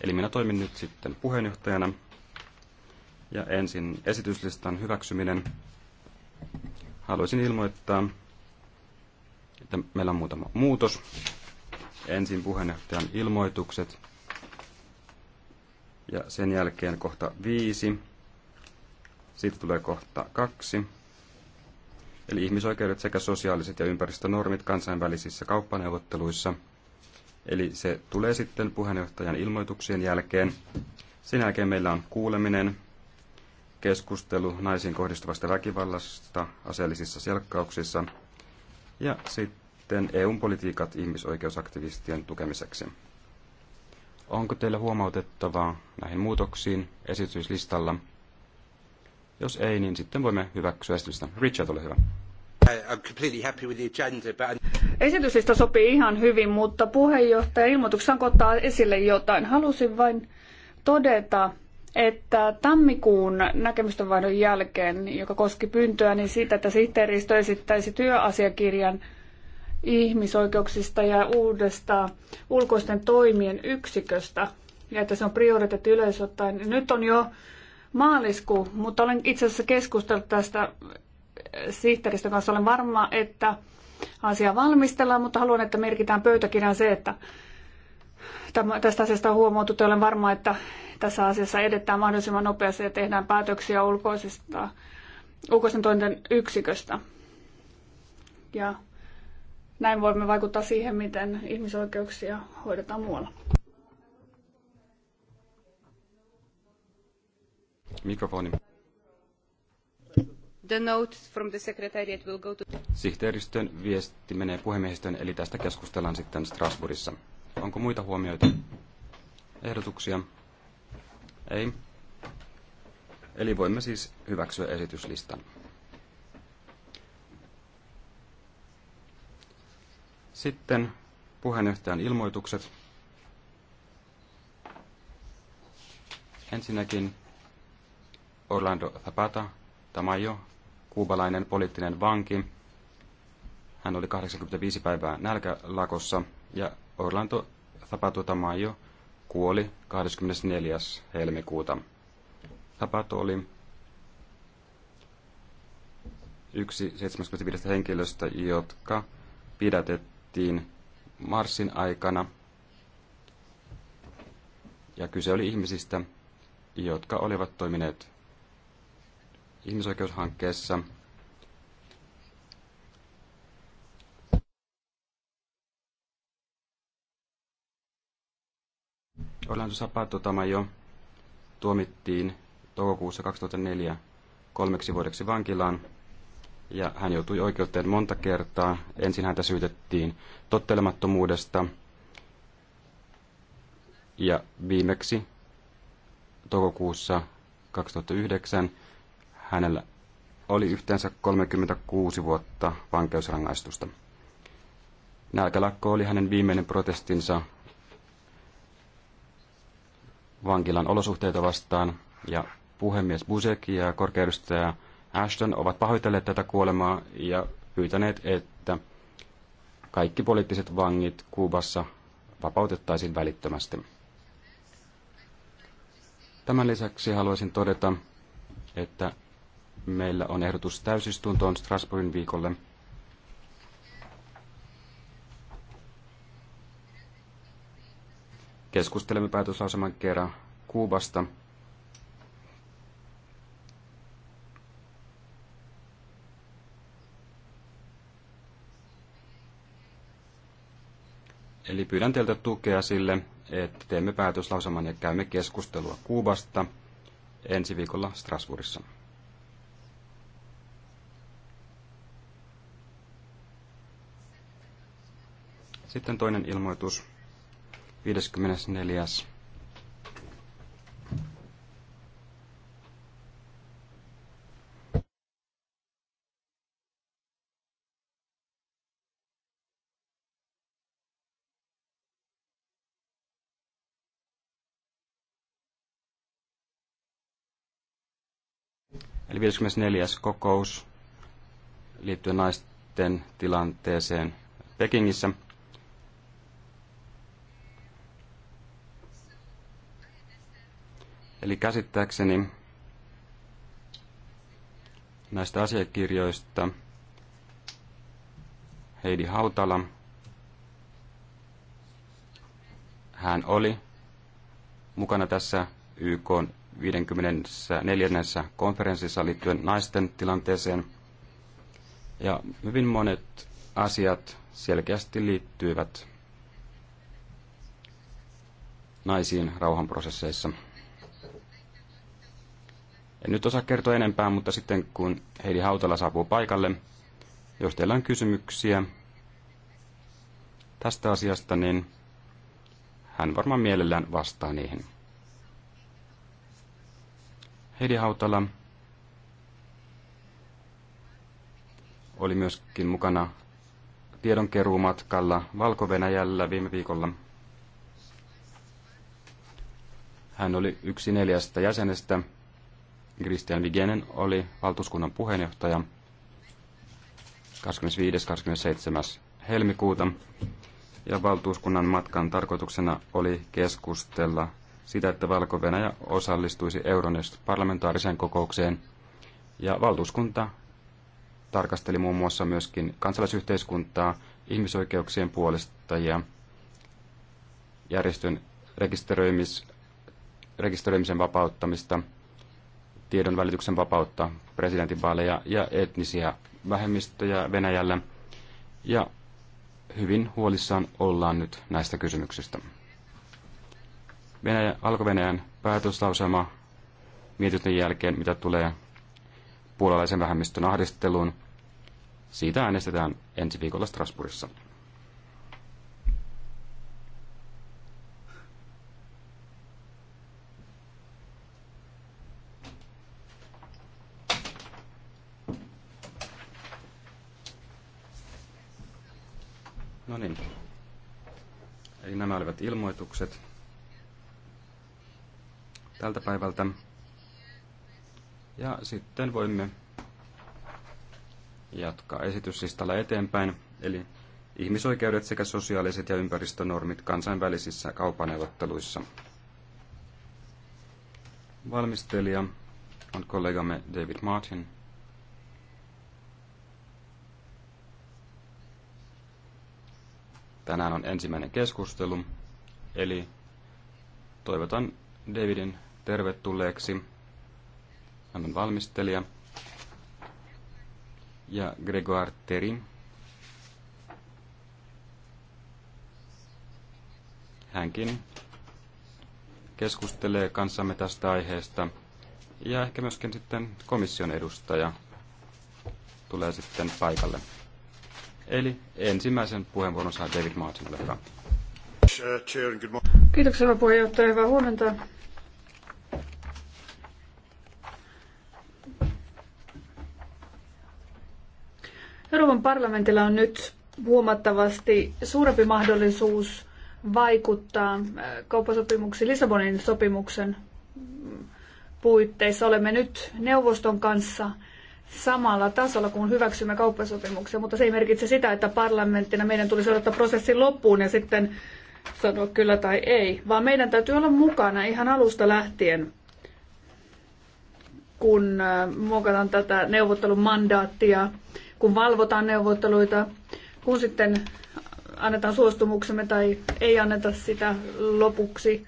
Eli minä toimin nyt sitten puheenjohtajana. Ja ensin esityslistan hyväksyminen. Haluaisin ilmoittaa, että meillä on muutama muutos. Ensin puheenjohtajan ilmoitukset. Ja sen jälkeen kohta viisi. Siitä tulee kohta kaksi. Eli ihmisoikeudet sekä sosiaaliset ja ympäristönormit kansainvälisissä kauppaneuvotteluissa – Eli se tulee sitten puheenjohtajan ilmoituksien jälkeen. Sen jälkeen meillä on kuuleminen, keskustelu naisiin kohdistuvasta väkivallasta aseellisissa selkkauksissa ja sitten eu politiikat ihmisoikeusaktivistien tukemiseksi. Onko teillä huomautettavaa näihin muutoksiin esityslistalla? Jos ei, niin sitten voimme hyväksyä esitystä. Richard, ole hyvä. Esityslista sopii ihan hyvin, mutta puheenjohtaja ilmoituksessa ottaa esille jotain. Halusin vain todeta, että tammikuun näkemystenvaihdon jälkeen, joka koski pyyntöä, niin siitä, että sihteeristö esittäisi työasiakirjan ihmisoikeuksista ja uudesta ulkoisten toimien yksiköstä, ja että se on prioriteetti yleisottaen. Nyt on jo maalisku, mutta olen itse asiassa keskustellut tästä sihteeristön kanssa. Olen varma, että Asia valmistellaan, mutta haluan, että merkitään pöytäkirjaan se, että tästä asiasta on että Olen varma, että tässä asiassa edetään mahdollisimman nopeasti ja tehdään päätöksiä ulkoisista, ulkoisen toinen yksiköstä. Ja näin voimme vaikuttaa siihen, miten ihmisoikeuksia hoidetaan muualla. Mikrofoni. The from the secretariat will go to... Sihteeristön viesti menee puhemiehistön, eli tästä keskustellaan sitten Strasbourgissa. Onko muita huomioita? Ehdotuksia? Ei. Eli voimme siis hyväksyä esityslistan. Sitten puheenjohtajan ilmoitukset. Ensinnäkin Orlando Zapata Tamayo kuubalainen poliittinen vanki. Hän oli 85 päivää nälkälakossa ja Orlando Zapato Tamayo kuoli 24. helmikuuta. Zapato oli yksi 75 henkilöstä, jotka pidätettiin Marsin aikana. Ja kyse oli ihmisistä, jotka olivat toimineet ihmisoikeushankkeessa. Orlando Sapato Tamayo tuomittiin toukokuussa 2004 kolmeksi vuodeksi vankilaan ja hän joutui oikeuteen monta kertaa. Ensin häntä syytettiin tottelemattomuudesta ja viimeksi toukokuussa 2009 hänellä oli yhteensä 36 vuotta vankeusrangaistusta. Nälkälakko oli hänen viimeinen protestinsa vankilan olosuhteita vastaan, ja puhemies Busek ja korkeudustaja Ashton ovat pahoitelleet tätä kuolemaa ja pyytäneet, että kaikki poliittiset vangit Kuubassa vapautettaisiin välittömästi. Tämän lisäksi haluaisin todeta, että meillä on ehdotus täysistuntoon Strasbourgin viikolle. Keskustelemme päätösaseman kerran Kuubasta. Eli pyydän teiltä tukea sille, että teemme päätöslausaman ja käymme keskustelua Kuubasta ensi viikolla Strasbourgissa. Sitten toinen ilmoitus 54. Eli 54. kokous liittyen naisten tilanteeseen Pekingissä. Eli käsittääkseni näistä asiakirjoista Heidi Hautala, hän oli mukana tässä YK 54. konferenssissa liittyen naisten tilanteeseen. Ja hyvin monet asiat selkeästi liittyivät naisiin rauhanprosesseissa. En nyt osaa kertoa enempää, mutta sitten kun Heidi Hautala saapuu paikalle, jos teillä on kysymyksiä tästä asiasta, niin hän varmaan mielellään vastaa niihin. Heidi Hautala oli myöskin mukana tiedonkeruumatkalla valko viime viikolla. Hän oli yksi neljästä jäsenestä, Christian Vigenen oli valtuuskunnan puheenjohtaja 25.–27. helmikuuta. Ja valtuuskunnan matkan tarkoituksena oli keskustella sitä, että valko osallistuisi Euronest parlamentaariseen kokoukseen. Ja valtuuskunta tarkasteli muun muassa myöskin kansalaisyhteiskuntaa, ihmisoikeuksien ja järjestön rekisteröimis, rekisteröimisen vapauttamista – tiedon välityksen vapautta, presidentinvaaleja ja etnisiä vähemmistöjä Venäjällä. Ja hyvin huolissaan ollaan nyt näistä kysymyksistä. Venäjä, Alko-Venäjän päätöslausema mietitön jälkeen, mitä tulee puolalaisen vähemmistön ahdisteluun, siitä äänestetään ensi viikolla Strasbourgissa. ilmoitukset tältä päivältä. Ja sitten voimme jatkaa esityslistalla eteenpäin, eli ihmisoikeudet sekä sosiaaliset ja ympäristönormit kansainvälisissä kaupaneuvotteluissa. Valmistelija on kollegamme David Martin. Tänään on ensimmäinen keskustelu Eli toivotan Davidin tervetulleeksi. Hän on valmistelija. Ja Gregoire Terin. Hänkin keskustelee kanssamme tästä aiheesta. Ja ehkä myöskin sitten komission edustaja tulee sitten paikalle. Eli ensimmäisen puheenvuoron saa David Martin, olkaa hyvä. Kiitoksia, hyvä puheenjohtaja. Hyvää huomenta. Euroopan parlamentilla on nyt huomattavasti suurempi mahdollisuus vaikuttaa äh, kauppasopimuksiin Lissabonin sopimuksen puitteissa. Olemme nyt neuvoston kanssa samalla tasolla, kun hyväksymme kauppasopimuksia, mutta se ei merkitse sitä, että parlamenttina meidän tulisi odottaa prosessin loppuun ja sitten sanoa kyllä tai ei, vaan meidän täytyy olla mukana ihan alusta lähtien, kun muokataan tätä neuvottelun mandaattia, kun valvotaan neuvotteluita, kun sitten annetaan suostumuksemme tai ei anneta sitä lopuksi.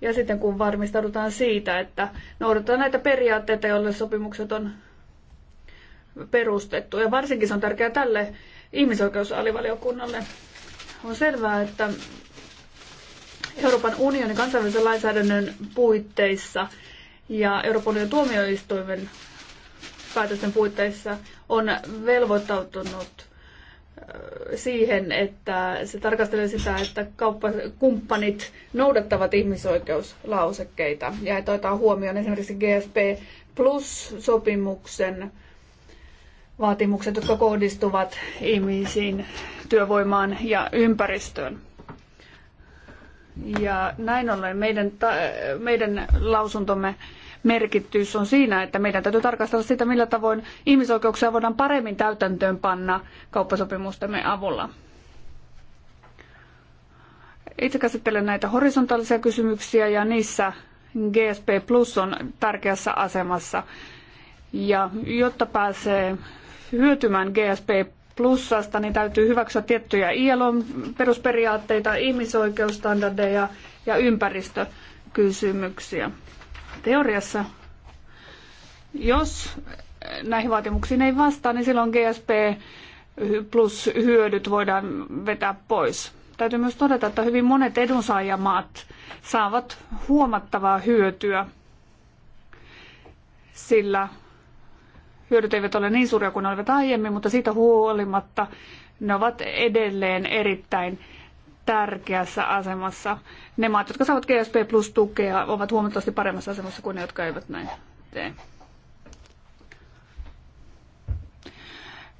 Ja sitten kun varmistaudutaan siitä, että noudatetaan näitä periaatteita, joille sopimukset on perustettu. Ja varsinkin se on tärkeää tälle ihmisoikeusalivaliokunnalle. On selvää, että Euroopan unionin kansainvälisen lainsäädännön puitteissa ja Euroopan unionin tuomioistuimen päätösten puitteissa on velvoittautunut siihen, että se tarkastelee sitä, että kauppakumppanit noudattavat ihmisoikeuslausekkeita ja että otetaan huomioon esimerkiksi GSP Plus-sopimuksen vaatimukset, jotka kohdistuvat ihmisiin työvoimaan ja ympäristöön. Ja näin ollen meidän, meidän lausuntomme merkitys on siinä, että meidän täytyy tarkastella sitä, millä tavoin ihmisoikeuksia voidaan paremmin täytäntöön panna kauppasopimustemme avulla. Itse käsittelen näitä horisontaalisia kysymyksiä ja niissä GSP Plus on tärkeässä asemassa. Ja jotta pääsee hyötymään GSP plussasta, niin täytyy hyväksyä tiettyjä ILOn perusperiaatteita, ihmisoikeusstandardeja ja ympäristökysymyksiä. Teoriassa, jos näihin vaatimuksiin ei vastaa, niin silloin GSP plus hyödyt voidaan vetää pois. Täytyy myös todeta, että hyvin monet edunsaajamaat saavat huomattavaa hyötyä, sillä hyödyt eivät ole niin suuria kuin ne olivat aiemmin, mutta siitä huolimatta ne ovat edelleen erittäin tärkeässä asemassa. Ne maat, jotka saavat GSP plus tukea, ovat huomattavasti paremmassa asemassa kuin ne, jotka eivät näin tee.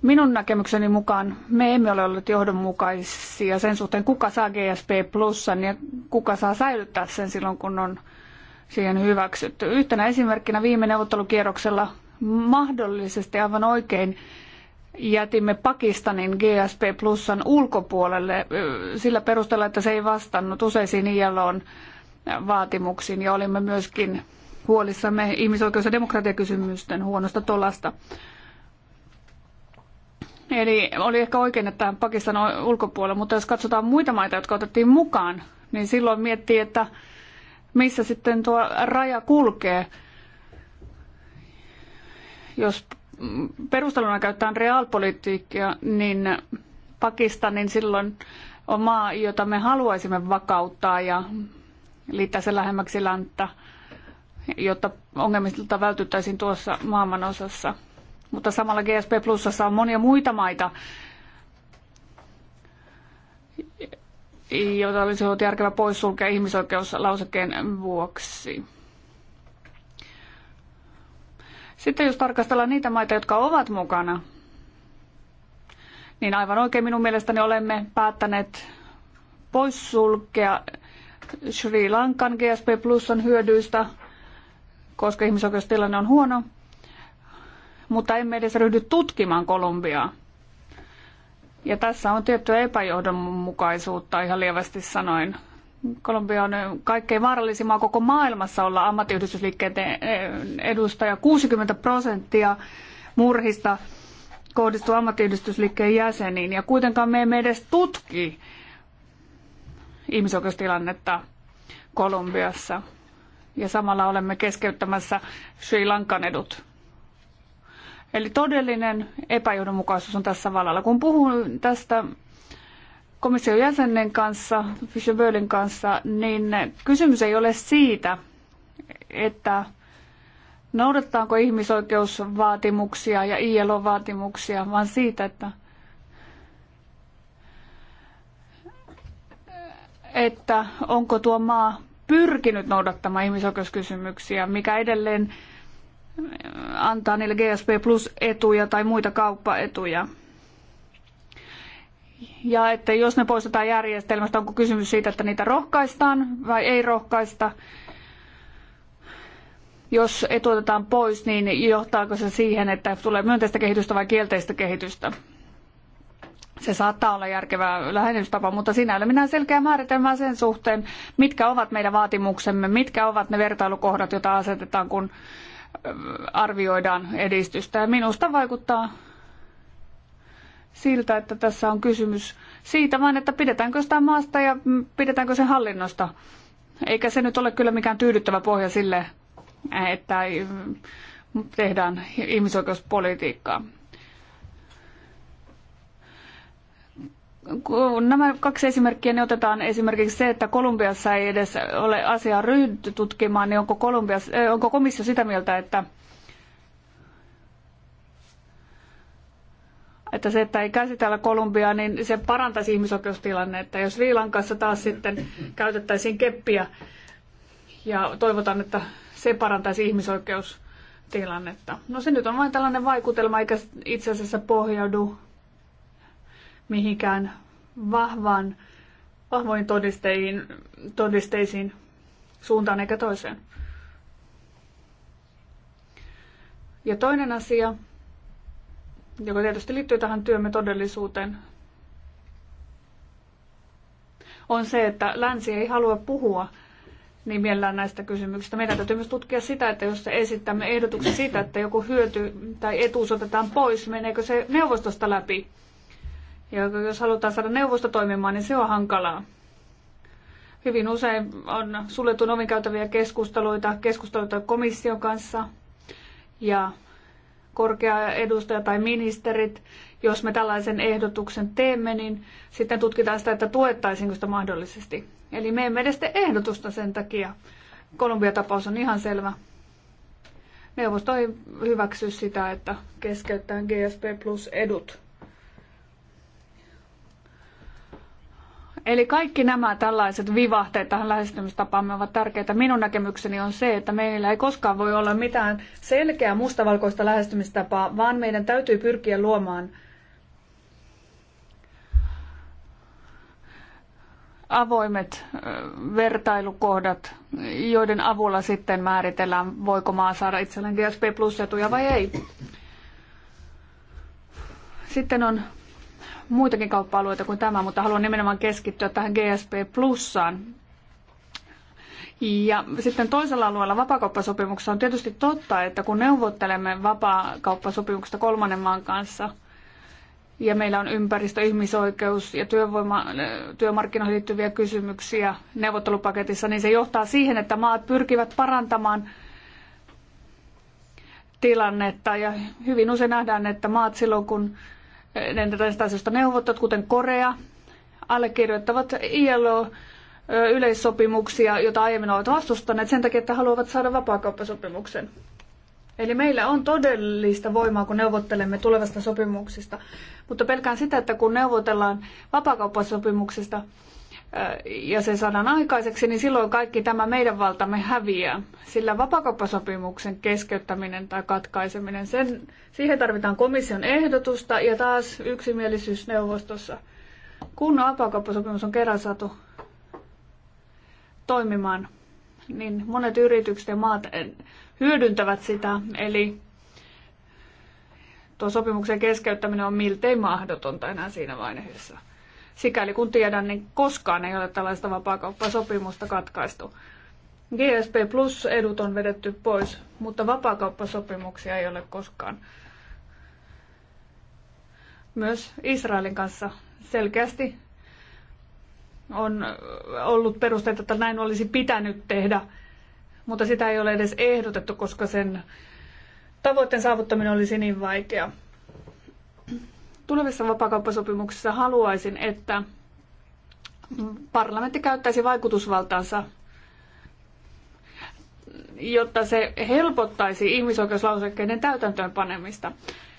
Minun näkemykseni mukaan me emme ole olleet johdonmukaisia sen suhteen, kuka saa GSP plussan ja kuka saa säilyttää sen silloin, kun on siihen hyväksytty. Yhtenä esimerkkinä viime neuvottelukierroksella mahdollisesti aivan oikein jätimme Pakistanin GSP Plusan ulkopuolelle sillä perusteella, että se ei vastannut useisiin ILOn vaatimuksiin ja olimme myöskin huolissamme ihmisoikeus- ja demokratiakysymysten huonosta tolasta. Eli oli ehkä oikein, että Pakistan on ulkopuolella, mutta jos katsotaan muita maita, jotka otettiin mukaan, niin silloin miettii, että missä sitten tuo raja kulkee. Jos perusteluna käytetään realpolitiikkaa, niin Pakistanin niin silloin on maa, jota me haluaisimme vakauttaa ja liittää sen lähemmäksi länttä, jotta ongelmilta vältyttäisiin tuossa osassa. Mutta samalla GSP Plusassa on monia muita maita, joita olisi ollut järkevä poissulkea ihmisoikeuslausekkeen vuoksi. Sitten jos tarkastellaan niitä maita, jotka ovat mukana, niin aivan oikein minun mielestäni olemme päättäneet poissulkea Sri Lankan GSP Plusan hyödyistä, koska ihmisoikeustilanne on huono, mutta emme edes ryhdy tutkimaan Kolumbiaa. Ja tässä on tiettyä epäjohdonmukaisuutta ihan lievästi sanoen. Kolumbia on kaikkein vaarallisin maa koko maailmassa olla ammattiyhdistysliikkeen edustaja. 60 prosenttia murhista kohdistuu ammattiyhdistysliikkeen jäseniin ja kuitenkaan me emme edes tutki ihmisoikeustilannetta Kolumbiassa. Ja samalla olemme keskeyttämässä Sri Lankan edut. Eli todellinen epäjohdonmukaisuus on tässä valalla. Kun puhun tästä komission jäsenen kanssa, Fischer Böllin kanssa, niin kysymys ei ole siitä, että noudattaako ihmisoikeusvaatimuksia ja ILO-vaatimuksia, vaan siitä, että, että onko tuo maa pyrkinyt noudattamaan ihmisoikeuskysymyksiä, mikä edelleen antaa niille GSP plus etuja tai muita kauppaetuja ja että jos ne poistetaan järjestelmästä, onko kysymys siitä, että niitä rohkaistaan vai ei rohkaista. Jos etuotetaan pois, niin johtaako se siihen, että tulee myönteistä kehitystä vai kielteistä kehitystä? Se saattaa olla järkevä lähestymistapa, mutta siinä ei ole minä selkeä määritelmää sen suhteen, mitkä ovat meidän vaatimuksemme, mitkä ovat ne vertailukohdat, joita asetetaan, kun arvioidaan edistystä. Ja minusta vaikuttaa siltä, että tässä on kysymys siitä, vain, että pidetäänkö sitä maasta ja mm, pidetäänkö sen hallinnosta. Eikä se nyt ole kyllä mikään tyydyttävä pohja sille, että mm, tehdään ihmisoikeuspolitiikkaa. nämä kaksi esimerkkiä niin otetaan esimerkiksi se, että Kolumbiassa ei edes ole asiaa ryhdytty tutkimaan, niin onko, Kolumbias, eh, onko komissio sitä mieltä, että että se, että ei käsitellä Kolumbiaa, niin se parantaisi ihmisoikeustilannetta. Jos Sri Lankassa taas sitten käytettäisiin keppiä ja toivotaan, että se parantaisi ihmisoikeustilannetta. No se nyt on vain tällainen vaikutelma, eikä itse asiassa pohjaudu mihinkään vahvaan, vahvoin todisteisiin, todisteisiin suuntaan eikä toiseen. Ja toinen asia, joka tietysti liittyy tähän työmme todellisuuteen, on se, että länsi ei halua puhua niin mielellään näistä kysymyksistä. Meidän täytyy myös tutkia sitä, että jos esittämme ehdotuksen siitä, että joku hyöty tai etuus otetaan pois, meneekö se neuvostosta läpi? Ja jos halutaan saada neuvosto toimimaan, niin se on hankalaa. Hyvin usein on suljettu omin käytäviä keskusteluita, keskusteluita komission kanssa ja korkea edustaja tai ministerit, jos me tällaisen ehdotuksen teemme, niin sitten tutkitaan sitä, että tuettaisiinko sitä mahdollisesti. Eli me emme edes tee ehdotusta sen takia. Kolumbia-tapaus on ihan selvä. Neuvosto ei hyväksy sitä, että keskeyttää GSP plus edut. Eli kaikki nämä tällaiset vivahteet tähän lähestymistapaamme ovat tärkeitä. Minun näkemykseni on se, että meillä ei koskaan voi olla mitään selkeää mustavalkoista lähestymistapaa, vaan meidän täytyy pyrkiä luomaan avoimet vertailukohdat, joiden avulla sitten määritellään, voiko maa saada itselleen GSP plus-etuja vai ei. Sitten on muitakin kauppa-alueita kuin tämä, mutta haluan nimenomaan keskittyä tähän GSP plussaan. Ja sitten toisella alueella vapakauppasopimuksessa on tietysti totta, että kun neuvottelemme vapakauppasopimuksesta kolmannen maan kanssa, ja meillä on ympäristö, ihmisoikeus ja työvoima, työmarkkinoihin liittyviä kysymyksiä neuvottelupaketissa, niin se johtaa siihen, että maat pyrkivät parantamaan tilannetta. Ja hyvin usein nähdään, että maat silloin, kun näistä asioista neuvottavat, kuten Korea, allekirjoittavat ILO yleissopimuksia, joita aiemmin ovat vastustaneet sen takia, että haluavat saada vapaakauppasopimuksen. Eli meillä on todellista voimaa, kun neuvottelemme tulevasta sopimuksista. Mutta pelkään sitä, että kun neuvotellaan vapaakauppasopimuksesta, ja se saadaan aikaiseksi, niin silloin kaikki tämä meidän valtamme häviää. Sillä vapakauppasopimuksen keskeyttäminen tai katkaiseminen, sen, siihen tarvitaan komission ehdotusta ja taas yksimielisyys neuvostossa. Kun vapakauppasopimus on kerran saatu toimimaan, niin monet yritykset ja maat hyödyntävät sitä, eli tuo sopimuksen keskeyttäminen on miltei mahdotonta enää siinä vaiheessa. Sikäli kun tiedän, niin koskaan ei ole tällaista vapaakauppasopimusta katkaistu. GSP Plus edut on vedetty pois, mutta vapaakauppasopimuksia ei ole koskaan. Myös Israelin kanssa selkeästi on ollut perusteita, että näin olisi pitänyt tehdä, mutta sitä ei ole edes ehdotettu, koska sen tavoitteen saavuttaminen olisi niin vaikea tulevissa vapaakauppasopimuksissa haluaisin, että parlamentti käyttäisi vaikutusvaltaansa, jotta se helpottaisi ihmisoikeuslausekkeiden täytäntöönpanemista,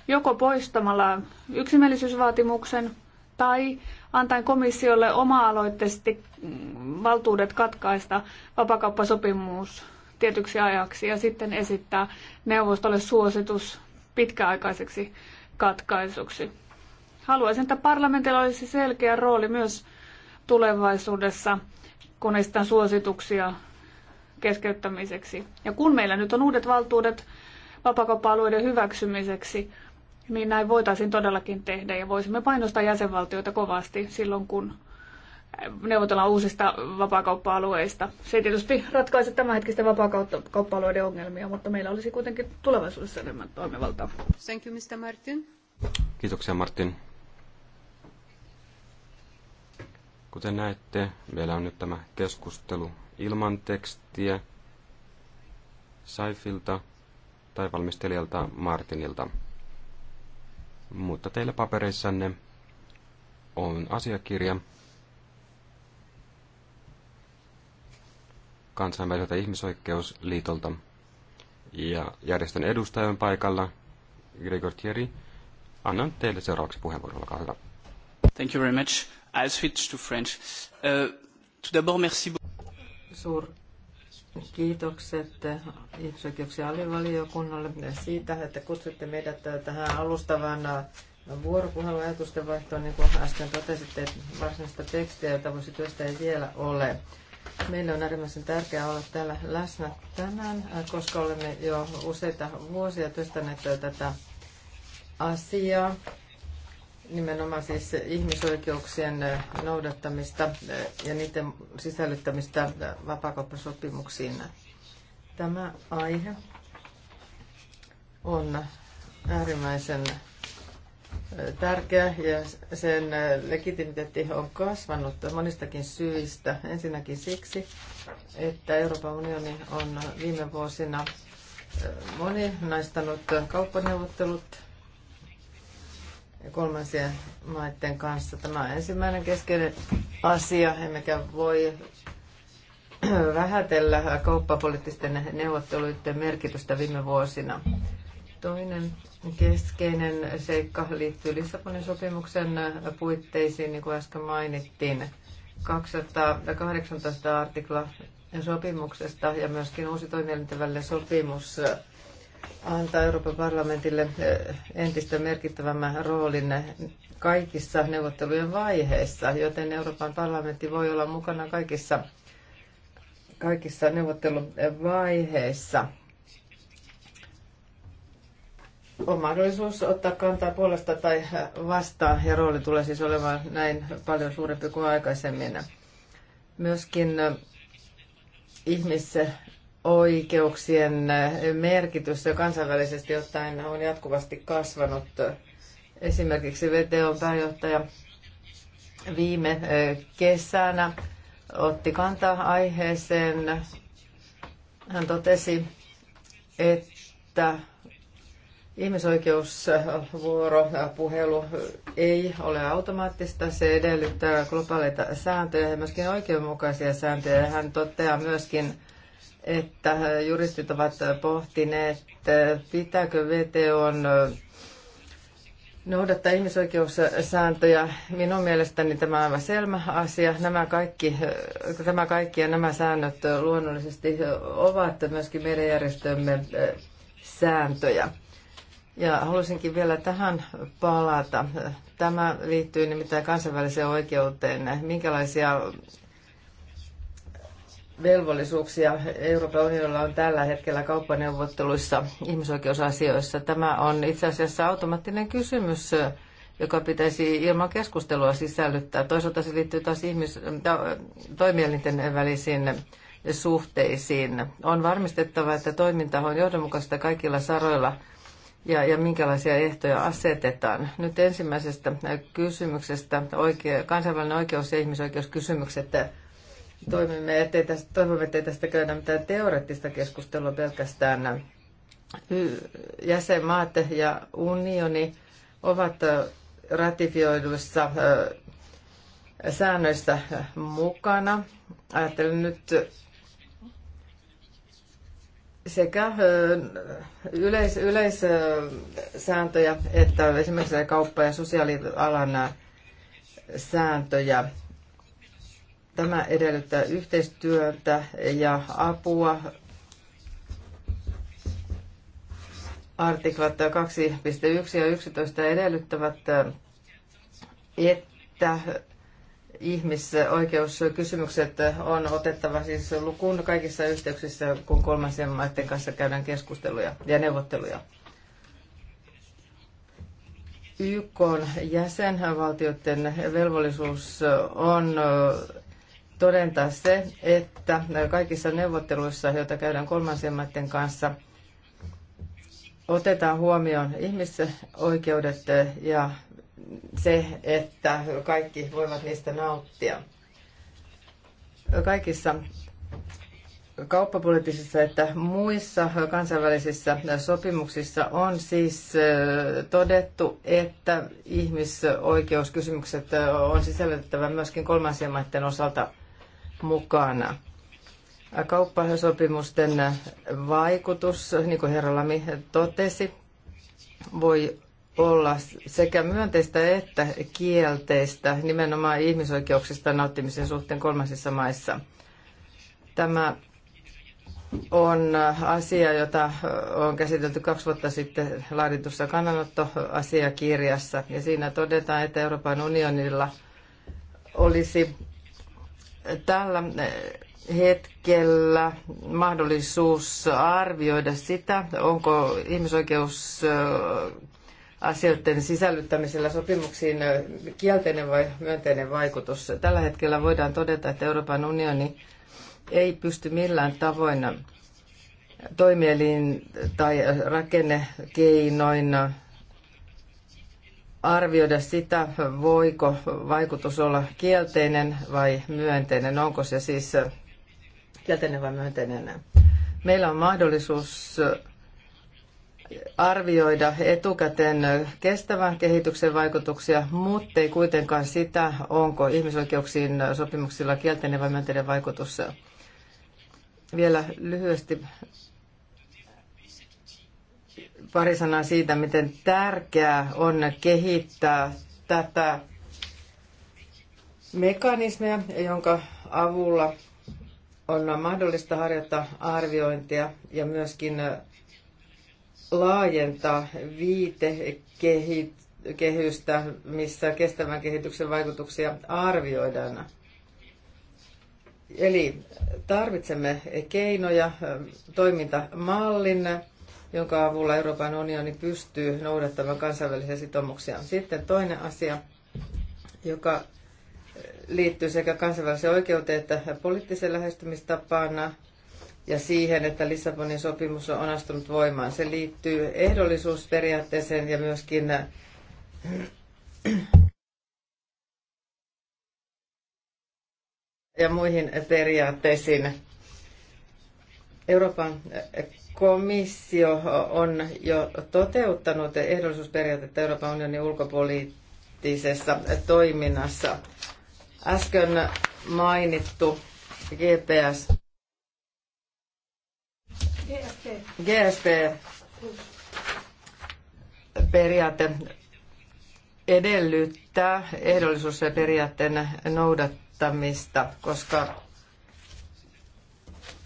joko poistamalla yksimielisyysvaatimuksen tai antaen komissiolle oma-aloitteisesti valtuudet katkaista vapakauppasopimus tietyksi ajaksi ja sitten esittää neuvostolle suositus pitkäaikaiseksi katkaisuksi. Haluaisin, että parlamentilla olisi selkeä rooli myös tulevaisuudessa, kun esitän suosituksia keskeyttämiseksi. Ja kun meillä nyt on uudet valtuudet vapakauppa-alueiden hyväksymiseksi, niin näin voitaisiin todellakin tehdä ja voisimme painostaa jäsenvaltioita kovasti silloin, kun neuvotellaan uusista vapaakauppa-alueista. Se ei tietysti ratkaise tämänhetkisten vapaakauppa-alueiden ongelmia, mutta meillä olisi kuitenkin tulevaisuudessa enemmän toimivaltaa. Thank you, Mr. Martin. Kiitoksia, Martin. Kuten näette, meillä on nyt tämä keskustelu ilman tekstiä Saifilta tai valmistelijalta Martinilta. Mutta teillä papereissanne on asiakirja kansainväliseltä ihmisoikeusliitolta. Ja järjestön edustajan paikalla, Gregor Thierry, annan teille seuraavaksi puheenvuoron. Olkaa hyvä. Thank you very much. I'll switch to French. Euh, tout d'abord, merci beaucoup. kiitokset ihmisoikeuksien alivaliokunnalle siitä, että kutsutte meidät tähän alustavaan vuoropuhelun ajatusten vaihtoon, niin kuin äsken totesitte, että varsinaista tekstiä, jota voisi työstä ei vielä ole. Meille on äärimmäisen tärkeää olla täällä läsnä tänään, koska olemme jo useita vuosia työstäneet tätä asiaa nimenomaan siis ihmisoikeuksien noudattamista ja niiden sisällyttämistä vapaakauppasopimuksiin. Tämä aihe on äärimmäisen tärkeä ja sen legitimiteetti on kasvanut monistakin syistä. Ensinnäkin siksi, että Euroopan unioni on viime vuosina moninaistanut kauppaneuvottelut kolmansien maiden kanssa. Tämä on ensimmäinen keskeinen asia, emmekä voi vähätellä kauppapoliittisten neuvotteluiden merkitystä viime vuosina. Toinen keskeinen seikka liittyy Lissabonin sopimuksen puitteisiin, niin kuin äsken mainittiin. 218 artikla sopimuksesta ja myöskin uusi toimielintävälle sopimus antaa Euroopan parlamentille eh, entistä merkittävämmän roolin kaikissa neuvottelujen vaiheissa, joten Euroopan parlamentti voi olla mukana kaikissa, kaikissa neuvotteluvaiheissa. On mahdollisuus ottaa kantaa puolesta tai vastaan, ja rooli tulee siis olemaan näin paljon suurempi kuin aikaisemmin. Myöskin eh, ihmisen oikeuksien merkitys kansainvälisesti ottaen on jatkuvasti kasvanut. Esimerkiksi VTOn pääjohtaja viime kesänä otti kantaa aiheeseen. Hän totesi, että ihmisoikeusvuoropuhelu ei ole automaattista. Se edellyttää globaaleita sääntöjä ja myöskin oikeudenmukaisia sääntöjä. Hän toteaa myöskin, että juristit ovat pohtineet, pitääkö VTO noudattaa ihmisoikeussääntöjä. Minun mielestäni tämä on aivan selmä asia. Nämä kaikki, tämä kaikki ja nämä säännöt luonnollisesti ovat myöskin meidän järjestömme sääntöjä. Ja haluaisinkin vielä tähän palata. Tämä liittyy nimittäin kansainväliseen oikeuteen. Minkälaisia velvollisuuksia Euroopan unionilla on tällä hetkellä kauppaneuvotteluissa ihmisoikeusasioissa. Tämä on itse asiassa automaattinen kysymys, joka pitäisi ilman keskustelua sisällyttää. Toisaalta se liittyy taas ihmis- toimielinten välisiin suhteisiin. On varmistettava, että toiminta on johdonmukaista kaikilla saroilla ja, ja minkälaisia ehtoja asetetaan. Nyt ensimmäisestä kysymyksestä, oikea, kansainvälinen oikeus- ja ihmisoikeuskysymykset toimimme, ettei tästä, toivomme, ettei tästä käydä mitään teoreettista keskustelua pelkästään. Jäsenmaat ja unioni ovat ratifioiduissa säännöissä mukana. Ajattelen nyt sekä yleis, yleissääntöjä että esimerkiksi kauppa- ja sosiaalialan sääntöjä. Tämä edellyttää yhteistyötä ja apua. Artiklat 2.1 ja 11 edellyttävät, että ihmisoikeuskysymykset on otettava siis lukuun kaikissa yhteyksissä, kun kolmansien maiden kanssa käydään keskusteluja ja neuvotteluja. YK jäsenvaltioiden velvollisuus on todentaa se, että kaikissa neuvotteluissa, joita käydään kolmansien maiden kanssa, otetaan huomioon ihmisoikeudet ja se, että kaikki voivat niistä nauttia. Kaikissa kauppapoliittisissa että muissa kansainvälisissä sopimuksissa on siis todettu, että ihmisoikeuskysymykset on sisällytettävä myöskin kolmansien maiden osalta mukana. Kauppasopimusten vaikutus, niin kuin herra Lami totesi, voi olla sekä myönteistä että kielteistä nimenomaan ihmisoikeuksista nauttimisen suhteen kolmansissa maissa. Tämä on asia, jota on käsitelty kaksi vuotta sitten laaditussa kannanottoasiakirjassa. Ja siinä todetaan, että Euroopan unionilla olisi tällä hetkellä mahdollisuus arvioida sitä, onko ihmisoikeusasioiden sisällyttämisellä sopimuksiin kielteinen vai myönteinen vaikutus. Tällä hetkellä voidaan todeta, että Euroopan unioni ei pysty millään tavoin toimielin- tai rakennekeinoin arvioida sitä, voiko vaikutus olla kielteinen vai myönteinen. Onko se siis kielteinen vai myönteinen? Meillä on mahdollisuus arvioida etukäteen kestävän kehityksen vaikutuksia, mutta ei kuitenkaan sitä, onko ihmisoikeuksiin sopimuksilla kielteinen vai myönteinen vaikutus. Vielä lyhyesti pari sanaa siitä, miten tärkeää on kehittää tätä mekanismia, jonka avulla on mahdollista harjoittaa arviointia ja myöskin laajentaa viitekehystä, missä kestävän kehityksen vaikutuksia arvioidaan. Eli tarvitsemme keinoja, toimintamallin, jonka avulla Euroopan unioni pystyy noudattamaan kansainvälisiä sitoumuksia. Sitten toinen asia, joka liittyy sekä kansainväliseen oikeuteen että poliittiseen lähestymistapaan ja siihen, että Lissabonin sopimus on astunut voimaan. Se liittyy ehdollisuusperiaatteeseen ja myöskin ja muihin periaatteisiin. Euroopan komissio on jo toteuttanut ehdollisuusperiaatetta Euroopan unionin ulkopoliittisessa toiminnassa. Äsken mainittu GPS. GSP. GSP periaate edellyttää ehdollisuusperiaatteen noudattamista, koska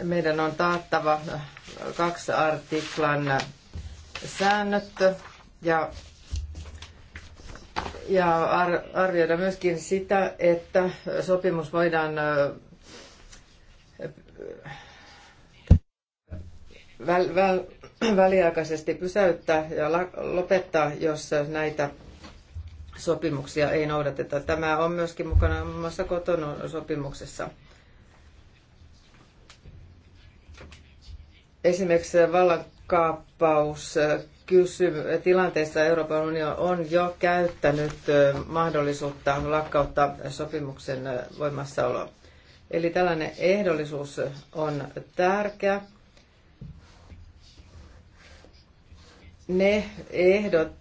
meidän on taattava kaksi artiklan säännöt ja, ja ar, arvioida myöskin sitä, että sopimus voidaan väl, väl, väliaikaisesti pysäyttää ja lopettaa, jos näitä sopimuksia ei noudateta. Tämä on myöskin mukana muun muassa kotona sopimuksessa. Esimerkiksi vallankaappaus äh, tilanteessa Euroopan unioni on jo käyttänyt äh, mahdollisuutta lakkauttaa sopimuksen äh, voimassaolo. Eli tällainen ehdollisuus on tärkeä. Ne ehdot,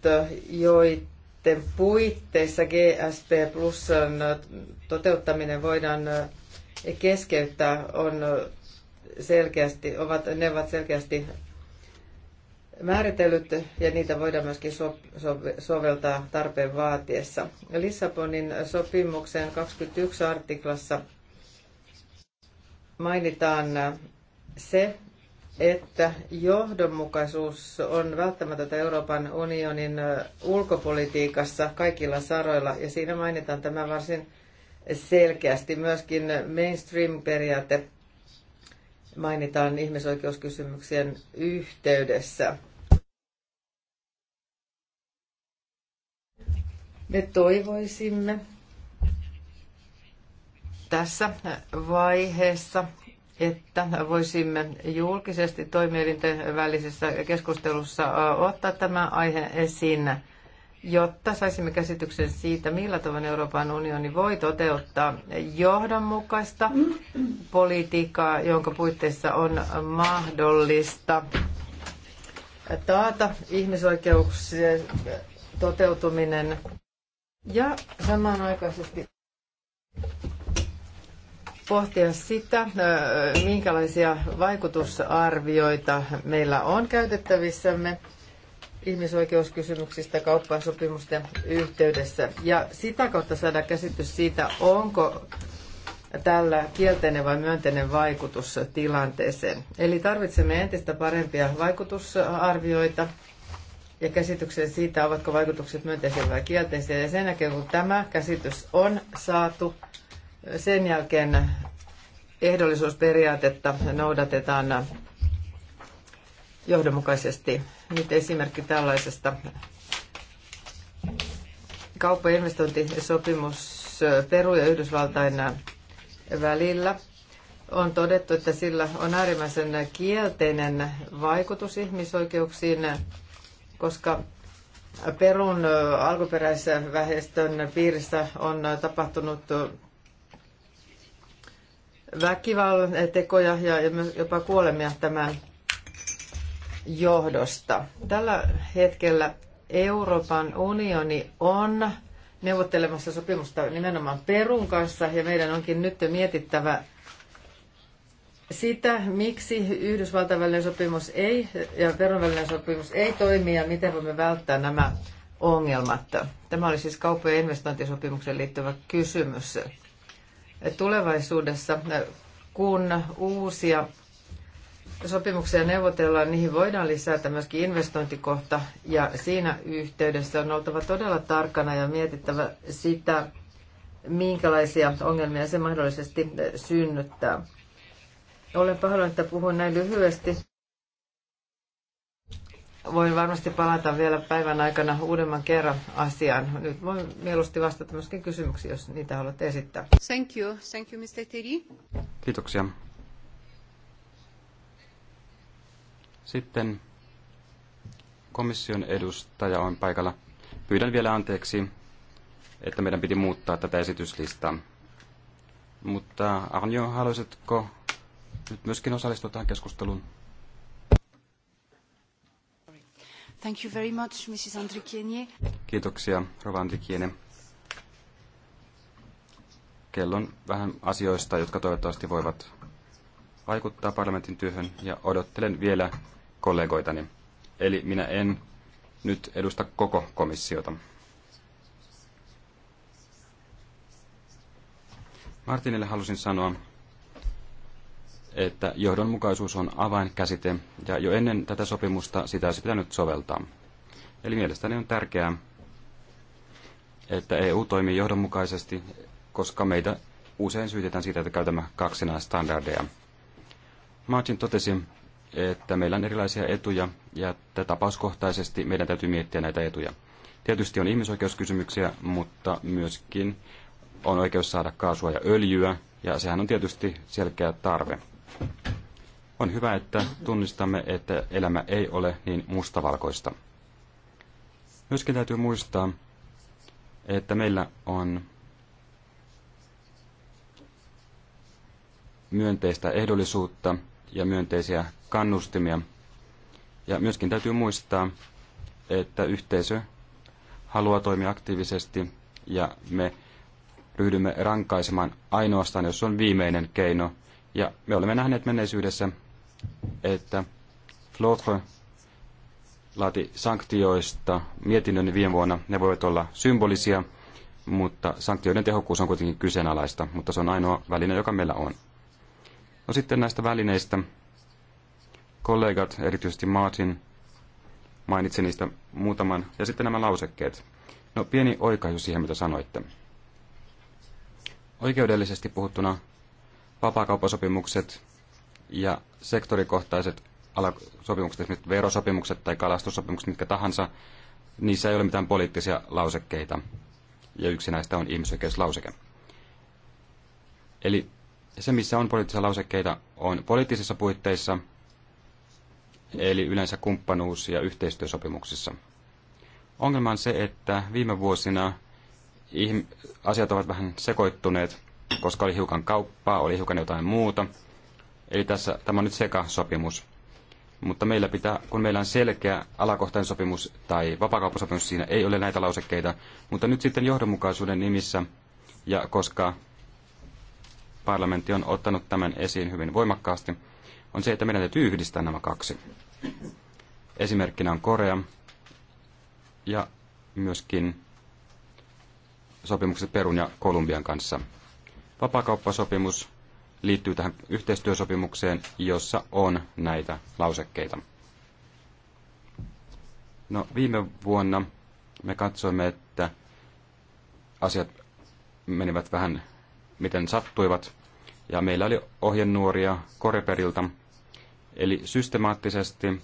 joiden puitteissa GSP Plusan toteuttaminen voidaan keskeyttää, on selkeästi, ovat, ne ovat selkeästi määritellyt ja niitä voidaan myöskin so, so, soveltaa tarpeen vaatiessa. Lissabonin sopimuksen 21 artiklassa mainitaan se, että johdonmukaisuus on välttämätöntä Euroopan unionin ulkopolitiikassa kaikilla saroilla, ja siinä mainitaan tämä varsin selkeästi. Myöskin mainstream-periaate mainitaan ihmisoikeuskysymyksien yhteydessä. Me toivoisimme tässä vaiheessa, että voisimme julkisesti toimielinten välisessä keskustelussa ottaa tämän aiheen esiin jotta saisimme käsityksen siitä, millä tavoin Euroopan unioni voi toteuttaa johdonmukaista politiikkaa, jonka puitteissa on mahdollista taata ihmisoikeuksien toteutuminen ja samanaikaisesti pohtia sitä, minkälaisia vaikutusarvioita meillä on käytettävissämme – ihmisoikeuskysymyksistä kauppasopimusten yhteydessä. Ja sitä kautta saada käsitys siitä, onko tällä kielteinen vai myönteinen vaikutus tilanteeseen. Eli tarvitsemme entistä parempia vaikutusarvioita ja käsityksen siitä, ovatko vaikutukset myönteisiä vai kielteisiä. Ja sen jälkeen, kun tämä käsitys on saatu, sen jälkeen ehdollisuusperiaatetta noudatetaan johdonmukaisesti. Nyt esimerkki tällaisesta kauppainvestointisopimus Peru ja Yhdysvaltain välillä on todettu, että sillä on äärimmäisen kielteinen vaikutus ihmisoikeuksiin, koska Perun alkuperäisen väestön piirissä on tapahtunut väkivallan tekoja ja jopa kuolemia tämän johdosta. Tällä hetkellä Euroopan unioni on neuvottelemassa sopimusta nimenomaan Perun kanssa ja meidän onkin nyt mietittävä sitä, miksi Yhdysvaltain välinen sopimus ei ja Perun välinen sopimus ei toimi ja miten voimme välttää nämä ongelmat. Tämä oli siis kauppa- ja investointisopimukseen liittyvä kysymys. Tulevaisuudessa, kun uusia sopimuksia neuvotellaan, niihin voidaan lisätä myöskin investointikohta ja siinä yhteydessä on oltava todella tarkkana ja mietittävä sitä, minkälaisia ongelmia se mahdollisesti eh, synnyttää. Olen pahoillani, että puhun näin lyhyesti. Voin varmasti palata vielä päivän aikana uudemman kerran asiaan. Nyt voin mieluusti vastata myöskin kysymyksiin, jos niitä haluatte esittää. Thank you. Thank you, Mr. Tiri. Kiitoksia. Sitten komission edustaja on paikalla. Pyydän vielä anteeksi, että meidän piti muuttaa tätä esityslistaa. Mutta Arnio, haluaisitko nyt myöskin osallistua tähän keskusteluun? Thank you very much, Mrs. Kiitoksia, Rova Andrikiene. Kellon vähän asioista, jotka toivottavasti voivat vaikuttaa parlamentin työhön ja odottelen vielä kollegoitani. Eli minä en nyt edusta koko komissiota. Martinille halusin sanoa, että johdonmukaisuus on avainkäsite, ja jo ennen tätä sopimusta sitä olisi pitänyt soveltaa. Eli mielestäni on tärkeää, että EU toimii johdonmukaisesti, koska meitä usein syytetään siitä, että käytämme kaksinaistandardeja. Martin totesi, että meillä on erilaisia etuja ja että tapauskohtaisesti meidän täytyy miettiä näitä etuja. Tietysti on ihmisoikeuskysymyksiä, mutta myöskin on oikeus saada kaasua ja öljyä, ja sehän on tietysti selkeä tarve. On hyvä, että tunnistamme, että elämä ei ole niin mustavalkoista. Myöskin täytyy muistaa, että meillä on myönteistä ehdollisuutta, ja myönteisiä kannustimia. Ja myöskin täytyy muistaa, että yhteisö haluaa toimia aktiivisesti ja me ryhdymme rankaisemaan ainoastaan, jos on viimeinen keino. Ja me olemme nähneet menneisyydessä, että Flotre laati sanktioista mietinnön viime vuonna. Ne voivat olla symbolisia, mutta sanktioiden tehokkuus on kuitenkin kyseenalaista, mutta se on ainoa väline, joka meillä on. No sitten näistä välineistä. Kollegat, erityisesti Martin, mainitsi niistä muutaman. Ja sitten nämä lausekkeet. No pieni oikaisu siihen, mitä sanoitte. Oikeudellisesti puhuttuna vapaakauppasopimukset ja sektorikohtaiset sopimukset, esimerkiksi verosopimukset tai kalastussopimukset, mitkä tahansa, niissä ei ole mitään poliittisia lausekkeita. Ja yksi näistä on ihmisoikeuslauseke. Eli se, missä on poliittisia lausekkeita, on poliittisissa puitteissa, eli yleensä kumppanuus- ja yhteistyösopimuksissa. Ongelma on se, että viime vuosina asiat ovat vähän sekoittuneet, koska oli hiukan kauppaa, oli hiukan jotain muuta. Eli tässä, tämä on nyt sekasopimus. Mutta meillä pitää, kun meillä on selkeä alakohtainen sopimus tai vapakauppasopimus, siinä ei ole näitä lausekkeita. Mutta nyt sitten johdonmukaisuuden nimissä, ja koska parlamentti on ottanut tämän esiin hyvin voimakkaasti, on se, että meidän täytyy yhdistää nämä kaksi. Esimerkkinä on Korea ja myöskin sopimukset Perun ja Kolumbian kanssa. Vapakauppasopimus liittyy tähän yhteistyösopimukseen, jossa on näitä lausekkeita. No, viime vuonna me katsoimme, että asiat menivät vähän miten sattuivat. Ja meillä oli ohjenuoria Koreperilta. Eli systemaattisesti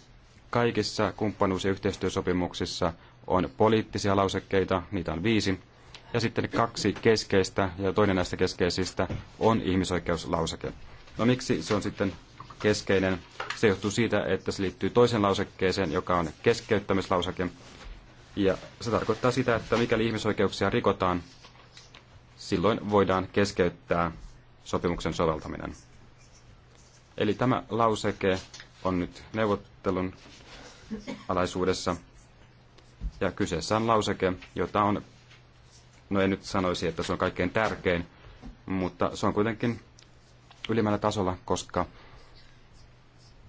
kaikissa kumppanuus- ja yhteistyösopimuksissa on poliittisia lausekkeita, niitä on viisi. Ja sitten kaksi keskeistä, ja toinen näistä keskeisistä on ihmisoikeuslauseke. No miksi se on sitten keskeinen? Se johtuu siitä, että se liittyy toisen lausekkeeseen, joka on keskeyttämislauseke. Ja se tarkoittaa sitä, että mikäli ihmisoikeuksia rikotaan, silloin voidaan keskeyttää sopimuksen soveltaminen. Eli tämä lauseke on nyt neuvottelun alaisuudessa. Ja kyseessä on lauseke, jota on, no en nyt sanoisi, että se on kaikkein tärkein, mutta se on kuitenkin ylimmällä tasolla, koska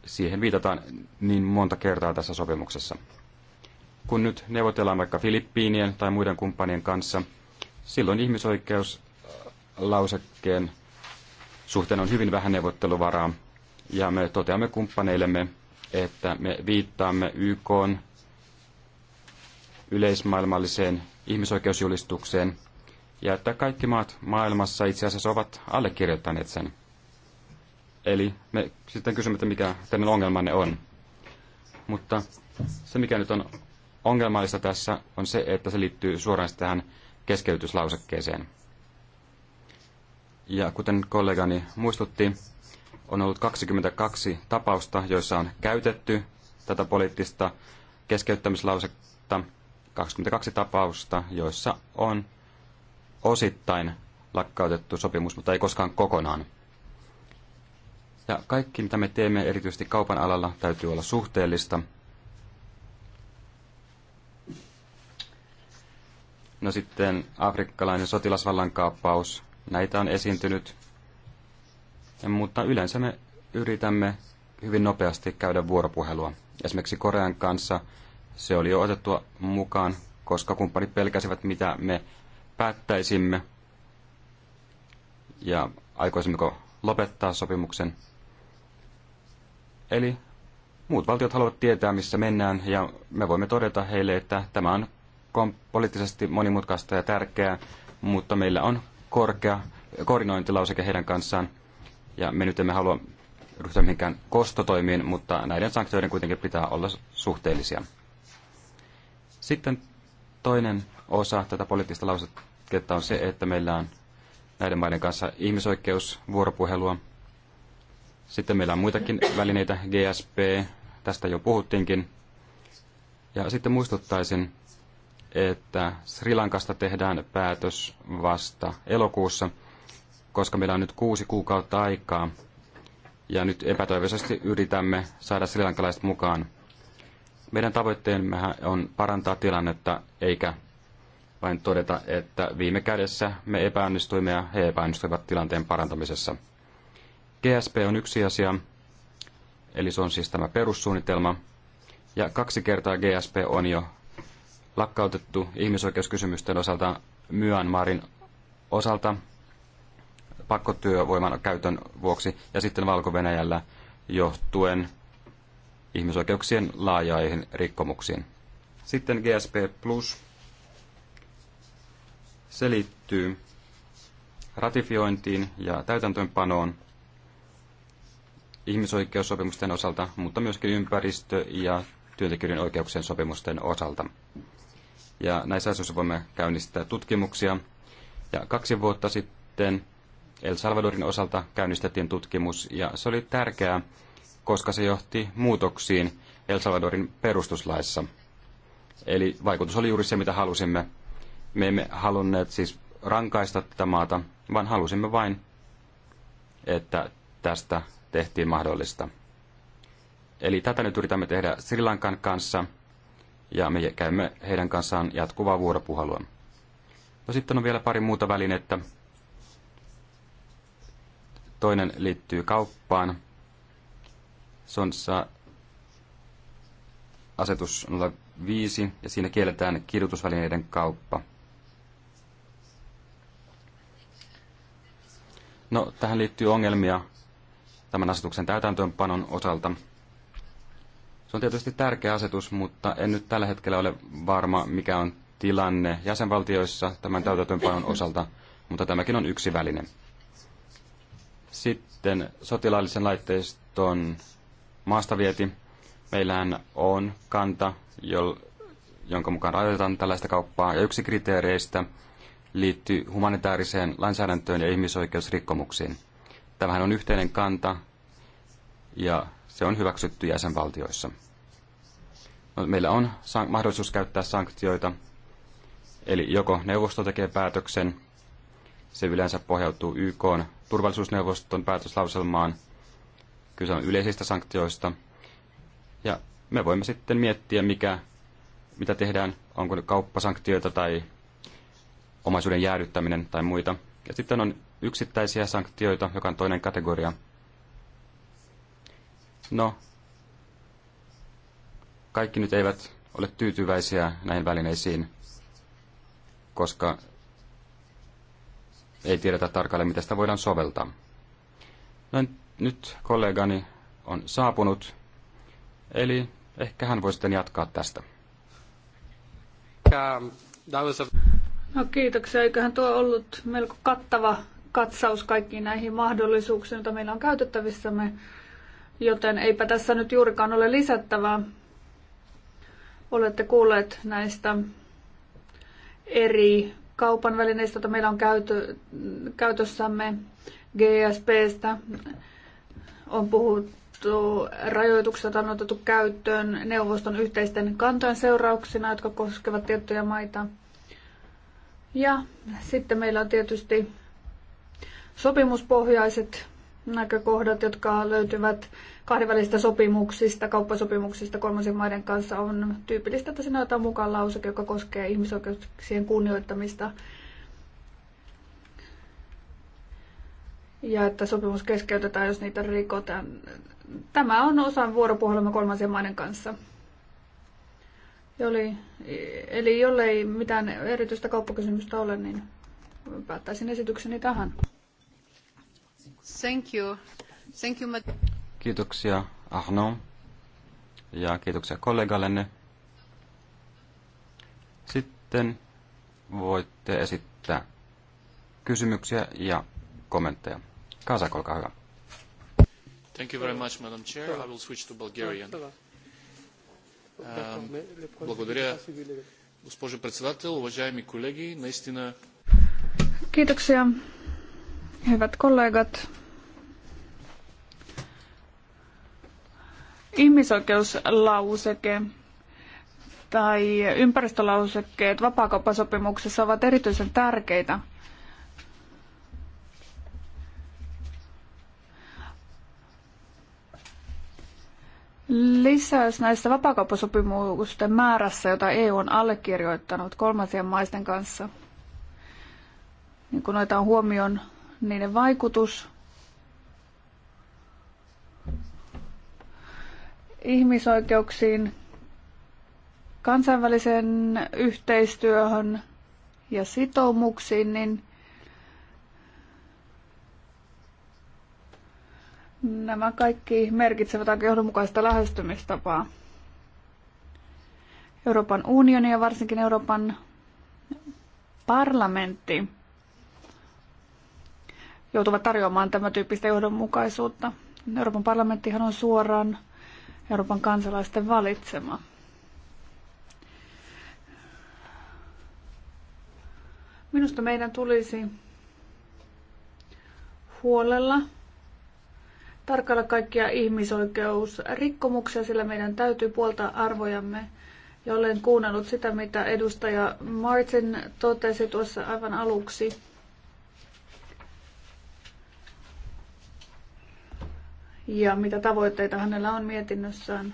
siihen viitataan niin monta kertaa tässä sopimuksessa. Kun nyt neuvotellaan vaikka Filippiinien tai muiden kumppanien kanssa – silloin ihmisoikeuslausekkeen suhteen on hyvin vähän neuvotteluvaraa, ja me toteamme kumppaneillemme, että me viittaamme YK yleismaailmalliseen ihmisoikeusjulistukseen, ja että kaikki maat maailmassa itse asiassa ovat allekirjoittaneet sen. Eli me sitten kysymme, että mikä teidän ongelmanne on. Mutta se, mikä nyt on ongelmallista tässä, on se, että se liittyy suoraan tähän keskeytyslausekkeeseen. Ja kuten kollegani muistutti, on ollut 22 tapausta, joissa on käytetty tätä poliittista keskeyttämislausetta. 22 tapausta, joissa on osittain lakkautettu sopimus, mutta ei koskaan kokonaan. Ja kaikki, mitä me teemme erityisesti kaupan alalla, täytyy olla suhteellista – No sitten afrikkalainen sotilasvallankaappaus. Näitä on esiintynyt. Mutta yleensä me yritämme hyvin nopeasti käydä vuoropuhelua. Esimerkiksi Korean kanssa se oli jo otettu mukaan, koska kumppanit pelkäsivät, mitä me päättäisimme ja aikoisimmeko lopettaa sopimuksen. Eli muut valtiot haluavat tietää, missä mennään, ja me voimme todeta heille, että tämä on poliittisesti monimutkaista ja tärkeää, mutta meillä on korkea koordinointilauseke heidän kanssaan. Ja me nyt emme halua ryhtyä mihinkään kostotoimiin, mutta näiden sanktioiden kuitenkin pitää olla suhteellisia. Sitten toinen osa tätä poliittista lauseketta on se, että meillä on näiden maiden kanssa ihmisoikeusvuoropuhelua. Sitten meillä on muitakin välineitä, GSP, tästä jo puhuttiinkin. Ja sitten muistuttaisin, että Sri Lankasta tehdään päätös vasta elokuussa, koska meillä on nyt kuusi kuukautta aikaa. Ja nyt epätoivoisesti yritämme saada Sri Lankalaiset mukaan. Meidän tavoitteemme on parantaa tilannetta, eikä vain todeta, että viime kädessä me epäonnistuimme ja he epäonnistuivat tilanteen parantamisessa. GSP on yksi asia, eli se on siis tämä perussuunnitelma, ja kaksi kertaa GSP on jo lakkautettu ihmisoikeuskysymysten osalta Myanmarin osalta pakkotyövoiman käytön vuoksi ja sitten valko johtuen ihmisoikeuksien laajaihin rikkomuksiin. Sitten GSP Plus. Se liittyy ratifiointiin ja täytäntöönpanoon ihmisoikeussopimusten osalta, mutta myöskin ympäristö- ja työntekijöiden oikeuksien sopimusten osalta ja näissä asioissa voimme käynnistää tutkimuksia. Ja kaksi vuotta sitten El Salvadorin osalta käynnistettiin tutkimus ja se oli tärkeää, koska se johti muutoksiin El Salvadorin perustuslaissa. Eli vaikutus oli juuri se, mitä halusimme. Me emme halunneet siis rankaista tätä maata, vaan halusimme vain, että tästä tehtiin mahdollista. Eli tätä nyt yritämme tehdä Sri Lankan kanssa – ja me käymme heidän kanssaan jatkuvaa vuoropuhelua. No sitten on vielä pari muuta välinettä. Toinen liittyy kauppaan. Se on asetus 05 ja siinä kielletään kirjoitusvälineiden kauppa. No, tähän liittyy ongelmia tämän asetuksen täytäntöönpanon osalta. Se on tietysti tärkeä asetus, mutta en nyt tällä hetkellä ole varma, mikä on tilanne jäsenvaltioissa tämän täytäntöönpanon osalta, mutta tämäkin on yksi väline. Sitten sotilaallisen laitteiston maastavieti. Meillähän on kanta, jonka mukaan rajoitetaan tällaista kauppaa, ja yksi kriteereistä liittyy humanitaariseen lainsäädäntöön ja ihmisoikeusrikkomuksiin. Tämähän on yhteinen kanta, ja se on hyväksytty jäsenvaltioissa. No, meillä on mahdollisuus käyttää sanktioita, eli joko neuvosto tekee päätöksen, se yleensä pohjautuu YK turvallisuusneuvoston päätöslauselmaan, kyse on yleisistä sanktioista, ja me voimme sitten miettiä, mikä, mitä tehdään, onko ne kauppasanktioita tai omaisuuden jäädyttäminen tai muita. Ja sitten on yksittäisiä sanktioita, joka on toinen kategoria – No, kaikki nyt eivät ole tyytyväisiä näihin välineisiin, koska ei tiedetä tarkalleen, miten sitä voidaan soveltaa. No, nyt kollegani on saapunut, eli ehkä hän voi sitten jatkaa tästä. No kiitoksia, eiköhän tuo ollut melko kattava katsaus kaikkiin näihin mahdollisuuksiin, joita meillä on käytettävissämme joten eipä tässä nyt juurikaan ole lisättävää. Olette kuulleet näistä eri kaupan välineistä, joita meillä on käytö, käytössämme GSPstä. On puhuttu rajoituksista, on otettu käyttöön neuvoston yhteisten kantojen seurauksina, jotka koskevat tiettyjä maita. Ja sitten meillä on tietysti sopimuspohjaiset näkökohdat, jotka löytyvät kahdenvälisistä sopimuksista, kauppasopimuksista kolmansien maiden kanssa, on tyypillistä, että siinä otetaan mukaan lauseke, joka koskee ihmisoikeuksien kunnioittamista. Ja että sopimus keskeytetään, jos niitä rikotaan. Tämä on osa vuoropuhelua kolmansien maiden kanssa. Joli, eli jollei mitään erityistä kauppakysymystä ole, niin päättäisin esitykseni tähän. Thank you. Thank you, Kiitoksia Arno ja kiitoksia kollegallenne. Sitten voitte esittää kysymyksiä ja kommentteja. Kaasa, olkaa hyvä. Thank you very much, Madam Chair. I will switch to Bulgarian. Um, благодаря, колеги, Kiitoksia, hyvät kollegat. ihmisoikeuslauseke tai ympäristölausekkeet vapaakauppasopimuksessa ovat erityisen tärkeitä. Lisäys näistä vapaakauppasopimusten määrässä, jota EU on allekirjoittanut kolmansien maisten kanssa, niin kun otetaan huomioon niiden vaikutus ihmisoikeuksiin, kansainväliseen yhteistyöhön ja sitoumuksiin, niin nämä kaikki merkitsevät aika johdonmukaista lähestymistapaa. Euroopan unioni ja varsinkin Euroopan parlamentti joutuvat tarjoamaan tämä tyyppistä johdonmukaisuutta. Euroopan parlamenttihan on suoraan Euroopan kansalaisten valitsema. Minusta meidän tulisi huolella tarkkailla kaikkia ihmisoikeusrikkomuksia, sillä meidän täytyy puoltaa arvojamme. Ja olen kuunnellut sitä, mitä edustaja Martin totesi tuossa aivan aluksi. ja mitä tavoitteita hänellä on mietinnössään.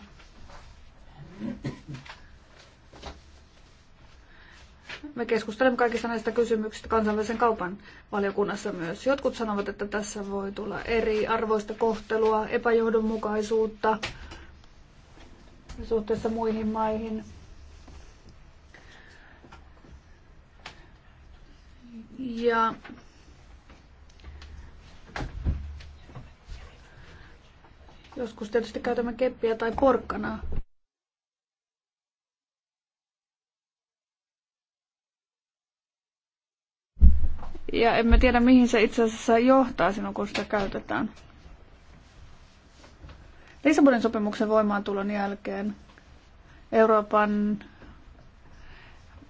Me keskustelemme kaikista näistä kysymyksistä kansainvälisen kaupan valiokunnassa myös. Jotkut sanovat, että tässä voi tulla eri arvoista kohtelua, epäjohdonmukaisuutta suhteessa muihin maihin. Ja Joskus tietysti käytämme keppiä tai porkkanaa. Ja emme tiedä, mihin se itse asiassa johtaa sinun, kun sitä käytetään. Lissabonin sopimuksen voimaantulon jälkeen Euroopan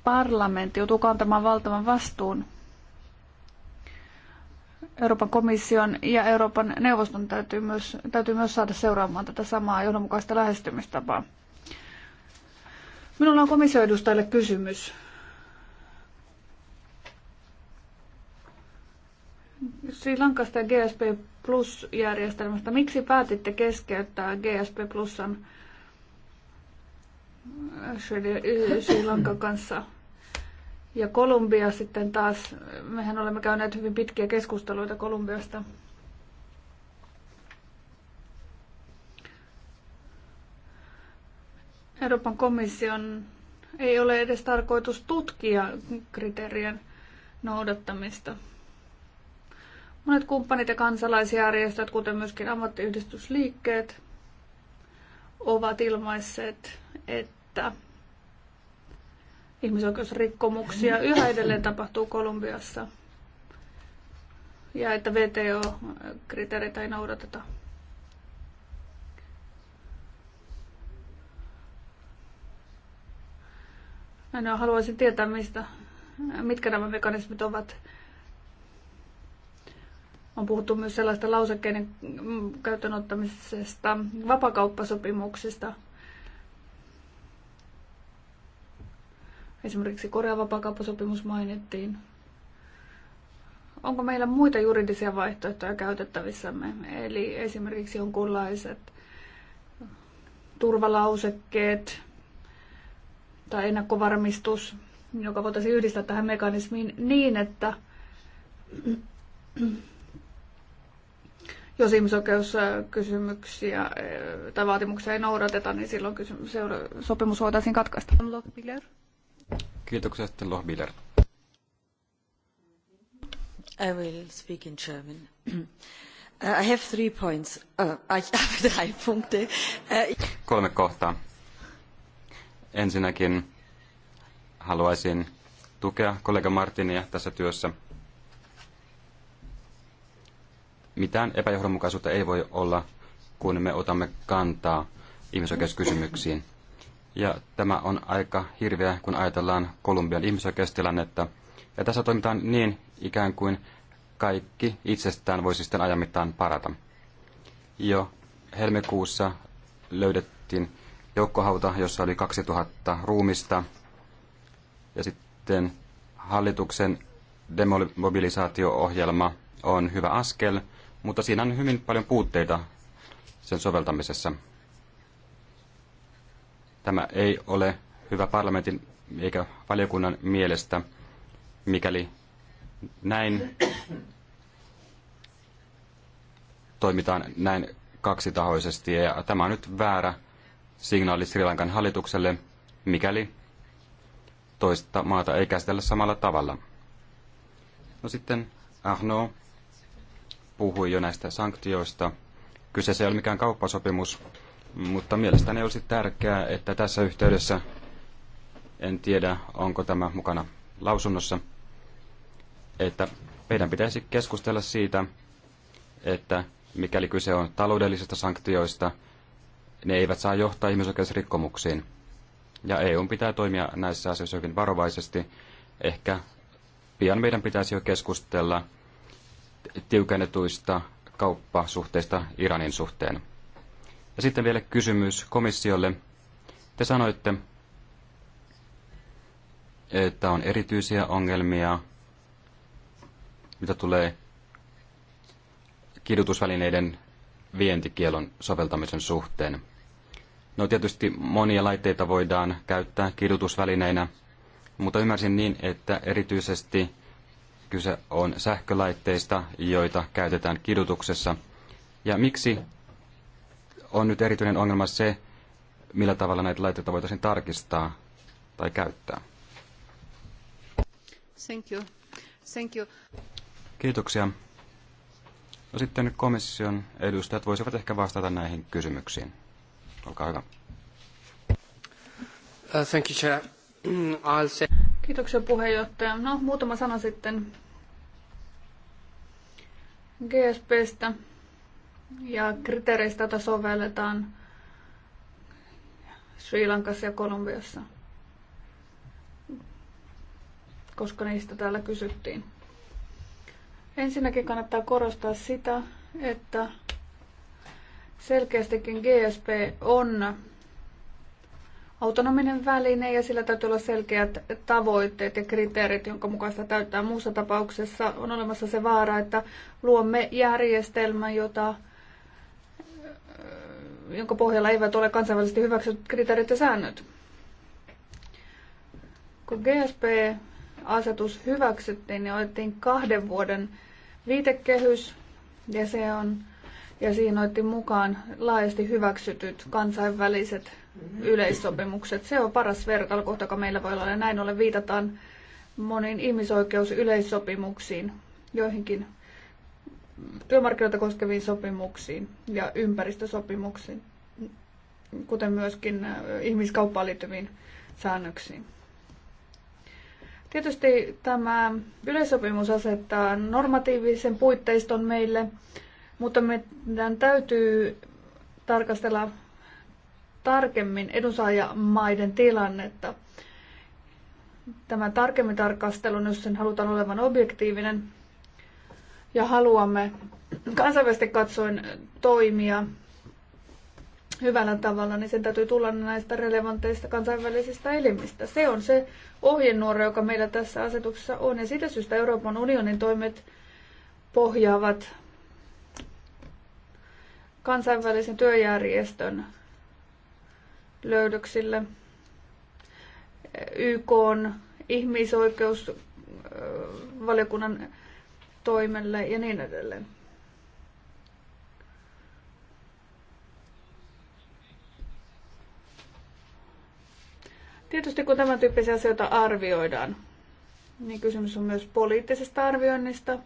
parlamentti joutuu kantamaan valtavan vastuun Euroopan komission ja Euroopan neuvoston täytyy myös, täytyy myös saada seuraamaan tätä samaa johdonmukaista lähestymistapaa. Minulla on komission edustajille kysymys. Sri Lankasta ja GSP Plus-järjestelmästä. Miksi päätitte keskeyttää GSP Plusan Sri Lankan kanssa? Ja Kolumbia sitten taas, mehän olemme käyneet hyvin pitkiä keskusteluita Kolumbiasta. Euroopan komission ei ole edes tarkoitus tutkia kriteerien noudattamista. Monet kumppanit ja kansalaisjärjestöt, kuten myöskin ammattiyhdistysliikkeet, ovat ilmaisseet, että ihmisoikeusrikkomuksia yhä edelleen tapahtuu Kolumbiassa ja että VTO-kriteereitä ei noudateta. No, haluaisin tietää, mistä, mitkä nämä mekanismit ovat. On puhuttu myös sellaista lausekkeiden käyttöönottamisesta, vapakauppasopimuksista – Esimerkiksi Korean vapaakauppasopimus mainittiin. Onko meillä muita juridisia vaihtoehtoja käytettävissämme? Eli esimerkiksi jonkunlaiset turvalausekkeet tai ennakkovarmistus, joka voitaisiin yhdistää tähän mekanismiin niin, että jos ihmisoikeuskysymyksiä tai vaatimuksia ei noudateta, niin silloin sopimus voitaisiin katkaista. Kiitoksia sitten Lohbiller. I will speak in German. Uh, I have three points. Uh, I Punkte. Uh, Kolme kohtaa. Ensinnäkin haluaisin tukea kollega Martinia tässä työssä. Mitään epäjohdonmukaisuutta ei voi olla, kun me otamme kantaa ihmisoikeuskysymyksiin. Ja tämä on aika hirveä, kun ajatellaan Kolumbian ihmisoikeustilannetta. Ja tässä toimitaan niin ikään kuin kaikki itsestään voisi sitten ajamittaan parata. Jo helmikuussa löydettiin joukkohauta, jossa oli 2000 ruumista. Ja sitten hallituksen demobilisaatio-ohjelma on hyvä askel, mutta siinä on hyvin paljon puutteita sen soveltamisessa. Tämä ei ole hyvä parlamentin eikä valiokunnan mielestä, mikäli näin toimitaan näin kaksitahoisesti. Ja tämä on nyt väärä signaali Sri Lankan hallitukselle, mikäli toista maata ei käsitellä samalla tavalla. No sitten Ahno puhui jo näistä sanktioista. Kyseessä ei ole mikään kauppasopimus, mutta mielestäni olisi tärkeää, että tässä yhteydessä, en tiedä onko tämä mukana lausunnossa, että meidän pitäisi keskustella siitä, että mikäli kyse on taloudellisista sanktioista, ne eivät saa johtaa ihmisoikeusrikkomuksiin. Ja EU pitää toimia näissä asioissa hyvin varovaisesti. Ehkä pian meidän pitäisi jo keskustella tiukennetuista kauppasuhteista Iranin suhteen. Ja sitten vielä kysymys komissiolle. Te sanoitte, että on erityisiä ongelmia, mitä tulee kidutusvälineiden vientikielon soveltamisen suhteen. No tietysti monia laitteita voidaan käyttää kidutusvälineinä, mutta ymmärsin niin, että erityisesti kyse on sähkölaitteista, joita käytetään kidutuksessa. Ja miksi on nyt erityinen ongelma se, millä tavalla näitä laitteita voitaisiin tarkistaa tai käyttää. Thank you. Thank you. Kiitoksia. No sitten komission edustajat voisivat ehkä vastata näihin kysymyksiin. Olkaa hyvä. Uh, thank you, Chair. I'll say... Kiitoksia puheenjohtaja. No, muutama sana sitten GSPstä ja kriteereistä, tätä sovelletaan Sri Lankassa ja Kolumbiassa, koska niistä täällä kysyttiin. Ensinnäkin kannattaa korostaa sitä, että selkeästikin GSP on autonominen väline ja sillä täytyy olla selkeät tavoitteet ja kriteerit, jonka mukaista täyttää. Muussa tapauksessa on olemassa se vaara, että luomme järjestelmän, jota jonka pohjalla eivät ole kansainvälisesti hyväksytyt kriteerit ja säännöt. Kun GSP-asetus hyväksyttiin, niin otettiin kahden vuoden viitekehys ja, se on, ja siinä otettiin mukaan laajasti hyväksytyt kansainväliset yleissopimukset. Se on paras vertailukohta, joka meillä voi olla ja näin ollen viitataan moniin ihmisoikeusyleissopimuksiin, joihinkin työmarkkinoita koskeviin sopimuksiin ja ympäristösopimuksiin, kuten myöskin äh, ihmiskauppaan liittyviin säännöksiin. Tietysti tämä yleissopimus asettaa normatiivisen puitteiston meille, mutta meidän täytyy tarkastella tarkemmin edunsaajamaiden tilannetta. Tämä tarkemmin tarkastelu, jos sen halutaan olevan objektiivinen, ja haluamme kansainvälisesti katsoen toimia hyvällä tavalla, niin sen täytyy tulla näistä relevanteista kansainvälisistä elimistä. Se on se ohjenuora, joka meillä tässä asetuksessa on, ja sitä syystä Euroopan unionin toimet pohjaavat kansainvälisen työjärjestön löydöksille, YK on ihmisoikeusvaliokunnan toimelle ja niin edelleen. Tietysti kun tämän tyyppisiä asioita arvioidaan, niin kysymys on myös poliittisesta arvioinnista.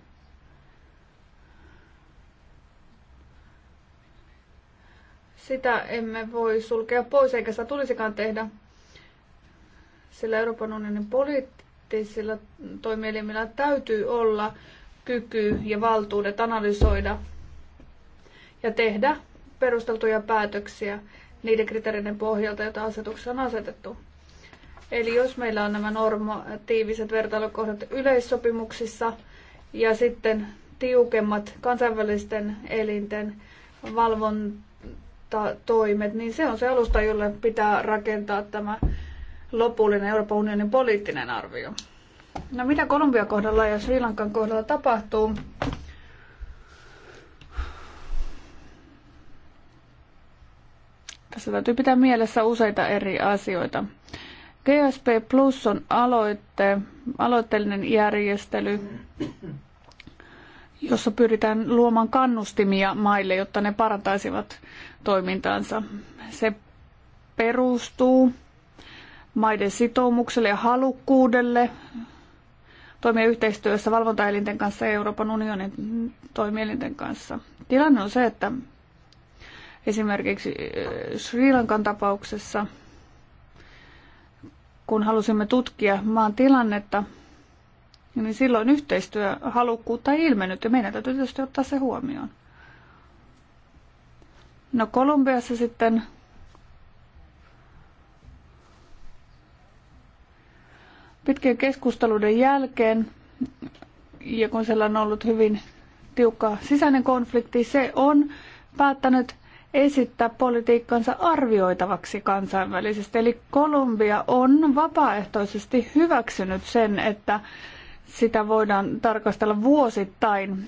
Sitä emme voi sulkea pois, eikä sitä tulisikaan tehdä, sillä Euroopan unionin poliittisilla toimielimillä täytyy olla kyky ja valtuudet analysoida ja tehdä perusteltuja päätöksiä niiden kriteereiden pohjalta, joita asetuksessa on asetettu. Eli jos meillä on nämä normatiiviset vertailukohdat yleissopimuksissa ja sitten tiukemmat kansainvälisten elinten valvontatoimet, niin se on se alusta, jolle pitää rakentaa tämä lopullinen Euroopan unionin poliittinen arvio. No mitä Kolumbian kohdalla ja Sri Lankan kohdalla tapahtuu? Tässä täytyy pitää mielessä useita eri asioita. GSP Plus on aloitte, aloitteellinen järjestely, jossa pyritään luomaan kannustimia maille, jotta ne parantaisivat toimintaansa. Se perustuu maiden sitoumukselle ja halukkuudelle toimia yhteistyössä valvontaelinten kanssa ja Euroopan unionin toimielinten kanssa. Tilanne on se, että esimerkiksi eh, Sri Lankan tapauksessa, kun halusimme tutkia maan tilannetta, niin silloin yhteistyöhalukkuutta ei ilmennyt ja meidän täytyy tietysti ottaa se huomioon. No Kolumbiassa sitten Pitkien keskusteluiden jälkeen, ja kun siellä on ollut hyvin tiukka sisäinen konflikti, se on päättänyt esittää politiikkansa arvioitavaksi kansainvälisesti. Eli Kolumbia on vapaaehtoisesti hyväksynyt sen, että sitä voidaan tarkastella vuosittain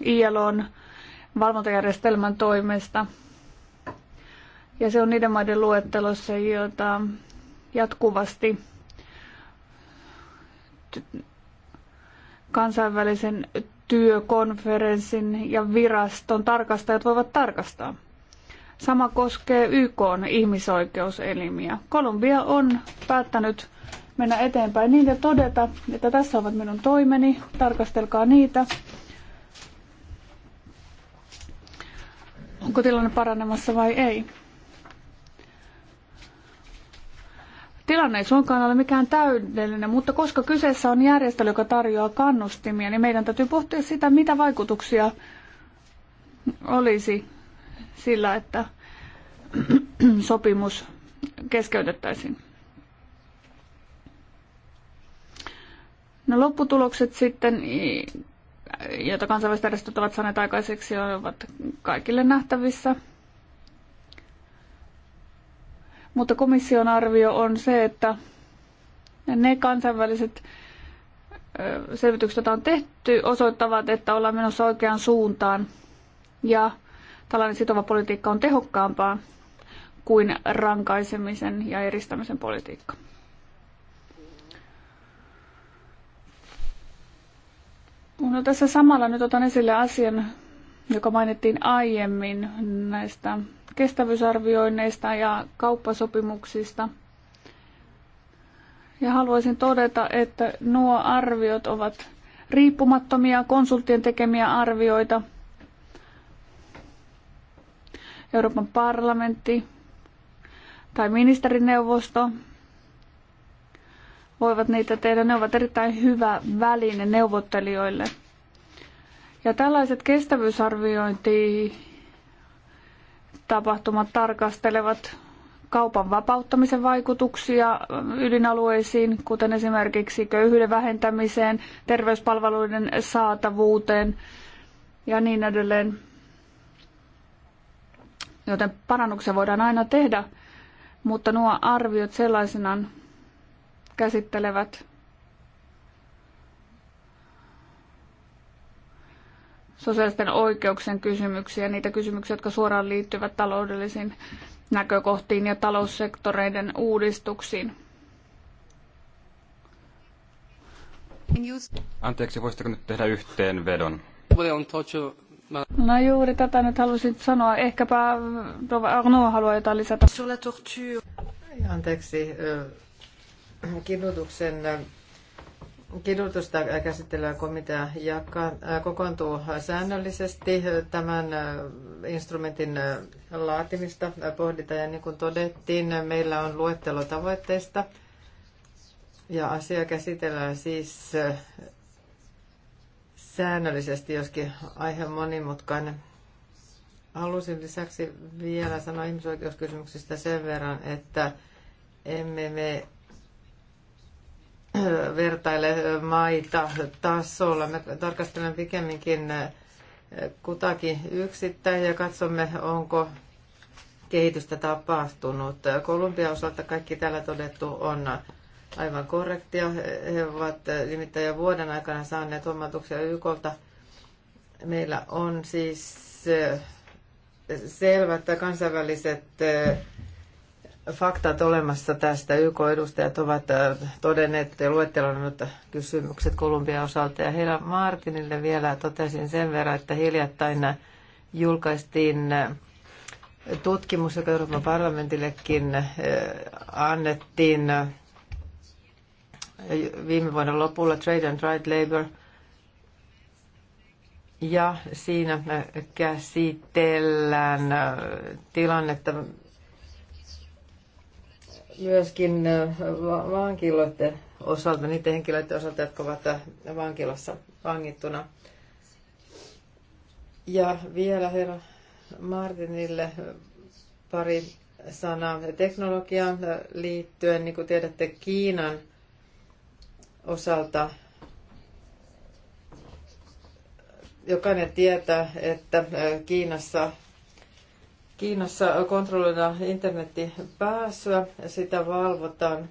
ILOn valvontajärjestelmän toimesta. Ja se on niiden maiden luettelossa, joita jatkuvasti kansainvälisen työkonferenssin ja viraston tarkastajat voivat tarkastaa. Sama koskee YK ihmisoikeuselimiä. Kolumbia on päättänyt mennä eteenpäin niin ja todeta, että tässä ovat minun toimeni, tarkastelkaa niitä. Onko tilanne paranemassa vai ei? Tilanne ei suinkaan ole mikään täydellinen, mutta koska kyseessä on järjestely, joka tarjoaa kannustimia, niin meidän täytyy pohtia sitä, mitä vaikutuksia olisi sillä, että sopimus keskeytettäisiin. No lopputulokset sitten, joita kansainväliset järjestöt ovat saaneet aikaiseksi, ovat kaikille nähtävissä – mutta komission arvio on se, että ne kansainväliset selvitykset, joita on tehty, osoittavat, että ollaan menossa oikeaan suuntaan. Ja tällainen sitova politiikka on tehokkaampaa kuin rankaisemisen ja eristämisen politiikka. No tässä samalla nyt otan esille asian, joka mainittiin aiemmin näistä kestävyysarvioinneista ja kauppasopimuksista. Ja haluaisin todeta, että nuo arviot ovat riippumattomia konsulttien tekemiä arvioita. Euroopan parlamentti tai ministerineuvosto voivat niitä tehdä. Ne ovat erittäin hyvä väline neuvottelijoille. Ja tällaiset kestävyysarviointi tapahtumat tarkastelevat kaupan vapauttamisen vaikutuksia ydinalueisiin, kuten esimerkiksi köyhyyden vähentämiseen, terveyspalveluiden saatavuuteen ja niin edelleen. Joten parannuksia voidaan aina tehdä, mutta nuo arviot sellaisenaan käsittelevät sosiaalisten oikeuksien kysymyksiä, niitä kysymyksiä, jotka suoraan liittyvät taloudellisiin näkökohtiin ja taloussektoreiden uudistuksiin. Anteeksi, voisitteko nyt tehdä yhteenvedon? No juuri tätä nyt halusin sanoa. Ehkäpä Arnaud haluaa jotain lisätä. Anteeksi, kidutuksen Kidutusta käsittelevä komitea jaka, äh, kokoontuu säännöllisesti. Tämän äh, instrumentin äh, laatimista pohditaan ja niin kuin todettiin, meillä on luettelo tavoitteista ja asia käsitellään siis säännöllisesti, joskin aihe monimutkainen. Halusin lisäksi vielä sanoa ihmisoikeuskysymyksistä sen verran, että emme me vertaile maita tasolla. Me tarkastelemme pikemminkin kutakin yksittäin ja katsomme, onko kehitystä tapahtunut. Kolumbian osalta kaikki täällä todettu on aivan korrektia. He ovat nimittäin jo vuoden aikana saaneet huomautuksia YKlta. Meillä on siis selvät kansainväliset faktat olemassa tästä. YK-edustajat ovat todenneet ja luettelaneet kysymykset Kolumbian osalta. Ja heillä Martinille vielä totesin sen verran, että hiljattain julkaistiin tutkimus, joka Euroopan parlamentillekin annettiin viime vuoden lopulla Trade and Right Labor. Ja siinä käsitellään tilannetta myöskin vankiloiden osalta, niiden henkilöiden osalta, jotka ovat vankilassa vangittuna. Ja vielä herra Martinille pari sanaa teknologiaan liittyen. Niin kuin tiedätte, Kiinan osalta jokainen tietää, että Kiinassa Kiinassa kontrolloidaan internetin pääsyä, sitä valvotaan.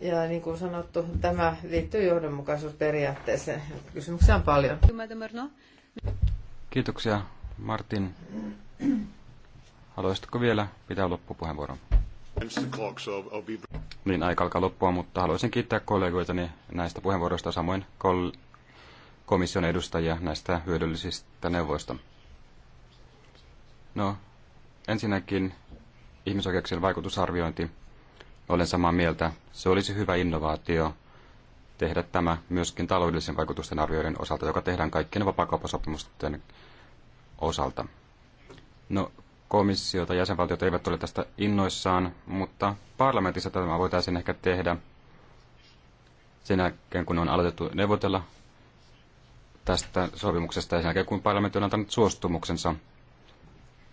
Ja niin kuin sanottu, tämä liittyy johdonmukaisuusperiaatteeseen. Kysymyksiä on paljon. Kiitoksia, Martin. Haluaisitko vielä pitää loppupuheenvuoron? Niin, aika alkaa loppua, mutta haluaisin kiittää kollegoitani näistä puheenvuoroista, samoin kol- komission edustajia näistä hyödyllisistä neuvoista. No, ensinnäkin ihmisoikeuksien vaikutusarviointi. Olen samaa mieltä. Se olisi hyvä innovaatio tehdä tämä myöskin taloudellisen vaikutusten arvioiden osalta, joka tehdään kaikkien vapaakauppasopimusten osalta. No, komissio tai jäsenvaltiot eivät ole tästä innoissaan, mutta parlamentissa tämä voitaisiin ehkä tehdä sen jälkeen, kun on aloitettu neuvotella tästä sopimuksesta ja sen jälkeen, kun parlamentti on antanut suostumuksensa.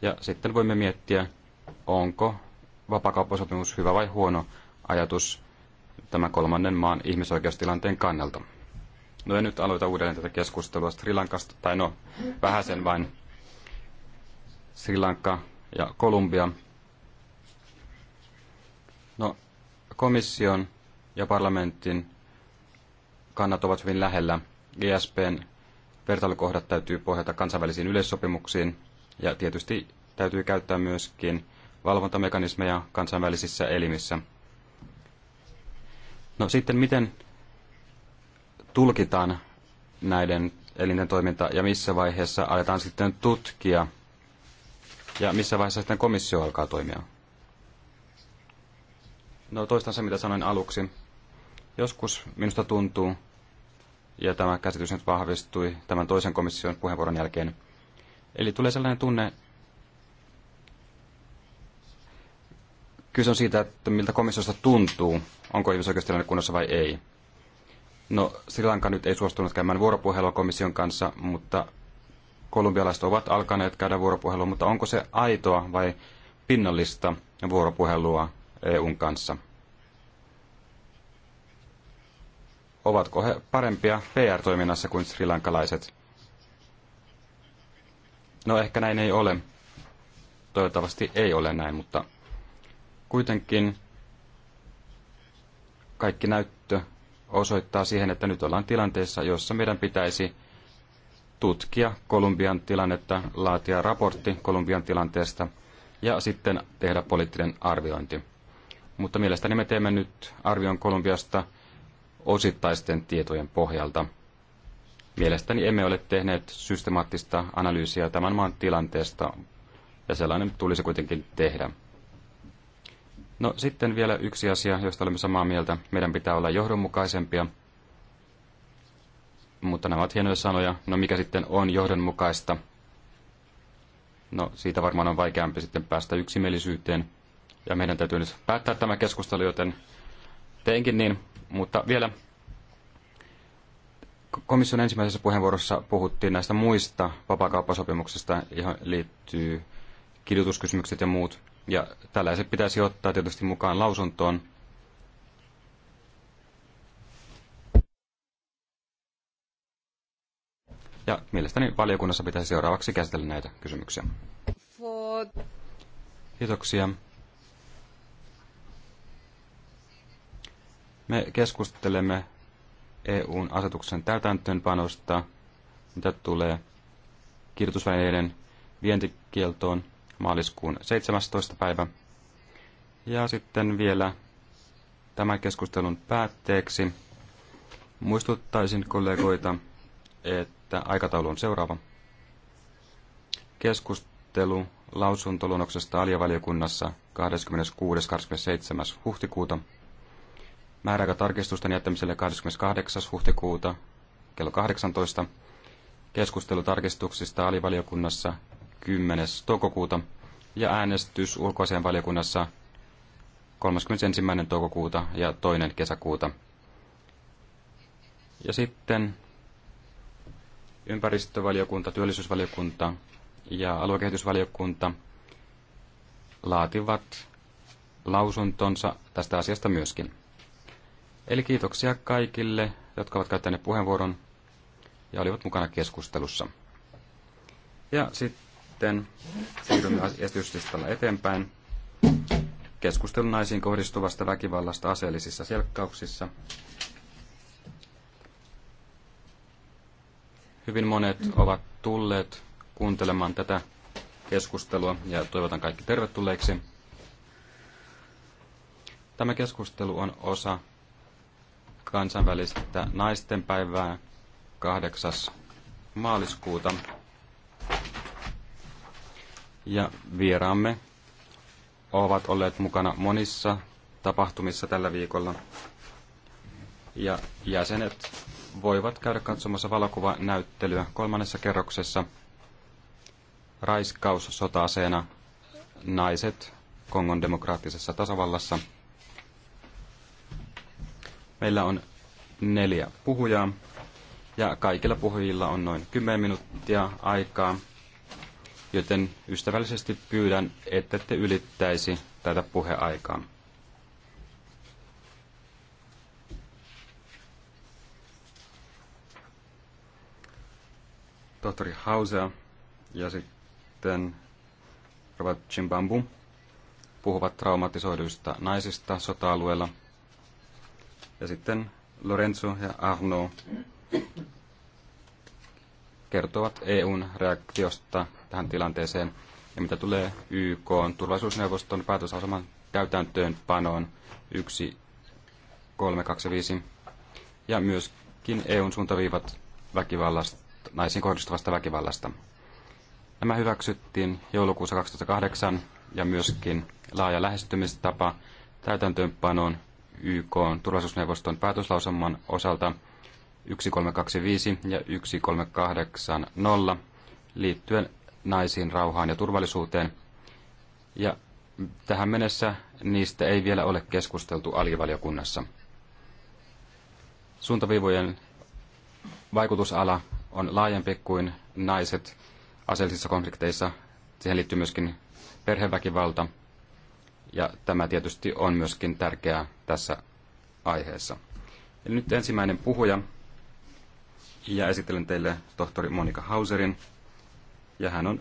Ja sitten voimme miettiä, onko vapakauppasopimus hyvä vai huono ajatus tämän kolmannen maan ihmisoikeustilanteen kannalta. No en nyt aloita uudelleen tätä keskustelua Sri Lankasta, tai no vähäsen vain Sri Lanka ja Kolumbia. No komission ja parlamentin kannat ovat hyvin lähellä. GSPn e vertailukohdat täytyy pohjata kansainvälisiin yleissopimuksiin ja tietysti täytyy käyttää myöskin valvontamekanismeja kansainvälisissä elimissä. No sitten miten tulkitaan näiden elinten toiminta ja missä vaiheessa aletaan sitten tutkia ja missä vaiheessa sitten komissio alkaa toimia? No toistan se, mitä sanoin aluksi. Joskus minusta tuntuu, ja tämä käsitys nyt vahvistui tämän toisen komission puheenvuoron jälkeen. Eli tulee sellainen tunne, kyse on siitä, että miltä komissiosta tuntuu, onko ihmisoikeustilanne kunnossa vai ei. No, Sri Lanka nyt ei suostunut käymään vuoropuhelua komission kanssa, mutta kolumbialaiset ovat alkaneet käydä vuoropuhelua, mutta onko se aitoa vai pinnallista vuoropuhelua EUn kanssa? ovatko he parempia PR-toiminnassa kuin srilankalaiset? No ehkä näin ei ole. Toivottavasti ei ole näin, mutta kuitenkin kaikki näyttö osoittaa siihen, että nyt ollaan tilanteessa, jossa meidän pitäisi tutkia Kolumbian tilannetta, laatia raportti Kolumbian tilanteesta ja sitten tehdä poliittinen arviointi. Mutta mielestäni me teemme nyt arvion Kolumbiasta – osittaisten tietojen pohjalta. Mielestäni emme ole tehneet systemaattista analyysiä tämän maan tilanteesta, ja sellainen tulisi kuitenkin tehdä. No sitten vielä yksi asia, josta olemme samaa mieltä. Meidän pitää olla johdonmukaisempia. Mutta nämä ovat hienoja sanoja. No mikä sitten on johdonmukaista? No siitä varmaan on vaikeampi sitten päästä yksimielisyyteen. Ja meidän täytyy nyt päättää tämä keskustelu, joten teinkin niin. Mutta vielä komission ensimmäisessä puheenvuorossa puhuttiin näistä muista vapaakauppasopimuksista, johon liittyy kidutuskysymykset ja muut. Ja tällaiset pitäisi ottaa tietysti mukaan lausuntoon. Ja mielestäni valiokunnassa pitäisi seuraavaksi käsitellä näitä kysymyksiä. Kiitoksia. Me keskustelemme EUn asetuksen täytäntöönpanosta, mitä tulee kirjoitusvälineiden vientikieltoon maaliskuun 17. päivä. Ja sitten vielä tämän keskustelun päätteeksi muistuttaisin kollegoita, että aikataulu on seuraava. Keskustelu lausuntoluonnoksesta aliavaliokunnassa 26.27. huhtikuuta määräaika tarkistusten jättämiselle 28. huhtikuuta kello 18. Keskustelu tarkistuksista alivaliokunnassa 10. toukokuuta ja äänestys ulkoasianvaliokunnassa 31. toukokuuta ja 2. kesäkuuta. Ja sitten ympäristövaliokunta, työllisyysvaliokunta ja aluekehitysvaliokunta laativat lausuntonsa tästä asiasta myöskin. Eli kiitoksia kaikille, jotka ovat käyttäneet puheenvuoron ja olivat mukana keskustelussa. Ja sitten siirrymme esityslistalla eteenpäin. Keskustelun naisiin kohdistuvasta väkivallasta aseellisissa selkkauksissa. Hyvin monet ovat tulleet kuuntelemaan tätä keskustelua ja toivotan kaikki tervetulleiksi. Tämä keskustelu on osa kansainvälistä naistenpäivää 8. maaliskuuta. Ja vieraamme ovat olleet mukana monissa tapahtumissa tällä viikolla. Ja jäsenet voivat käydä katsomassa valokuvanäyttelyä kolmannessa kerroksessa Raiskaus sota-aseena naiset Kongon demokraattisessa tasavallassa – Meillä on neljä puhujaa ja kaikilla puhujilla on noin 10 minuuttia aikaa, joten ystävällisesti pyydän, että te ylittäisi tätä puheaikaa. tohtori Hausea ja sitten Robert Chimbambu puhuvat traumatisoiduista naisista sota-alueella – ja sitten Lorenzo ja Arno kertovat EUn reaktiosta tähän tilanteeseen ja mitä tulee YK turvallisuusneuvoston päätösaseman täytäntöönpanoon 1325 ja myöskin EUn suuntaviivat väkivallasta, naisiin kohdistuvasta väkivallasta. Nämä hyväksyttiin joulukuussa 2008 ja myöskin laaja lähestymistapa täytäntöönpanoon YK turvallisuusneuvoston päätöslauselman osalta 1325 ja 1380 liittyen naisiin, rauhaan ja turvallisuuteen. Ja tähän mennessä niistä ei vielä ole keskusteltu alivaliokunnassa. Suuntaviivojen vaikutusala on laajempi kuin naiset aseellisissa konflikteissa. Siihen liittyy myöskin perheväkivalta, ja tämä tietysti on myöskin tärkeää tässä aiheessa. Eli nyt ensimmäinen puhuja, ja esittelen teille tohtori Monika Hauserin, ja hän on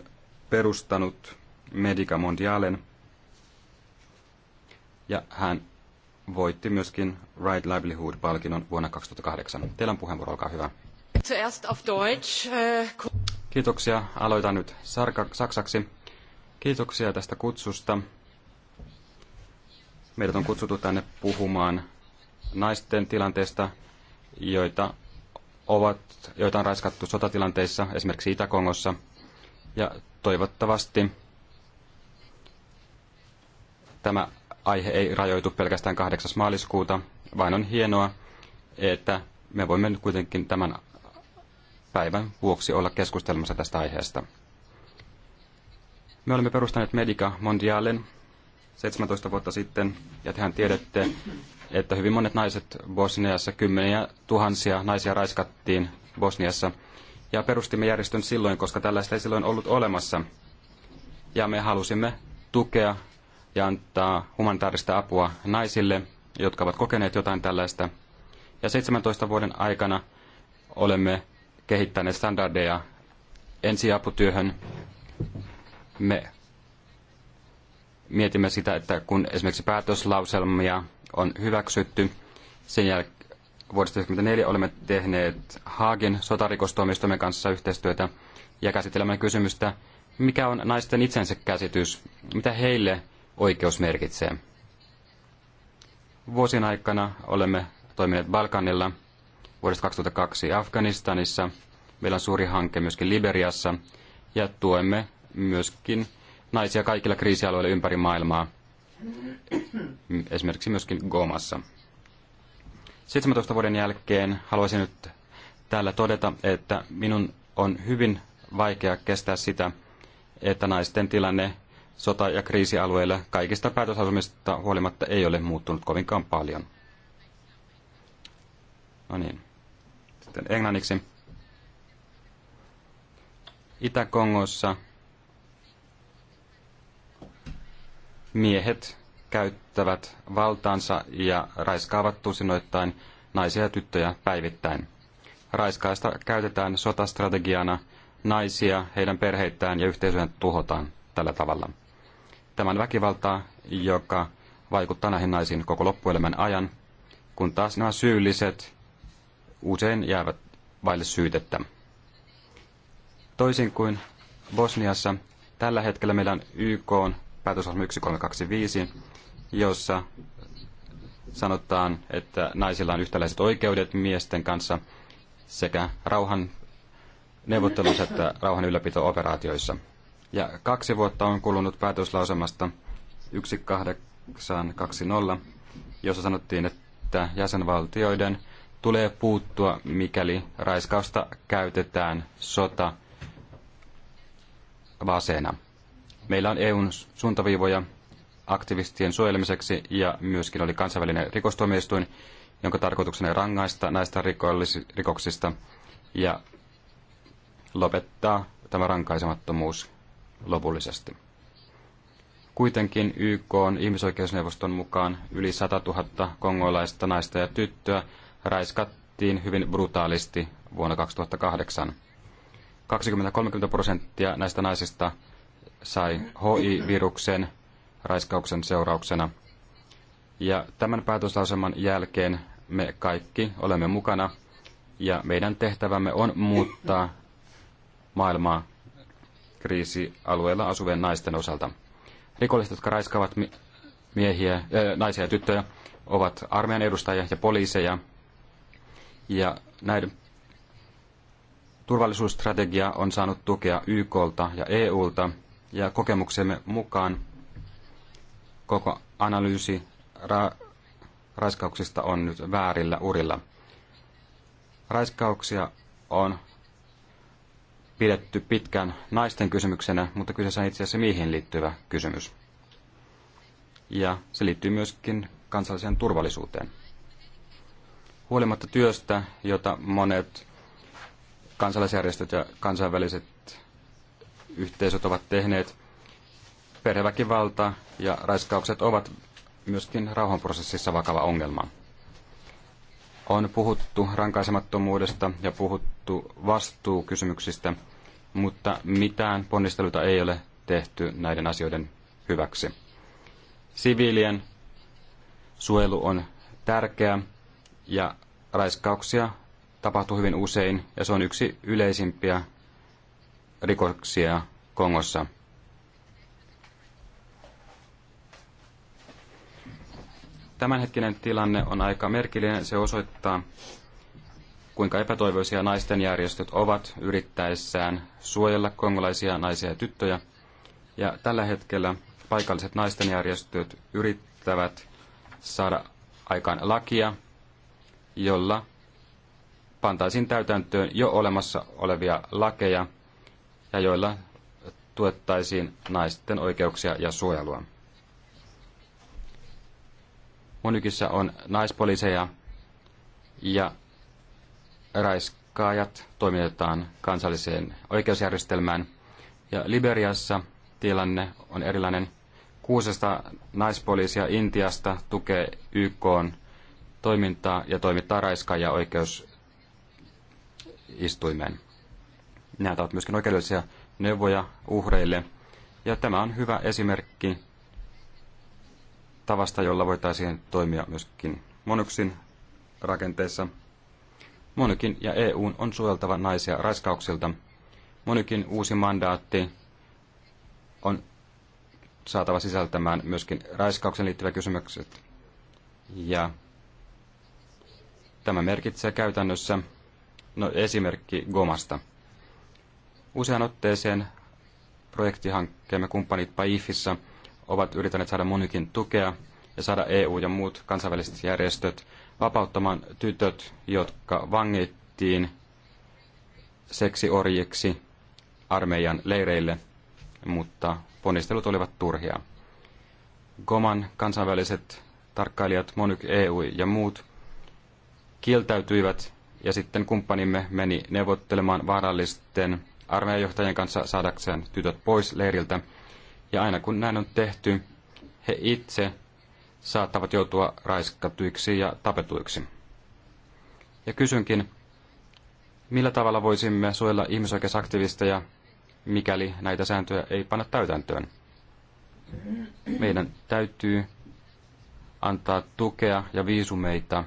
perustanut Medica Mondialen, ja hän voitti myöskin Right Livelihood-palkinnon vuonna 2008. Teillä on puheenvuoro, olkaa hyvä. Zuerst auf Deutsch. Äh, Kiitoksia. Aloitan nyt sarka- saksaksi. Kiitoksia tästä kutsusta Meidät on kutsuttu tänne puhumaan naisten tilanteesta, joita, ovat, joita on raiskattu sotatilanteissa, esimerkiksi Itä-Kongossa. Ja toivottavasti tämä aihe ei rajoitu pelkästään 8. maaliskuuta, vaan on hienoa, että me voimme nyt kuitenkin tämän päivän vuoksi olla keskustelmassa tästä aiheesta. Me olemme perustaneet Medica Mondialen, 17 vuotta sitten, ja tehän tiedätte, että hyvin monet naiset Bosniassa, kymmeniä tuhansia naisia raiskattiin Bosniassa. Ja perustimme järjestön silloin, koska tällaista ei silloin ollut olemassa. Ja me halusimme tukea ja antaa humanitaarista apua naisille, jotka ovat kokeneet jotain tällaista. Ja 17 vuoden aikana olemme kehittäneet standardeja ensiaputyöhön. Me mietimme sitä, että kun esimerkiksi päätöslauselmia on hyväksytty, sen jälkeen vuodesta 1994 olemme tehneet Haagin sotarikostuomioistuimen kanssa yhteistyötä ja käsittelemme kysymystä, mikä on naisten itsensä käsitys, mitä heille oikeus merkitsee. Vuosien aikana olemme toimineet Balkanilla vuodesta 2002 Afganistanissa. Meillä on suuri hanke myöskin Liberiassa ja tuemme myöskin naisia kaikilla kriisialueilla ympäri maailmaa, esimerkiksi myöskin Gomassa. 17 vuoden jälkeen haluaisin nyt täällä todeta, että minun on hyvin vaikea kestää sitä, että naisten tilanne sota- ja kriisialueilla kaikista päätösasumista huolimatta ei ole muuttunut kovinkaan paljon. No niin. Sitten englanniksi. Itä-Kongossa miehet käyttävät valtaansa ja raiskaavat tusinoittain naisia ja tyttöjä päivittäin. Raiskaista käytetään sotastrategiana, naisia, heidän perheitään ja yhteisöjen tuhotaan tällä tavalla. Tämän väkivaltaa, joka vaikuttaa näihin naisiin koko loppuelämän ajan, kun taas nämä syylliset usein jäävät vaille syytettä. Toisin kuin Bosniassa, tällä hetkellä YK on päätösasema 1325, jossa sanotaan, että naisilla on yhtäläiset oikeudet miesten kanssa sekä rauhan neuvottelussa että rauhan ylläpito-operaatioissa. Ja kaksi vuotta on kulunut päätöslausemasta 1820, jossa sanottiin, että jäsenvaltioiden tulee puuttua, mikäli raiskausta käytetään sota vaseena. Meillä on EUn suuntaviivoja aktivistien suojelemiseksi ja myöskin oli kansainvälinen rikostuomioistuin, jonka tarkoituksena rangaista näistä rikoksista ja lopettaa tämä rankaisemattomuus lopullisesti. Kuitenkin YK on ihmisoikeusneuvoston mukaan yli 100 000 kongolaista naista ja tyttöä raiskattiin hyvin brutaalisti vuonna 2008. 20-30 prosenttia näistä naisista sai HI-viruksen raiskauksen seurauksena. Ja tämän päätöslauselman jälkeen me kaikki olemme mukana ja meidän tehtävämme on muuttaa maailmaa kriisialueella asuvien naisten osalta. Rikolliset, jotka raiskaavat miehiä, äh, naisia ja tyttöjä, ovat armeijan edustajia ja poliiseja. Ja näiden turvallisuusstrategia on saanut tukea YKlta ja EUlta – ja kokemuksemme mukaan koko analyysi ra- raiskauksista on nyt väärillä urilla. Raiskauksia on pidetty pitkään naisten kysymyksenä, mutta kyseessä on itse asiassa mihin liittyvä kysymys. Ja se liittyy myöskin kansalliseen turvallisuuteen. Huolimatta työstä, jota monet kansalaisjärjestöt ja kansainväliset yhteisöt ovat tehneet. Perheväkivalta ja raiskaukset ovat myöskin rauhanprosessissa vakava ongelma. On puhuttu rankaisemattomuudesta ja puhuttu vastuukysymyksistä, mutta mitään ponnisteluita ei ole tehty näiden asioiden hyväksi. Siviilien suojelu on tärkeä ja raiskauksia tapahtuu hyvin usein ja se on yksi yleisimpiä rikoksia Kongossa. Tämänhetkinen tilanne on aika merkillinen. Se osoittaa, kuinka epätoivoisia naisten järjestöt ovat yrittäessään suojella kongolaisia naisia ja tyttöjä. Ja tällä hetkellä paikalliset naisten järjestöt yrittävät saada aikaan lakia, jolla pantaisiin täytäntöön jo olemassa olevia lakeja, ja joilla tuettaisiin naisten oikeuksia ja suojelua. Munikissa on naispoliiseja ja raiskaajat toimitetaan kansalliseen oikeusjärjestelmään. Ja Liberiassa tilanne on erilainen. Kuusesta naispoliisia Intiasta tukee YK toimintaa ja toimittaa raiskaajia oikeusistuimeen. Ne antavat myöskin oikeudellisia neuvoja uhreille. Ja tämä on hyvä esimerkki tavasta, jolla voitaisiin toimia myöskin monyksin rakenteessa. Monykin ja EUn on suojeltava naisia raiskauksilta. Monykin uusi mandaatti on saatava sisältämään myöskin raiskauksen liittyvät kysymykset. Ja tämä merkitsee käytännössä no, esimerkki Gomasta – Usean otteeseen projektihankkeemme kumppanit Paifissa ovat yrittäneet saada monikin tukea ja saada EU ja muut kansainväliset järjestöt vapauttamaan tytöt, jotka vangittiin seksiorjiksi armeijan leireille, mutta ponnistelut olivat turhia. Goman kansainväliset tarkkailijat Monyk EU ja muut kieltäytyivät ja sitten kumppanimme meni neuvottelemaan vaarallisten armeijajohtajien kanssa saadakseen tytöt pois leiriltä. Ja aina kun näin on tehty, he itse saattavat joutua raiskatuiksi ja tapetuiksi. Ja kysynkin, millä tavalla voisimme suojella ihmisoikeusaktivisteja, mikäli näitä sääntöjä ei panna täytäntöön? Meidän täytyy antaa tukea ja viisumeita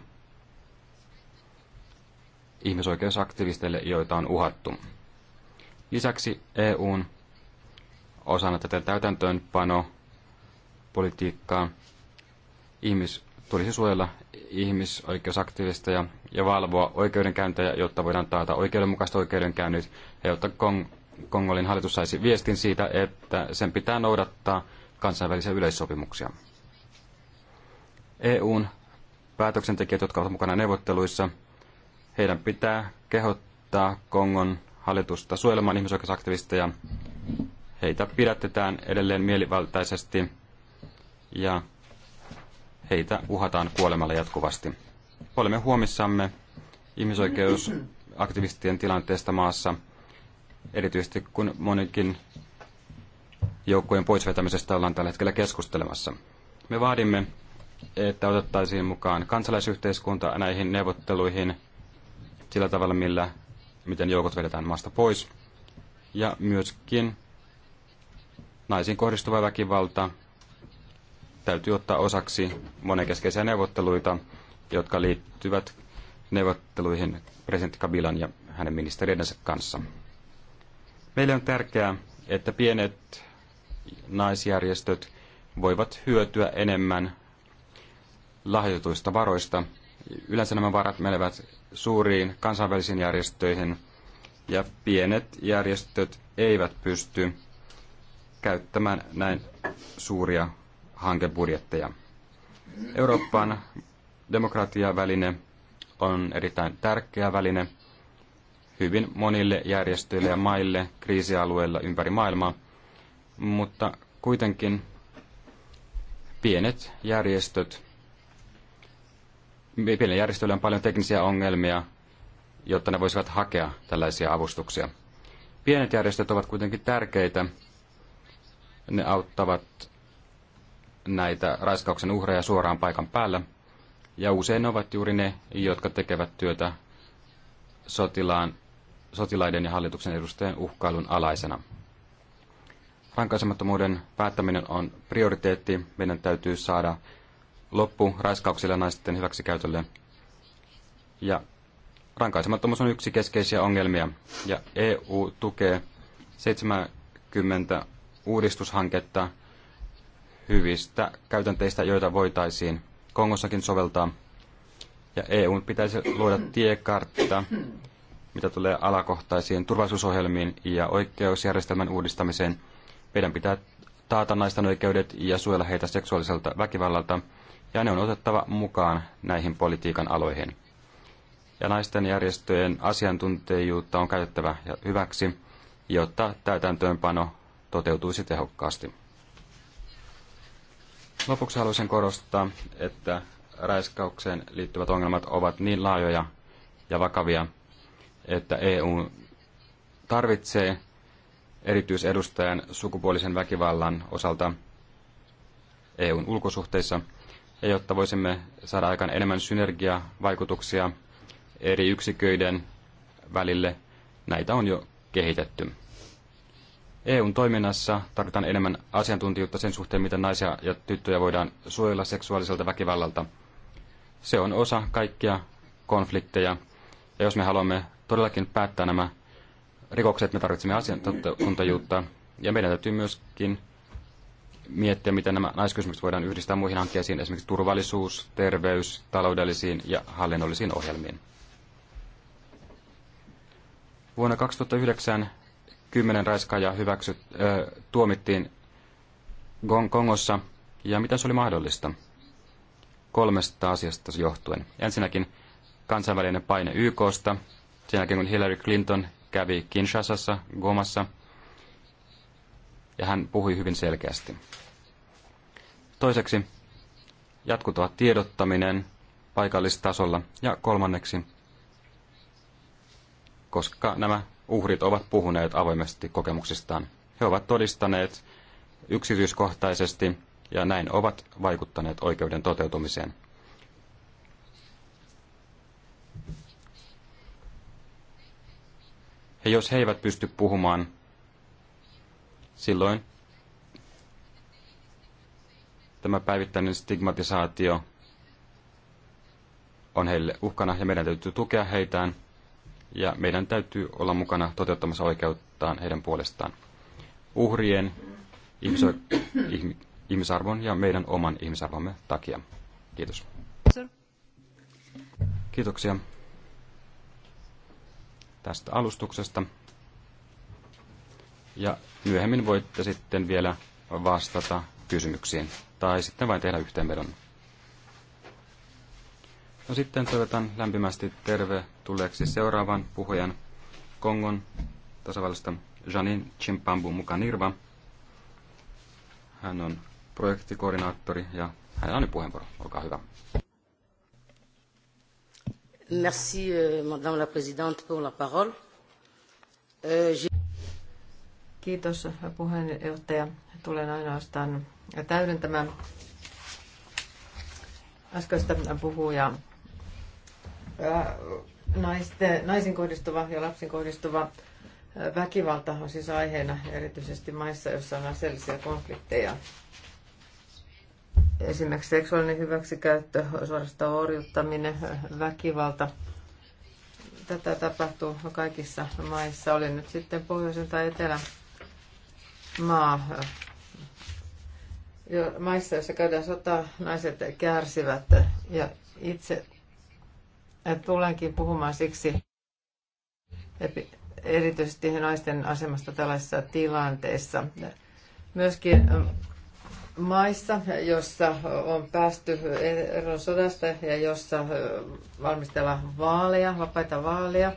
ihmisoikeusaktivisteille, joita on uhattu. Lisäksi EUn osana tätä täytäntöönpano politiikkaa ihmis, tulisi suojella ihmisoikeusaktivisteja ja valvoa oikeudenkäyntejä, jotta voidaan taata oikeudenmukaista oikeudenkäynnit ja jotta Kong, Kongolin hallitus saisi viestin siitä, että sen pitää noudattaa kansainvälisiä yleissopimuksia. EUn päätöksentekijät, jotka ovat mukana neuvotteluissa, heidän pitää kehottaa Kongon hallitusta suojelemaan ihmisoikeusaktivisteja. Heitä pidätetään edelleen mielivaltaisesti ja heitä uhataan kuolemalla jatkuvasti. Olemme huomissamme ihmisoikeusaktivistien tilanteesta maassa, erityisesti kun monikin joukkojen poisvetämisestä ollaan tällä hetkellä keskustelemassa. Me vaadimme, että otettaisiin mukaan kansalaisyhteiskunta näihin neuvotteluihin sillä tavalla, millä miten joukot vedetään maasta pois. Ja myöskin naisiin kohdistuva väkivalta täytyy ottaa osaksi monenkeskeisiä neuvotteluita, jotka liittyvät neuvotteluihin presidentti Kabilan ja hänen ministeriönsä kanssa. Meille on tärkeää, että pienet naisjärjestöt voivat hyötyä enemmän lahjoituista varoista. Yleensä nämä varat menevät suuriin kansainvälisiin järjestöihin ja pienet järjestöt eivät pysty käyttämään näin suuria hankebudjetteja. Euroopan demokratiaväline on erittäin tärkeä väline hyvin monille järjestöille ja maille kriisialueilla ympäri maailmaa, mutta kuitenkin pienet järjestöt pienillä järjestöillä on paljon teknisiä ongelmia, jotta ne voisivat hakea tällaisia avustuksia. Pienet järjestöt ovat kuitenkin tärkeitä. Ne auttavat näitä raiskauksen uhreja suoraan paikan päällä. Ja usein ovat juuri ne, jotka tekevät työtä sotilaan, sotilaiden ja hallituksen edustajien uhkailun alaisena. Rankaisemattomuuden päättäminen on prioriteetti. Meidän täytyy saada loppu raiskauksille ja naisten hyväksikäytölle. Ja rankaisemattomuus on yksi keskeisiä ongelmia, ja EU tukee 70 uudistushanketta hyvistä käytänteistä, joita voitaisiin Kongossakin soveltaa. Ja EU pitäisi luoda tiekartta, mitä tulee alakohtaisiin turvallisuusohjelmiin ja oikeusjärjestelmän uudistamiseen. Meidän pitää taata naisten oikeudet ja suojella heitä seksuaaliselta väkivallalta – ja ne on otettava mukaan näihin politiikan aloihin. Ja naisten järjestöjen asiantuntijuutta on käytettävä hyväksi, jotta täytäntöönpano toteutuisi tehokkaasti. Lopuksi haluaisin korostaa, että räiskaukseen liittyvät ongelmat ovat niin laajoja ja vakavia, että EU tarvitsee erityisedustajan sukupuolisen väkivallan osalta EUn ulkosuhteissa – ja jotta voisimme saada aikaan enemmän synergiavaikutuksia eri yksiköiden välille, näitä on jo kehitetty. EUn toiminnassa tarvitaan enemmän asiantuntijuutta sen suhteen, miten naisia ja tyttöjä voidaan suojella seksuaaliselta väkivallalta. Se on osa kaikkia konflikteja, ja jos me haluamme todellakin päättää nämä rikokset, me tarvitsemme asiantuntijuutta, ja meidän täytyy myöskin miettiä, miten nämä naiskysymykset voidaan yhdistää muihin hankkeisiin, esimerkiksi turvallisuus, terveys, taloudellisiin ja hallinnollisiin ohjelmiin. Vuonna 2009 kymmenen raiskaajaa hyväksyt, äh, tuomittiin Kongossa, ja mitä se oli mahdollista? Kolmesta asiasta johtuen. Ensinnäkin kansainvälinen paine YKsta, sen jälkeen kun Hillary Clinton kävi Kinshasassa, Gomassa – ja hän puhui hyvin selkeästi. Toiseksi jatkuva tiedottaminen paikallistasolla ja kolmanneksi, koska nämä uhrit ovat puhuneet avoimesti kokemuksistaan. He ovat todistaneet yksityiskohtaisesti ja näin ovat vaikuttaneet oikeuden toteutumiseen. Ja jos he eivät pysty puhumaan silloin tämä päivittäinen stigmatisaatio on heille uhkana ja meidän täytyy tukea heitään ja meidän täytyy olla mukana toteuttamassa oikeuttaan heidän puolestaan. Uhrien, ihmisarvon ja meidän oman ihmisarvomme takia. Kiitos. Kiitoksia tästä alustuksesta. Ja myöhemmin voitte sitten vielä vastata kysymyksiin tai sitten vain tehdä yhteenvedon. No sitten toivotan lämpimästi tervetulleeksi seuraavan puhujan Kongon tasavallista Janin Chimpambu Mukanirva. Hän on projektikoordinaattori ja hänellä on nyt puheenvuoro. Olkaa hyvä. Merci, euh, Madame la Présidente, pour la parole. Euh, Kiitos puheenjohtaja. Tulen ainoastaan täydentämään äskeistä puhujaa. Naisten, naisin kohdistuva ja lapsin kohdistuva väkivalta on siis aiheena erityisesti maissa, joissa on aseellisia konflikteja. Esimerkiksi seksuaalinen hyväksikäyttö, suorastaan orjuttaminen, väkivalta. Tätä tapahtuu kaikissa maissa, oli nyt sitten pohjoisen tai etelän maa, jo, maissa, joissa käydään sota, naiset kärsivät. Ja itse tulenkin puhumaan siksi erityisesti naisten asemasta tällaisissa tilanteissa. Myöskin maissa, jossa on päästy eron sodasta ja jossa valmistellaan vaaleja, vapaita vaaleja,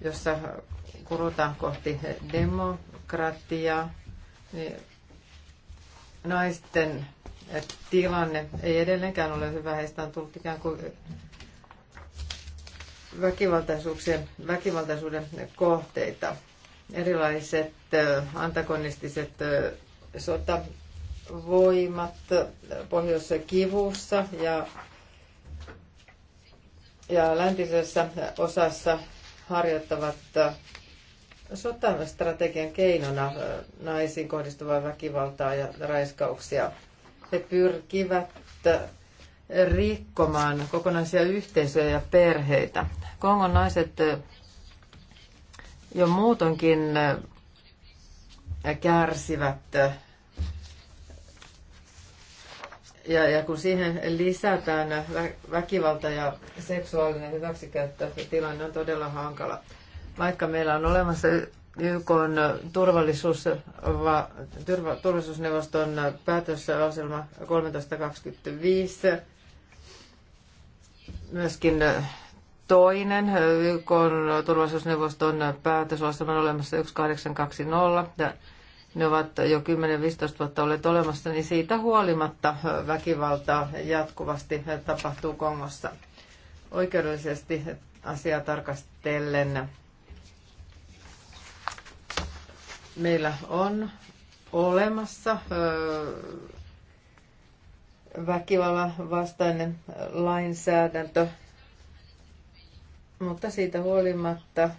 jossa kurutaan kohti demo, demokratia, niin naisten tilanne ei edelleenkään ole hyvä. Heistä on tullut ikään kuin väkivaltaisuuksien, väkivaltaisuuden kohteita. Erilaiset antagonistiset sotavoimat pohjoisessa kivussa ja, ja läntisessä osassa harjoittavat sotastrategian keinona naisiin kohdistuvaa väkivaltaa ja raiskauksia. He pyrkivät rikkomaan kokonaisia yhteisöjä ja perheitä. Kongon naiset jo muutonkin kärsivät. Ja, ja kun siihen lisätään väkivalta ja seksuaalinen hyväksikäyttö, tilanne on todella hankala. Vaikka meillä on olemassa YK on turvallisuus, va, turva, turvallisuusneuvoston päätösasema 1325, myöskin toinen YK on turvallisuusneuvoston päätösasema on olemassa 1820, ja ne ovat jo 10-15 vuotta olleet olemassa, niin siitä huolimatta väkivaltaa jatkuvasti tapahtuu Kongossa. Oikeudellisesti asiaa tarkastellen meillä on olemassa väkivallan vastainen lainsäädäntö, mutta siitä huolimatta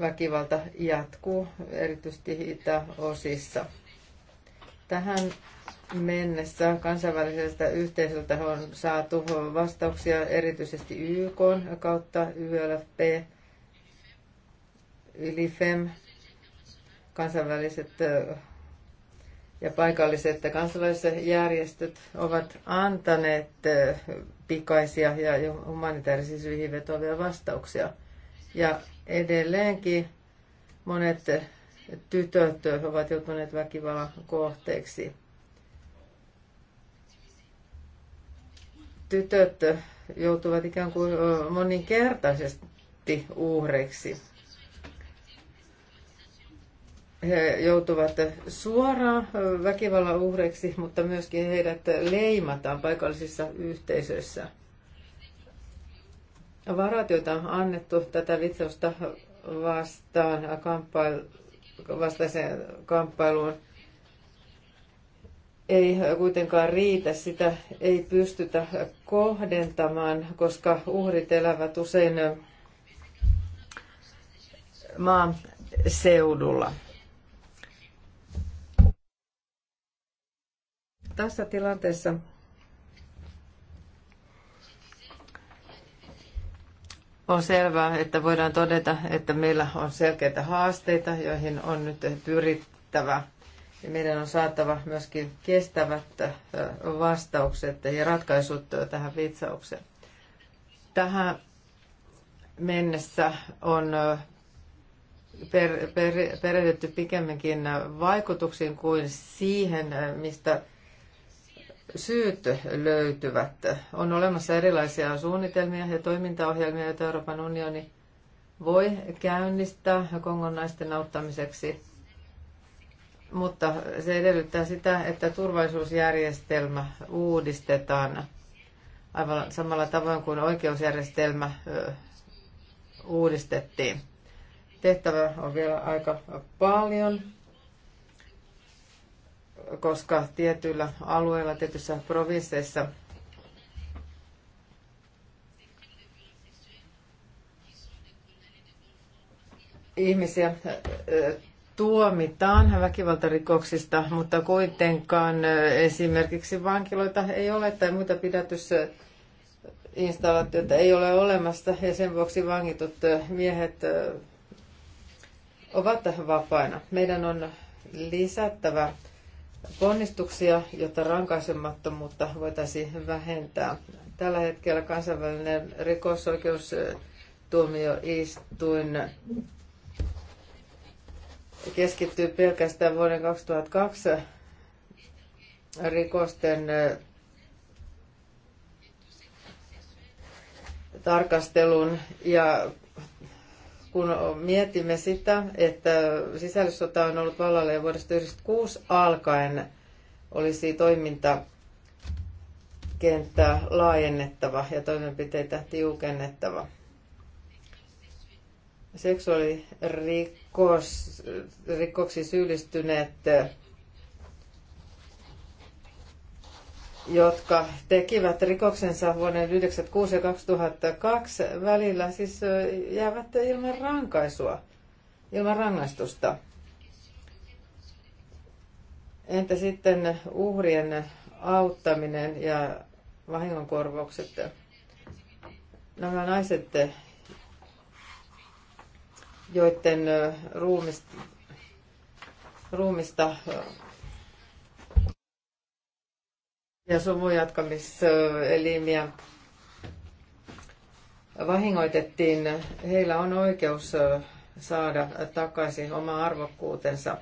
väkivalta jatkuu erityisesti itäosissa. Tähän mennessä kansainväliseltä yhteisöltä on saatu vastauksia erityisesti YK kautta YLFP, YLIFEM kansainväliset ja paikalliset kansalaiset järjestöt ovat antaneet pikaisia ja humanitaarisia syihin vetoavia vastauksia. Ja edelleenkin monet tytöt ovat joutuneet väkivallan kohteeksi. Tytöt joutuvat ikään kuin moninkertaisesti uhreiksi he joutuvat suoraan väkivallan uhreiksi, mutta myöskin heidät leimataan paikallisissa yhteisöissä. Varat, joita on annettu tätä vitsausta vastaan kamppailu, vastaiseen kamppailuun, ei kuitenkaan riitä, sitä ei pystytä kohdentamaan, koska uhrit elävät usein maan seudulla. Tässä tilanteessa on selvää, että voidaan todeta, että meillä on selkeitä haasteita, joihin on nyt pyrittävä. Ja meidän on saatava myöskin kestävät vastaukset ja ratkaisut tähän vitsaukseen. Tähän mennessä on per, per, perehdytty pikemminkin vaikutuksiin kuin siihen, mistä syyt löytyvät. On olemassa erilaisia suunnitelmia ja toimintaohjelmia, joita Euroopan unioni voi käynnistää Kongon naisten auttamiseksi, mutta se edellyttää sitä, että turvallisuusjärjestelmä uudistetaan aivan samalla tavoin kuin oikeusjärjestelmä uudistettiin. Tehtävä on vielä aika paljon koska tietyillä alueilla, tietyissä provinsseissa ihmisiä tuomitaan väkivaltarikoksista, mutta kuitenkaan esimerkiksi vankiloita ei ole tai muita pidätysinstallaatioita ei ole olemassa ja sen vuoksi vangitut miehet ovat vapaina. Meidän on lisättävä ponnistuksia, jotta rankaisemattomuutta voitaisiin vähentää. Tällä hetkellä kansainvälinen rikosoikeustuomioistuin keskittyy pelkästään vuoden 2002 rikosten tarkastelun ja kun mietimme sitä, että sisällissota on ollut vallalla jo vuodesta 1996 alkaen, olisi toimintakenttää laajennettava ja toimenpiteitä tiukennettava. Seksuaalirikoksi syyllistyneet jotka tekivät rikoksensa vuoden 1996 ja 2002 välillä, siis jäävät ilman rankaisua, ilman rangaistusta. Entä sitten uhrien auttaminen ja vahingonkorvaukset? Nämä naiset, joiden ruumista, ruumista ja suvun jatkamiselimiä vahingoitettiin, heillä on oikeus saada takaisin oma arvokkuutensa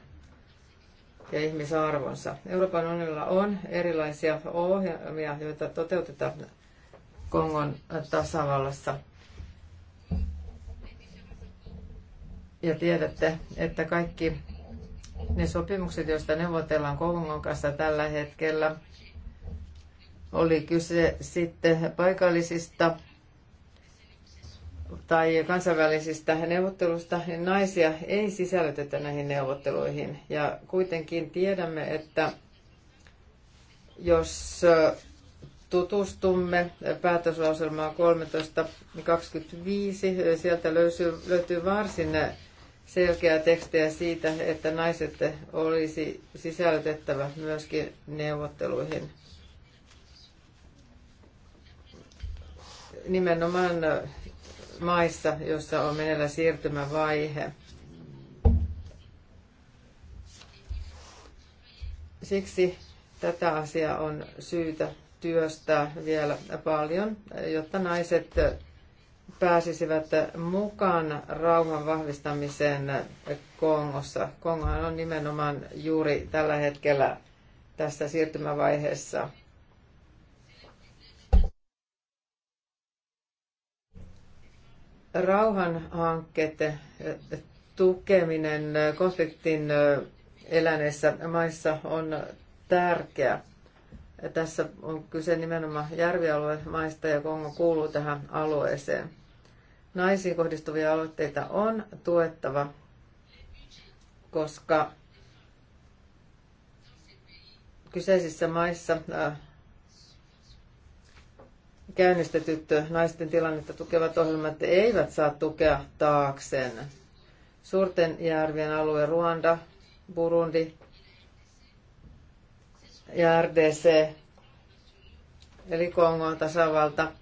ja ihmisarvonsa. Euroopan unionilla on erilaisia ohjelmia, joita toteutetaan Kongon tasavallassa. Ja tiedätte, että kaikki ne sopimukset, joista neuvotellaan Kongon kanssa tällä hetkellä, oli kyse sitten paikallisista tai kansainvälisistä neuvottelusta, niin naisia ei sisällytetä näihin neuvotteluihin. Ja kuitenkin tiedämme, että jos tutustumme päätöslauselmaan 13.25, sieltä löytyy, löytyy varsin selkeää tekstiä siitä, että naiset olisi sisällytettävä myöskin neuvotteluihin. nimenomaan maissa, joissa on menellä siirtymävaihe. Siksi tätä asiaa on syytä työstää vielä paljon, jotta naiset pääsisivät mukaan rauhan vahvistamiseen Kongossa. Kongohan on nimenomaan juuri tällä hetkellä tässä siirtymävaiheessa – rauhanhankkeet, eh, tukeminen eh, konfliktin eh, eläneissä maissa on tärkeä. Tässä on kyse nimenomaan Järvialue maista ja Kongo kuuluu tähän alueeseen. Naisiin kohdistuvia aloitteita on tuettava, koska kyseisissä maissa käynnistetyt naisten tilannetta tukevat ohjelmat eivät saa tukea taakseen. Suurten järvien alue Ruanda, Burundi ja RDC, eli Kongon tasavalta,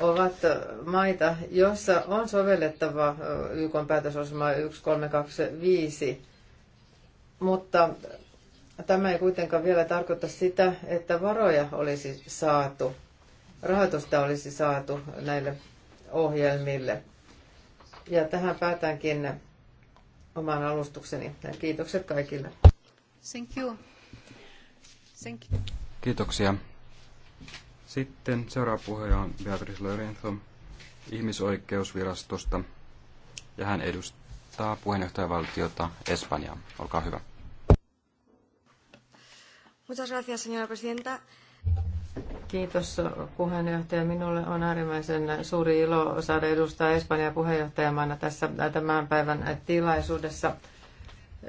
ovat maita, joissa on sovellettava YK päätösosma 1325, mutta tämä ei kuitenkaan vielä tarkoita sitä, että varoja olisi saatu rahoitusta olisi saatu näille ohjelmille. Ja tähän päätänkin oman alustukseni. Kiitokset kaikille. Thank you. Thank you. Kiitoksia. Sitten seuraava puhuja on Beatrice Lorenzo ihmisoikeusvirastosta ja hän edustaa puheenjohtajavaltiota Espanjaa. Olkaa hyvä. Muchas gracias, señora presidenta. Kiitos puheenjohtaja. Minulle on äärimmäisen suuri ilo saada edustaa Espanjan puheenjohtajamaana tässä äh, tämän päivän tilaisuudessa.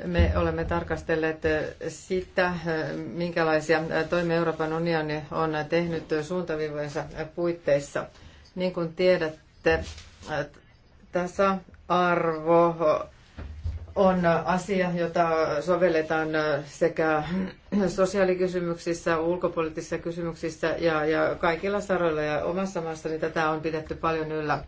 Me olemme tarkastelleet äh, sitä, äh, minkälaisia toimia Euroopan unioni on tehnyt suuntaviivojensa puitteissa. Niin kuin tiedätte, tasa-arvo on asia, jota sovelletaan sekä sosiaalikysymyksissä, ulkopoliittisissa kysymyksissä ja, ja kaikilla saroilla. Ja omassa maassani tätä on pidetty paljon yllä.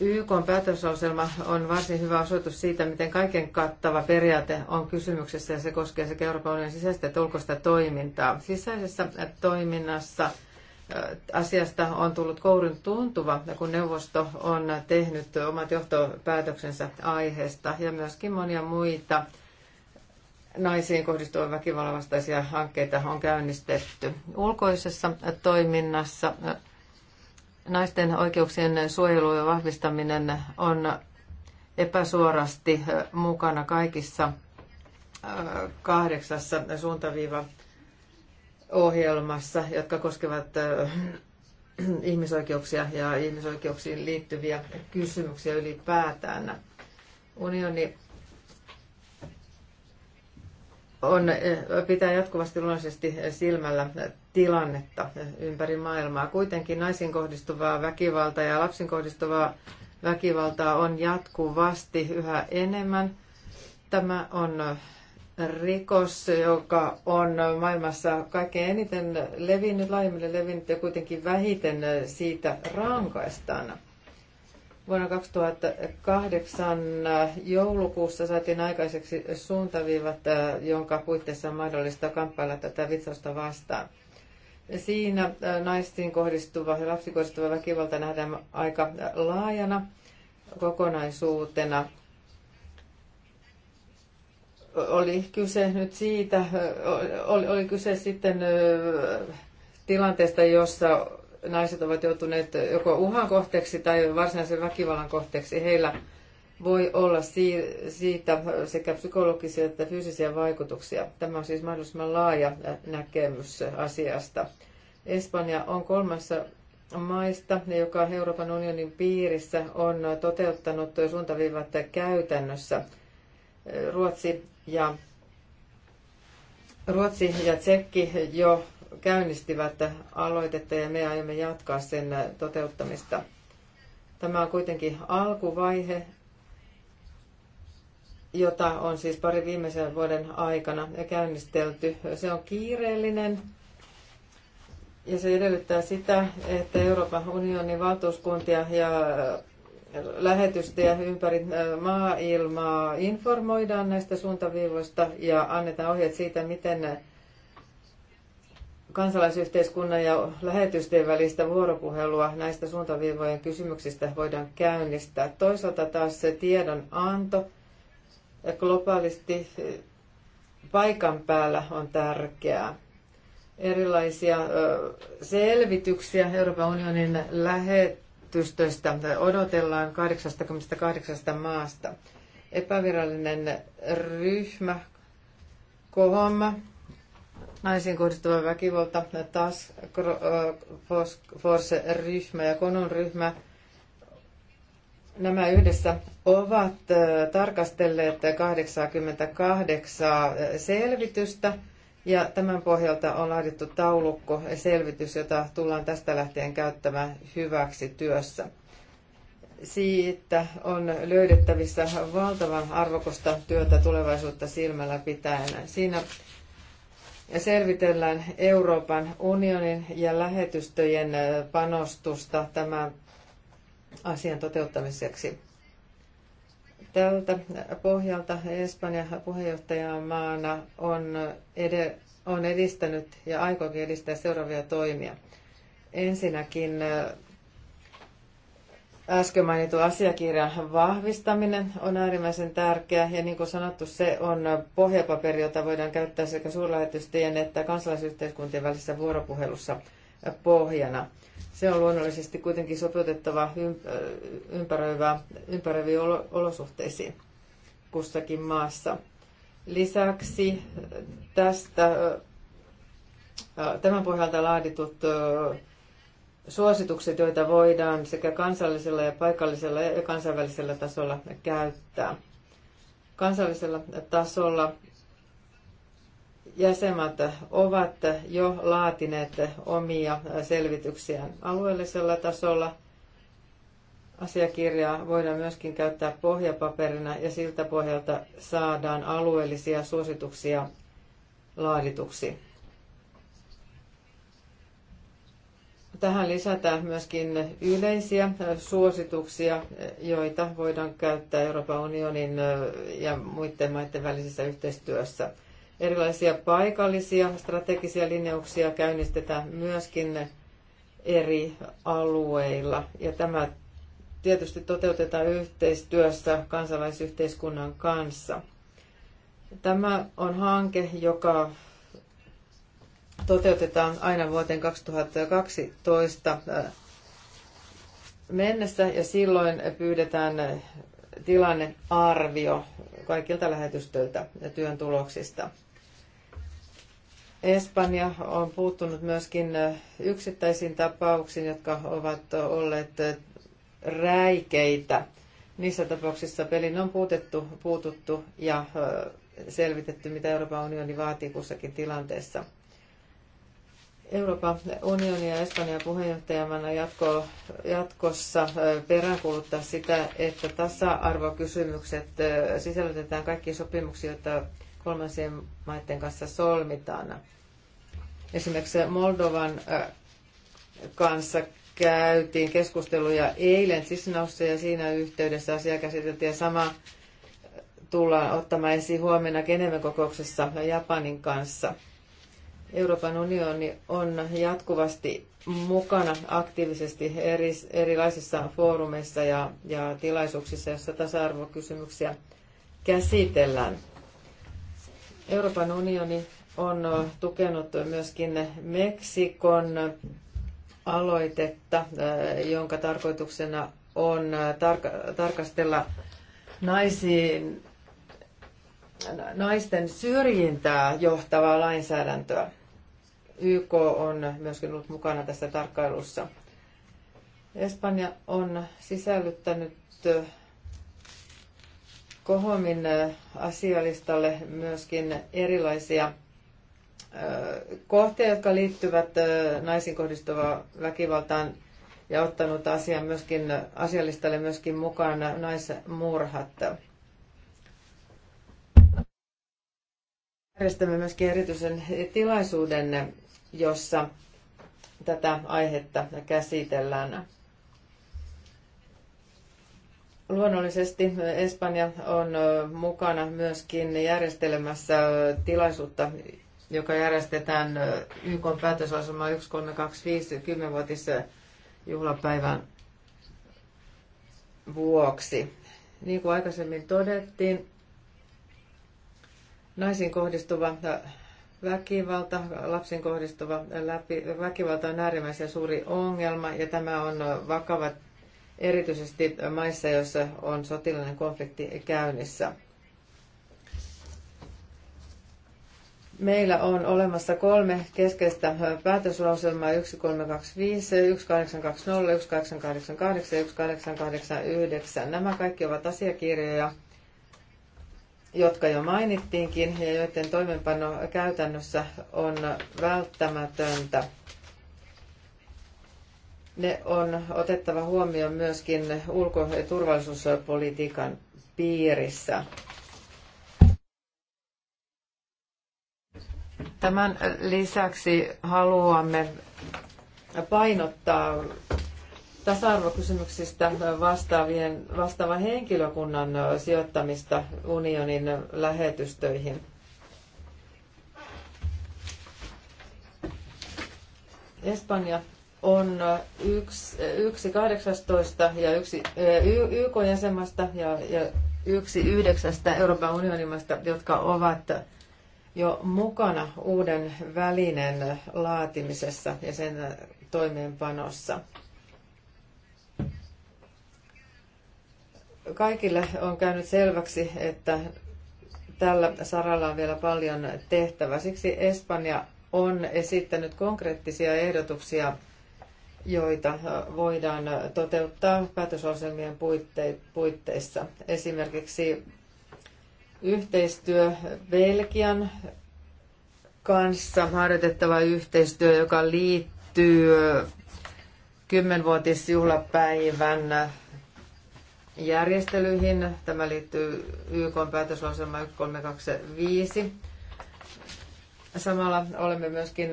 YK päätöslauselma on varsin hyvä osoitus siitä, miten kaiken kattava periaate on kysymyksessä ja se koskee sekä Euroopan unionin sisäistä että ulkoista toimintaa. Sisäisessä toiminnassa – asiasta on tullut kourin tuntuva, kun neuvosto on tehnyt omat johtopäätöksensä aiheesta ja myöskin monia muita naisiin kohdistuvan väkivallan vastaisia hankkeita on käynnistetty. Ulkoisessa toiminnassa naisten oikeuksien suojelu ja vahvistaminen on epäsuorasti mukana kaikissa kahdeksassa suuntaviiva ohjelmassa, jotka koskevat äh, ihmisoikeuksia ja ihmisoikeuksiin liittyviä kysymyksiä ylipäätään. Unioni on, äh, pitää jatkuvasti luonnollisesti silmällä tilannetta ympäri maailmaa. Kuitenkin naisiin kohdistuvaa väkivaltaa ja lapsiin kohdistuvaa väkivaltaa on jatkuvasti yhä enemmän. Tämä on äh, rikos, joka on maailmassa kaikkein eniten levinnyt, laajemmille levinnyt ja kuitenkin vähiten siitä rankaistaan. Vuonna 2008 joulukuussa saatiin aikaiseksi suuntaviivat, jonka puitteissa on mahdollista kamppailla tätä vitsausta vastaan. Siinä naisiin kohdistuva ja lapsiin kohdistuva väkivalta nähdään aika laajana kokonaisuutena oli kyse nyt siitä, oli, oli kyse sitten tilanteesta, jossa naiset ovat joutuneet joko uhan kohteeksi tai varsinaisen väkivallan kohteeksi. Heillä voi olla siitä sekä psykologisia että fyysisiä vaikutuksia. Tämä on siis mahdollisimman laaja näkemys asiasta. Espanja on kolmassa maista, joka Euroopan unionin piirissä on toteuttanut suuntaviivat käytännössä. Ruotsi ja Ruotsi ja Tsekki jo käynnistivät aloitetta ja me aiomme jatkaa sen toteuttamista. Tämä on kuitenkin alkuvaihe, jota on siis pari viimeisen vuoden aikana käynnistelty. Se on kiireellinen ja se edellyttää sitä, että Euroopan unionin valtuuskuntia ja lähetystä ja ympäri maailmaa informoidaan näistä suuntaviivoista ja annetaan ohjeet siitä, miten kansalaisyhteiskunnan ja lähetysten välistä vuoropuhelua näistä suuntaviivojen kysymyksistä voidaan käynnistää. Toisaalta taas se tiedonanto globaalisti paikan päällä on tärkeää. Erilaisia selvityksiä Euroopan unionin lähet edistystä odotellaan 88 maasta. Epävirallinen ryhmä kohomma naisiin kohdistuva väkivalta, taas Force-ryhmä ja Konun ryhmä, nämä yhdessä ovat tarkastelleet 88 selvitystä – ja tämän pohjalta on laadittu taulukko ja selvitys, jota tullaan tästä lähtien käyttämään hyväksi työssä. Siitä on löydettävissä valtavan arvokosta työtä tulevaisuutta silmällä pitäen. Siinä selvitellään Euroopan unionin ja lähetystöjen panostusta tämän asian toteuttamiseksi. Tältä pohjalta Espanja puheenjohtajamaana on, ed- on edistänyt ja aikookin edistää seuraavia toimia. Ensinnäkin äh, äsken mainitun asiakirjan vahvistaminen on äärimmäisen tärkeä ja niin kuin sanottu, se on pohjapaperi, jota voidaan käyttää sekä suurlähetystien että kansalaisyhteiskuntien välisessä vuoropuhelussa – pohjana. Se on luonnollisesti kuitenkin sopeutettava ympäröiviin olosuhteisiin kussakin maassa. Lisäksi tästä, tämän pohjalta laaditut suositukset, joita voidaan sekä kansallisella ja paikallisella ja kansainvälisellä tasolla käyttää. Kansallisella tasolla jäsenmaat ovat jo laatineet omia selvityksiään alueellisella tasolla. Asiakirjaa voidaan myöskin käyttää pohjapaperina ja siltä pohjalta saadaan alueellisia suosituksia laadituksi. Tähän lisätään myöskin yleisiä suosituksia, joita voidaan käyttää Euroopan unionin ja muiden maiden välisessä yhteistyössä – Erilaisia paikallisia strategisia linjauksia käynnistetään myöskin eri alueilla. Ja tämä tietysti toteutetaan yhteistyössä kansalaisyhteiskunnan kanssa. Tämä on hanke, joka toteutetaan aina vuoteen 2012 äh, mennessä ja silloin pyydetään tilannearvio kaikilta lähetystöiltä ja työn tuloksista. Espanja on puuttunut myöskin yksittäisiin tapauksiin, jotka ovat olleet räikeitä. Niissä tapauksissa pelin on puutettu, puututtu ja selvitetty, mitä Euroopan unioni vaatii kussakin tilanteessa. Euroopan unioni ja Espanjan puheenjohtajamana jatko, jatkossa peräänkuuluttaa sitä, että tasa-arvokysymykset sisällytetään kaikkiin sopimuksiin, joita kolmansien maiden kanssa solmitaan. Esimerkiksi Moldovan kanssa käytiin keskusteluja eilen Cisnaussa ja siinä yhteydessä asia käsiteltiin. Sama tullaan ottamaan esiin huomenna Geneven kokouksessa Japanin kanssa. Euroopan unioni on jatkuvasti mukana aktiivisesti eri, erilaisissa foorumeissa ja, ja tilaisuuksissa, joissa tasa-arvokysymyksiä käsitellään. Euroopan unioni on tukenut myöskin Meksikon aloitetta, jonka tarkoituksena on tarka- tarkastella naisiin, naisten syrjintää johtavaa lainsäädäntöä. YK on myöskin ollut mukana tässä tarkkailussa. Espanja on sisällyttänyt Kohomin asialistalle myöskin erilaisia kohteita, jotka liittyvät naisiin kohdistuvaan väkivaltaan ja ottanut asian myöskin, asialistalle myöskin mukaan naismurhat. Järjestämme myöskin erityisen tilaisuuden, jossa tätä aihetta käsitellään. Luonnollisesti Espanja on mukana myöskin järjestelemässä tilaisuutta, joka järjestetään YK päätösasema 1325 10-vuotisen juhlapäivän vuoksi. Niin kuin aikaisemmin todettiin, naisiin kohdistuva väkivalta, lapsiin kohdistuva läpi, väkivalta on äärimmäisen suuri ongelma ja tämä on vakava erityisesti maissa, joissa on sotilainen konflikti käynnissä. Meillä on olemassa kolme keskeistä päätöslauselmaa 1325, 1820, 1888 ja 1889. Nämä kaikki ovat asiakirjoja, jotka jo mainittiinkin ja joiden toimenpano käytännössä on välttämätöntä. Ne on otettava huomioon myöskin ulko- ja turvallisuuspolitiikan piirissä. Tämän lisäksi haluamme painottaa tasa-arvokysymyksistä vastaavien, vastaavan henkilökunnan sijoittamista unionin lähetystöihin. Espanja on äh, äh, yksi, yksi 18 ja yksi äh, yk jäsenmaista ja, ja yksi yhdeksästä Euroopan unionimasta, jotka ovat jo mukana uuden välinen laatimisessa ja sen toimeenpanossa. Kaikille on käynyt selväksi, että tällä saralla on vielä paljon tehtävä. Siksi Espanja on esittänyt konkreettisia ehdotuksia joita voidaan toteuttaa päätösohjelmien puitteissa. Esimerkiksi yhteistyö Belgian kanssa harjoitettava yhteistyö, joka liittyy kymmenvuotisjuhlapäivän järjestelyihin. Tämä liittyy YK päätösohjelma 1325. Samalla olemme myöskin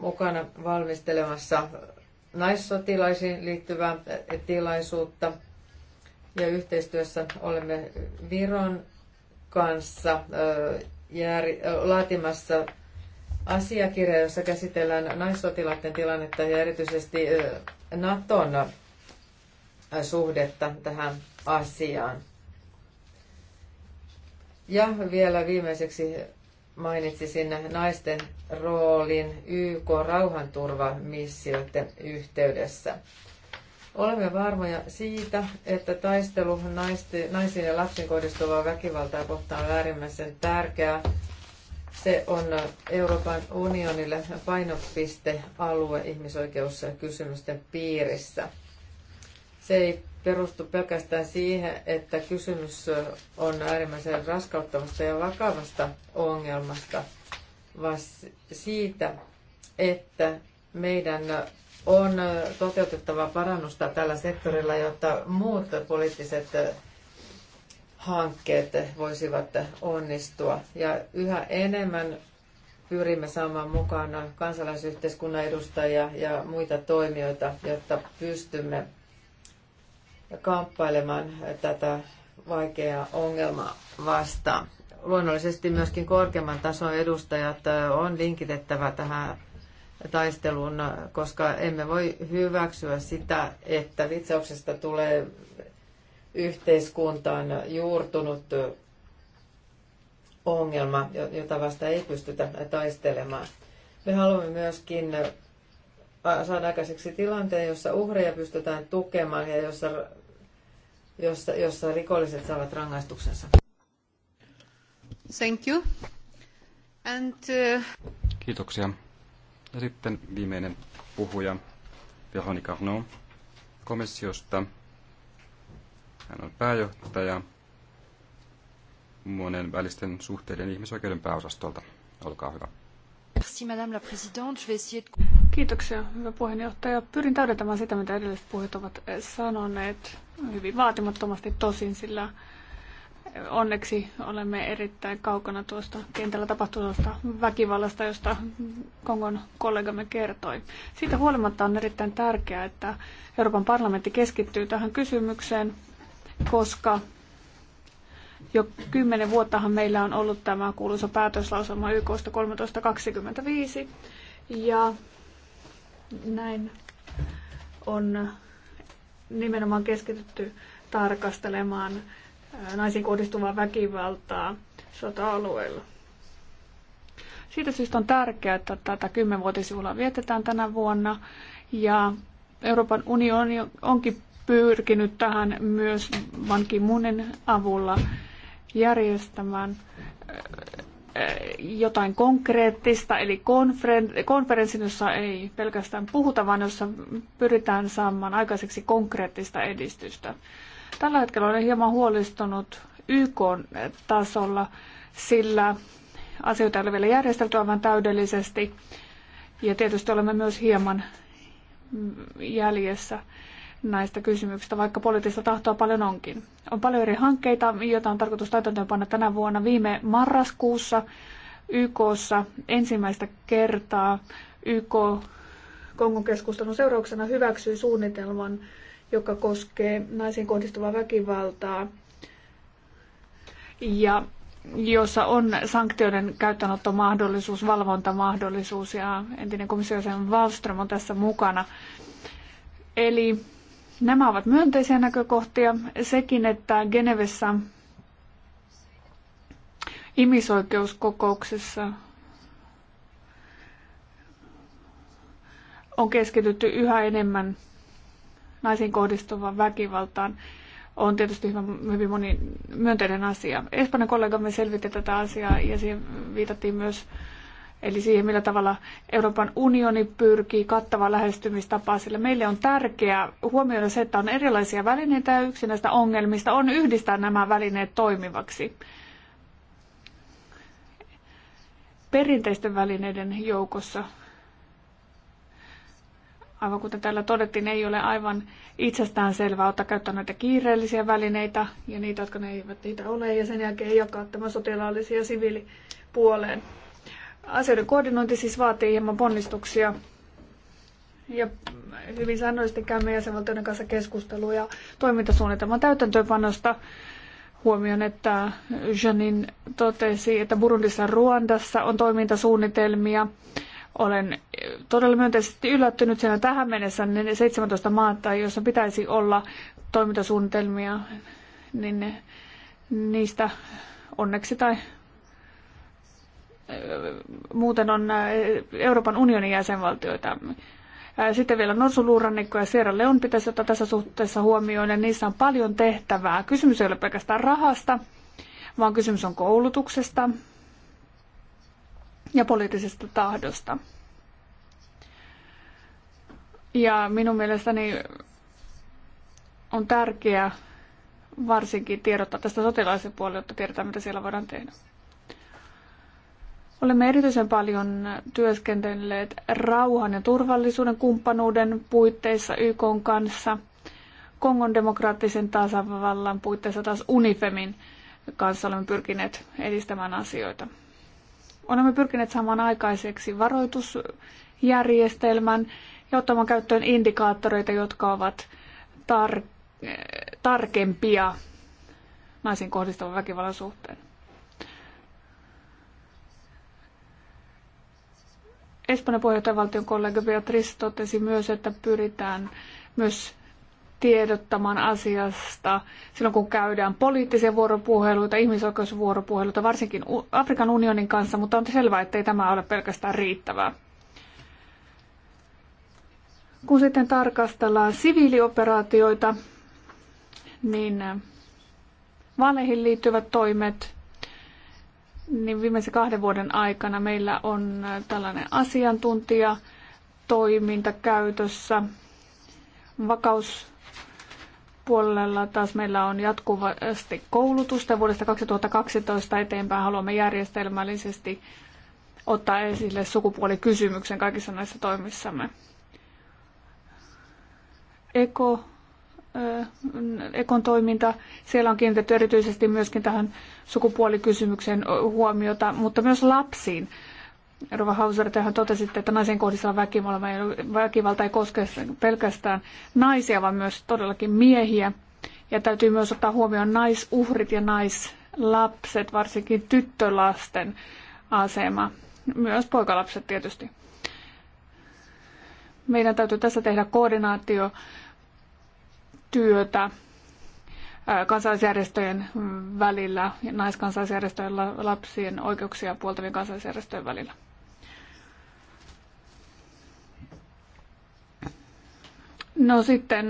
mukana valmistelemassa naissotilaisiin liittyvää tilaisuutta. Ja yhteistyössä olemme Viron kanssa laatimassa asiakirja, jossa käsitellään naissotilaiden tilannetta ja erityisesti Naton suhdetta tähän asiaan. Ja vielä viimeiseksi mainitsi sinne naisten roolin YK rauhanturvamissioiden yhteydessä. Olemme varmoja siitä, että taistelu naisiin ja lapsiin kohdistuvaa väkivaltaa kohtaan on äärimmäisen tärkeää. Se on Euroopan unionille painopistealue ihmisoikeuskysymysten piirissä. Se ei perustu pelkästään siihen, että kysymys on äärimmäisen raskauttavasta ja vakavasta ongelmasta, vaan siitä, että meidän on toteutettava parannusta tällä sektorilla, jotta muut poliittiset hankkeet voisivat onnistua. Ja yhä enemmän pyrimme saamaan mukaan kansalaisyhteiskunnan edustajia ja muita toimijoita, jotta pystymme kamppailemaan tätä vaikeaa ongelmaa vastaan. Luonnollisesti myöskin korkeamman tason edustajat on linkitettävä tähän taisteluun, koska emme voi hyväksyä sitä, että vitsauksesta tulee yhteiskuntaan juurtunut ongelma, jota vasta ei pystytä taistelemaan. Me haluamme myöskin saada aikaiseksi tilanteen, jossa uhreja pystytään tukemaan ja jossa, jossa, jossa rikolliset saavat rangaistuksensa. Thank you. And, uh... Kiitoksia. Ja sitten viimeinen puhuja, Veronique Arnaud komissiosta. Hän on pääjohtaja monen välisten suhteiden ihmisoikeuden pääosastolta. Olkaa hyvä. Merci, Madame la Présidente. Je vais essayer de... Kiitoksia, hyvä puheenjohtaja. Pyrin täydentämään sitä, mitä edelliset puhujat ovat eh, sanoneet hyvin vaatimattomasti tosin, sillä eh, onneksi olemme erittäin kaukana tuosta kentällä tapahtuneesta väkivallasta, josta Kongon kollegamme kertoi. Siitä huolimatta on erittäin tärkeää, että Euroopan parlamentti keskittyy tähän kysymykseen, koska jo kymmenen vuottahan meillä on ollut tämä kuuluisa päätöslauselma YKsta 1325. Ja näin on nimenomaan keskitytty tarkastelemaan naisiin kohdistuvaa väkivaltaa sota-alueilla. Siitä syystä on tärkeää, että tätä kymmenvuotisjuhlaa vietetään tänä vuonna ja Euroopan unioni onkin pyrkinyt tähän myös Ban avulla järjestämään Eh, jotain konkreettista, eli konferenssin, jossa ei pelkästään puhuta, vaan jossa pyritään saamaan aikaiseksi konkreettista edistystä. Tällä hetkellä olen hieman huolestunut YK-tasolla, sillä asioita ei ole vielä järjestelty aivan täydellisesti, ja tietysti olemme myös hieman jäljessä näistä kysymyksistä, vaikka poliittista tahtoa paljon onkin. On paljon eri hankkeita, joita on tarkoitus täytäntöönpanna tänä vuonna. Viime marraskuussa YKssa ensimmäistä kertaa YK Kongon keskustelun seurauksena hyväksyi suunnitelman, joka koskee naisiin kohdistuvaa väkivaltaa ja jossa on sanktioiden käyttöönottomahdollisuus, valvontamahdollisuus ja entinen komissiojäsen Wallström on tässä mukana. Eli Nämä ovat myönteisiä näkökohtia. Sekin, että Genevessä ihmisoikeuskokouksessa on keskitytty yhä enemmän naisiin kohdistuvaan väkivaltaan, on tietysti hyvin, hyvin moni myönteinen asia. Espanjan kollegamme selvitti tätä asiaa ja siihen viitattiin myös eli siihen, millä tavalla Euroopan unioni pyrkii kattavaan lähestymistapaan. sillä meille on tärkeää huomioida se, että on erilaisia välineitä ja yksi näistä ongelmista on yhdistää nämä välineet toimivaksi. Perinteisten välineiden joukossa, aivan kuten täällä todettiin, ei ole aivan itsestään selvää ottaa käyttöön näitä kiireellisiä välineitä ja niitä, jotka ne eivät niitä ole, ja sen jälkeen jakaa tämä sotilaallisia siviilipuoleen. Asioiden koordinointi siis vaatii hieman ponnistuksia. Ja hyvin säännöllisesti käymme jäsenvaltioiden kanssa keskusteluja toimintasuunnitelman täytäntöönpanosta huomioon, että Janin totesi, että Burundissa ja Ruandassa on toimintasuunnitelmia. Olen todella myönteisesti yllättynyt siellä tähän mennessä ne 17 maata, joissa pitäisi olla toimintasuunnitelmia, niin niistä onneksi tai muuten on äh, Euroopan unionin jäsenvaltioita. Äh, sitten vielä norsuluurannikko ja Sierra Leon pitäisi ottaa tässä suhteessa huomioon, ja niissä on paljon tehtävää. Kysymys ei ole pelkästään rahasta, vaan kysymys on koulutuksesta ja poliittisesta tahdosta. Ja minun mielestäni on tärkeää varsinkin tiedottaa tästä sotilaisen puolelta, jotta tiedetään, mitä siellä voidaan tehdä. Olemme erityisen paljon työskentelleet rauhan ja turvallisuuden kumppanuuden puitteissa YK kanssa, Kongon demokraattisen tasavallan puitteissa taas UNIFEMin kanssa olemme pyrkineet edistämään asioita. Olemme pyrkineet saamaan aikaiseksi varoitusjärjestelmän ja ottamaan käyttöön indikaattoreita, jotka ovat tar- eh, tarkempia naisiin kohdistuvan väkivallan suhteen. Espanjan puheenjohtajavaltion kollega Beatrice totesi myös, että pyritään myös tiedottamaan asiasta silloin, kun käydään poliittisia vuoropuheluita, ihmisoikeusvuoropuheluita, varsinkin Afrikan unionin kanssa, mutta on selvää, ei tämä ole pelkästään riittävää. Kun sitten tarkastellaan siviilioperaatioita, niin vaaleihin liittyvät toimet niin viimeisen kahden vuoden aikana meillä on äh, tällainen asiantuntija toiminta käytössä. Vakauspuolella taas meillä on jatkuvasti koulutusta. Vuodesta 2012 eteenpäin haluamme järjestelmällisesti ottaa esille sukupuolikysymyksen kaikissa näissä toimissamme. Eko Ekon toiminta. Siellä on kiinnitetty erityisesti myöskin tähän sukupuolikysymykseen huomiota, mutta myös lapsiin. Rova Hauser, tehän totesitte, että naisen kohdistava väkivalta ei koske pelkästään naisia, vaan myös todellakin miehiä. Ja täytyy myös ottaa huomioon naisuhrit ja naislapset, varsinkin tyttölasten asema. Myös poikalapset tietysti. Meidän täytyy tässä tehdä koordinaatio työtä kansalaisjärjestöjen välillä, naiskansalaisjärjestöjen ja lapsien oikeuksia puoltavien kansalaisjärjestöjen välillä. No sitten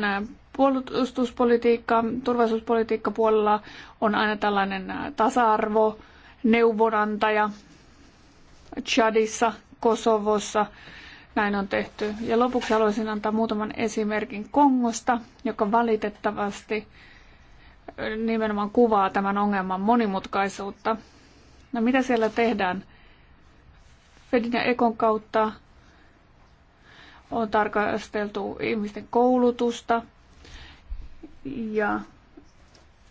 puolustuspolitiikka, turvallisuuspolitiikka puolella on aina tällainen tasa-arvo, neuvonantaja Chadissa, Kosovossa, näin on tehty. Ja lopuksi haluaisin antaa muutaman esimerkin Kongosta, joka valitettavasti nimenomaan kuvaa tämän ongelman monimutkaisuutta. No mitä siellä tehdään? Fedin ja Ekon kautta on tarkasteltu ihmisten koulutusta ja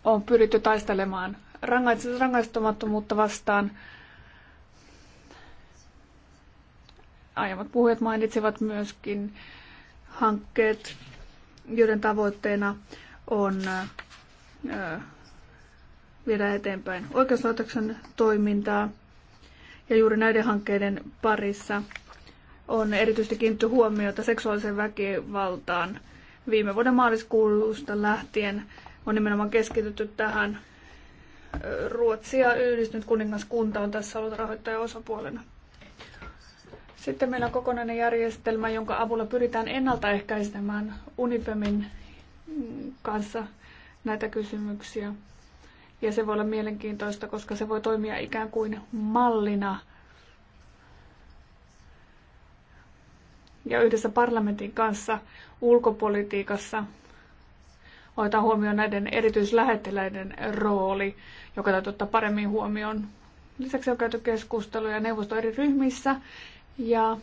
on pyritty taistelemaan rangaistumattomuutta vastaan – Aiemmat puhujat mainitsivat myöskin hankkeet, joiden tavoitteena on viedä eteenpäin oikeuslaitoksen toimintaa. Ja juuri näiden hankkeiden parissa on erityisesti kiinnitty huomiota seksuaaliseen väkivaltaan. Viime vuoden maaliskuusta lähtien on nimenomaan keskitytty tähän. Ruotsia yhdistynyt kuningaskunta on tässä ollut rahoittaja osapuolena. Sitten meillä on kokonainen järjestelmä, jonka avulla pyritään ennaltaehkäisemään Unifemin kanssa näitä kysymyksiä. Ja se voi olla mielenkiintoista, koska se voi toimia ikään kuin mallina. Ja yhdessä parlamentin kanssa ulkopolitiikassa otetaan huomioon näiden erityislähettiläiden rooli, joka täytyy ottaa paremmin huomioon. Lisäksi on käyty keskusteluja neuvosto eri ryhmissä ja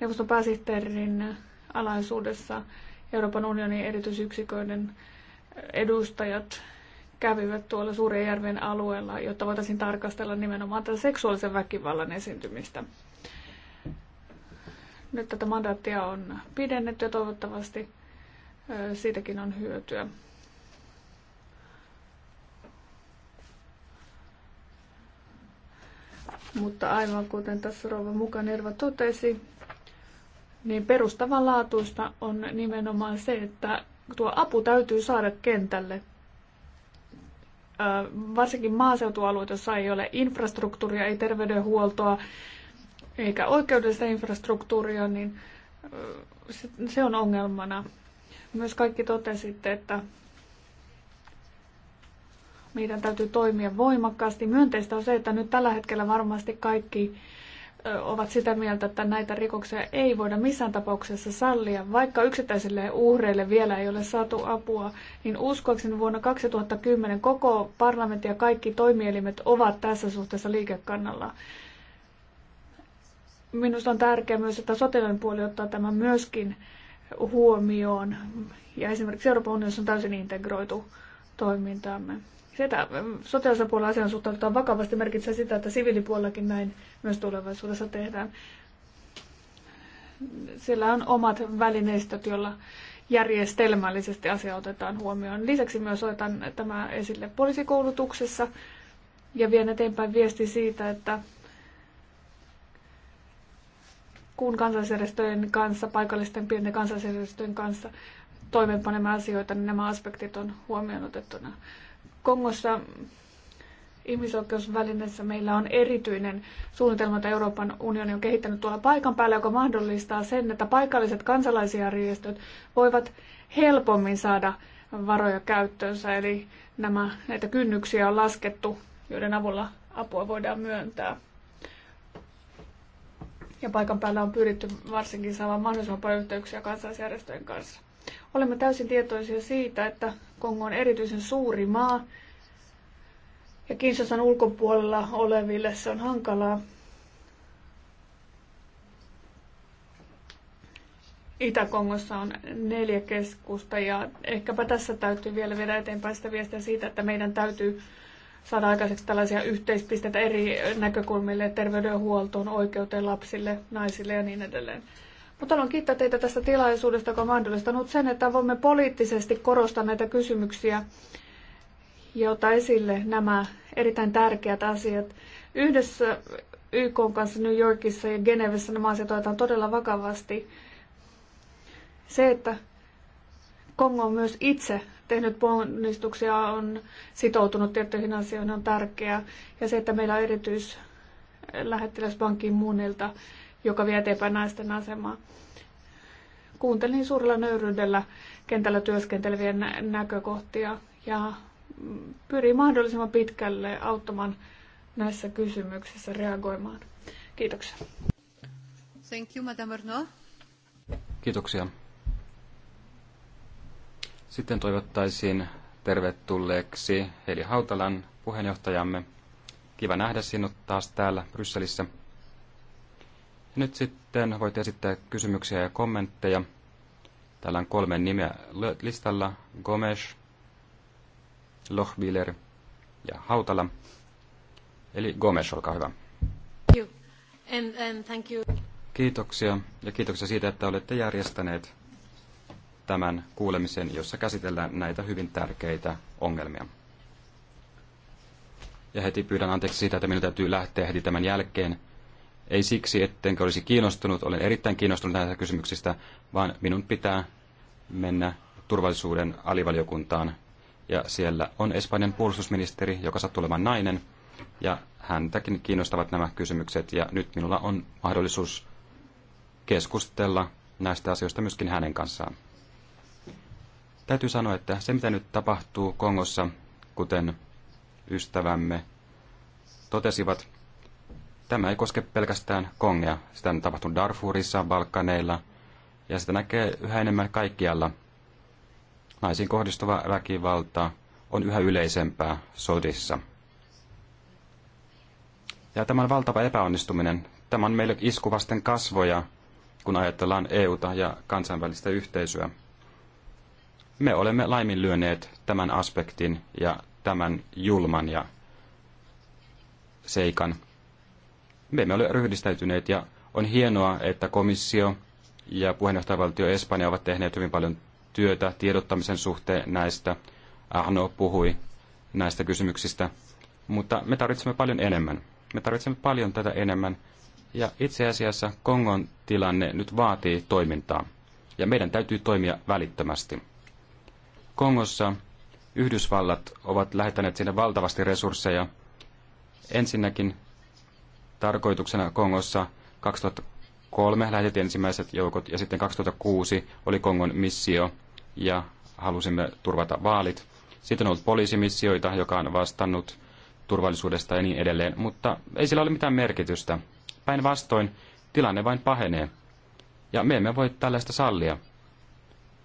neuvoston pääsihteerin alaisuudessa Euroopan unionin erityisyksiköiden edustajat kävivät tuolla järven alueella, jotta voitaisiin tarkastella nimenomaan tätä seksuaalisen väkivallan esiintymistä. Nyt tätä mandaattia on pidennetty ja toivottavasti siitäkin on hyötyä. Mutta aivan kuten tässä Rova Mukanerva totesi, niin perustavanlaatuista on nimenomaan se, että tuo apu täytyy saada kentälle. Varsinkin maaseutualueet, jossa ei ole infrastruktuuria, ei terveydenhuoltoa eikä oikeudellista infrastruktuuria, niin se on ongelmana. Myös kaikki totesitte, että meidän täytyy toimia voimakkaasti. Myönteistä on se, että nyt tällä hetkellä varmasti kaikki ovat sitä mieltä, että näitä rikoksia ei voida missään tapauksessa sallia. Vaikka yksittäisille uhreille vielä ei ole saatu apua, niin uskoakseni vuonna 2010 koko parlamentti ja kaikki toimielimet ovat tässä suhteessa liikekannalla. Minusta on tärkeää myös, että sotilaiden puoli ottaa tämän myöskin huomioon. Ja esimerkiksi Euroopan unionissa on täysin integroitu toimintaamme. Se, äh, sotilaisen puolella asian suhtaudutaan vakavasti, merkitsee sitä, että siviilipuolellakin näin myös tulevaisuudessa tehdään. Siellä on omat välineistöt, joilla järjestelmällisesti asia otetaan huomioon. Lisäksi myös otan tämä esille poliisikoulutuksessa ja vien eteenpäin viesti siitä, että kun kansallisjärjestöjen kanssa, paikallisten pienten kansallisjärjestöjen kanssa toimeenpanemme asioita, niin nämä aspektit on huomioon otettuna. Kongossa ihmisoikeusvälineessä meillä on erityinen suunnitelma, jota Euroopan unioni on kehittänyt tuolla paikan päällä, joka mahdollistaa sen, että paikalliset kansalaisjärjestöt voivat helpommin saada varoja käyttöönsä. Eli nämä, näitä kynnyksiä on laskettu, joiden avulla apua voidaan myöntää. Ja paikan päällä on pyritty varsinkin saamaan mahdollisimman paljon yhteyksiä kansalaisjärjestöjen kanssa. Olemme täysin tietoisia siitä, että Kongo on erityisen suuri maa ja Kinsasan ulkopuolella oleville se on hankalaa. Itä-Kongossa on neljä keskusta ja ehkäpä tässä täytyy vielä viedä eteenpäin sitä viestiä siitä, että meidän täytyy saada aikaiseksi tällaisia yhteispisteitä eri näkökulmille, terveydenhuoltoon, oikeuteen lapsille, naisille ja niin edelleen. Mutta haluan kiittää teitä tästä tilaisuudesta, joka on mahdollistanut sen, että voimme poliittisesti korostaa näitä kysymyksiä ja ottaa esille nämä erittäin tärkeät asiat. Yhdessä YK kanssa New Yorkissa ja Genevessä nämä asiat otetaan todella vakavasti. Se, että Kongo on myös itse tehnyt ponnistuksia, on sitoutunut tiettyihin asioihin, on tärkeää. Ja se, että meillä on erityislähettiläsbankin muunilta joka vie eteenpäin naisten asemaa. Kuuntelin suurella nöyryydellä kentällä työskentelevien näkökohtia ja pyrin mahdollisimman pitkälle auttamaan näissä kysymyksissä reagoimaan. Kiitoksia. Thank you, Madame Arnaud. Kiitoksia. Sitten toivottaisin tervetulleeksi Heli Hautalan puheenjohtajamme. Kiva nähdä sinut taas täällä Brysselissä. Nyt sitten voit esittää kysymyksiä ja kommentteja. Täällä on kolme nimeä listalla. Gomes, Lochbiller ja Hautala. Eli Gomes, olkaa hyvä. Thank you. And, and thank you. Kiitoksia ja kiitoksia siitä, että olette järjestäneet tämän kuulemisen, jossa käsitellään näitä hyvin tärkeitä ongelmia. Ja heti pyydän anteeksi siitä, että minun täytyy lähteä heti tämän jälkeen, ei siksi, ettenkö olisi kiinnostunut, olen erittäin kiinnostunut näistä kysymyksistä, vaan minun pitää mennä turvallisuuden alivaliokuntaan. Ja siellä on Espanjan puolustusministeri, joka sattuu olemaan nainen, ja häntäkin kiinnostavat nämä kysymykset, ja nyt minulla on mahdollisuus keskustella näistä asioista myöskin hänen kanssaan. Täytyy sanoa, että se mitä nyt tapahtuu Kongossa, kuten ystävämme totesivat, Tämä ei koske pelkästään Kongea. Sitä on tapahtunut Darfurissa, Balkaneilla ja sitä näkee yhä enemmän kaikkialla. Naisiin kohdistuva väkivalta on yhä yleisempää sodissa. Ja tämän valtava epäonnistuminen, tämä on meille iskuvasten kasvoja, kun ajatellaan EUta ja kansainvälistä yhteisöä. Me olemme laiminlyöneet tämän aspektin ja tämän julman ja seikan. Me emme ole ryhdistäytyneet ja on hienoa, että komissio ja puheenjohtajavaltio Espanja ovat tehneet hyvin paljon työtä tiedottamisen suhteen näistä. Ahno puhui näistä kysymyksistä, mutta me tarvitsemme paljon enemmän. Me tarvitsemme paljon tätä enemmän ja itse asiassa Kongon tilanne nyt vaatii toimintaa ja meidän täytyy toimia välittömästi. Kongossa Yhdysvallat ovat lähettäneet sinne valtavasti resursseja. Ensinnäkin tarkoituksena Kongossa 2003 lähetettiin ensimmäiset joukot ja sitten 2006 oli Kongon missio ja halusimme turvata vaalit. Sitten on ollut poliisimissioita, joka on vastannut turvallisuudesta ja niin edelleen, mutta ei sillä ole mitään merkitystä. Päinvastoin tilanne vain pahenee. Ja me emme voi tällaista sallia.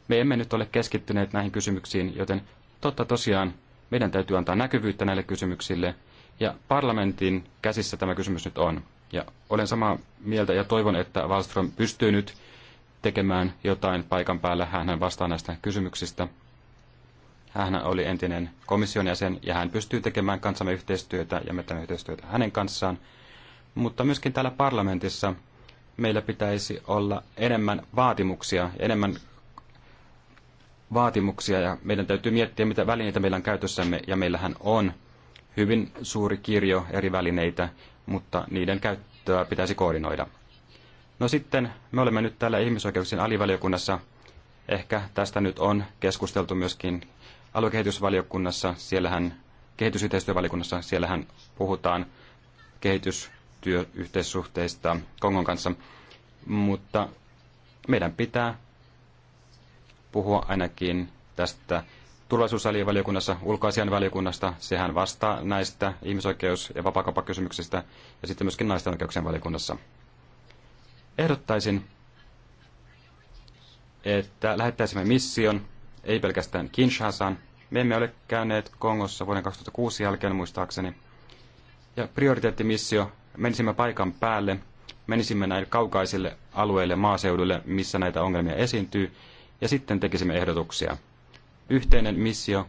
Me emme nyt ole keskittyneet näihin kysymyksiin, joten totta tosiaan meidän täytyy antaa näkyvyyttä näille kysymyksille – ja parlamentin käsissä tämä kysymys nyt on. Ja olen samaa mieltä ja toivon, että Wallström pystyy nyt tekemään jotain paikan päällä. Hän vastaa näistä kysymyksistä. Hän oli entinen komission jäsen ja hän pystyy tekemään kanssamme yhteistyötä ja me teemme yhteistyötä hänen kanssaan. Mutta myöskin täällä parlamentissa meillä pitäisi olla enemmän vaatimuksia, enemmän vaatimuksia ja meidän täytyy miettiä, mitä välineitä meillä on käytössämme ja meillähän on hyvin suuri kirjo eri välineitä, mutta niiden käyttöä pitäisi koordinoida. No sitten me olemme nyt täällä ihmisoikeuksien alivaliokunnassa. Ehkä tästä nyt on keskusteltu myöskin aluekehitysvaliokunnassa, siellähän kehitysyhteistyövaliokunnassa, siellähän puhutaan kehitystyöyhteissuhteista Kongon kanssa. Mutta meidän pitää puhua ainakin tästä turvallisuusalivaliokunnassa, valiokunnasta Sehän vastaa näistä ihmisoikeus- ja vapaakauppakysymyksistä ja sitten myöskin naisten oikeuksien valiokunnassa. Ehdottaisin, että lähettäisimme mission, ei pelkästään Kinshasaan. Me emme ole käyneet Kongossa vuoden 2006 jälkeen muistaakseni. Ja prioriteettimissio, menisimme paikan päälle, menisimme näille kaukaisille alueille, maaseudulle, missä näitä ongelmia esiintyy, ja sitten tekisimme ehdotuksia – yhteinen missio,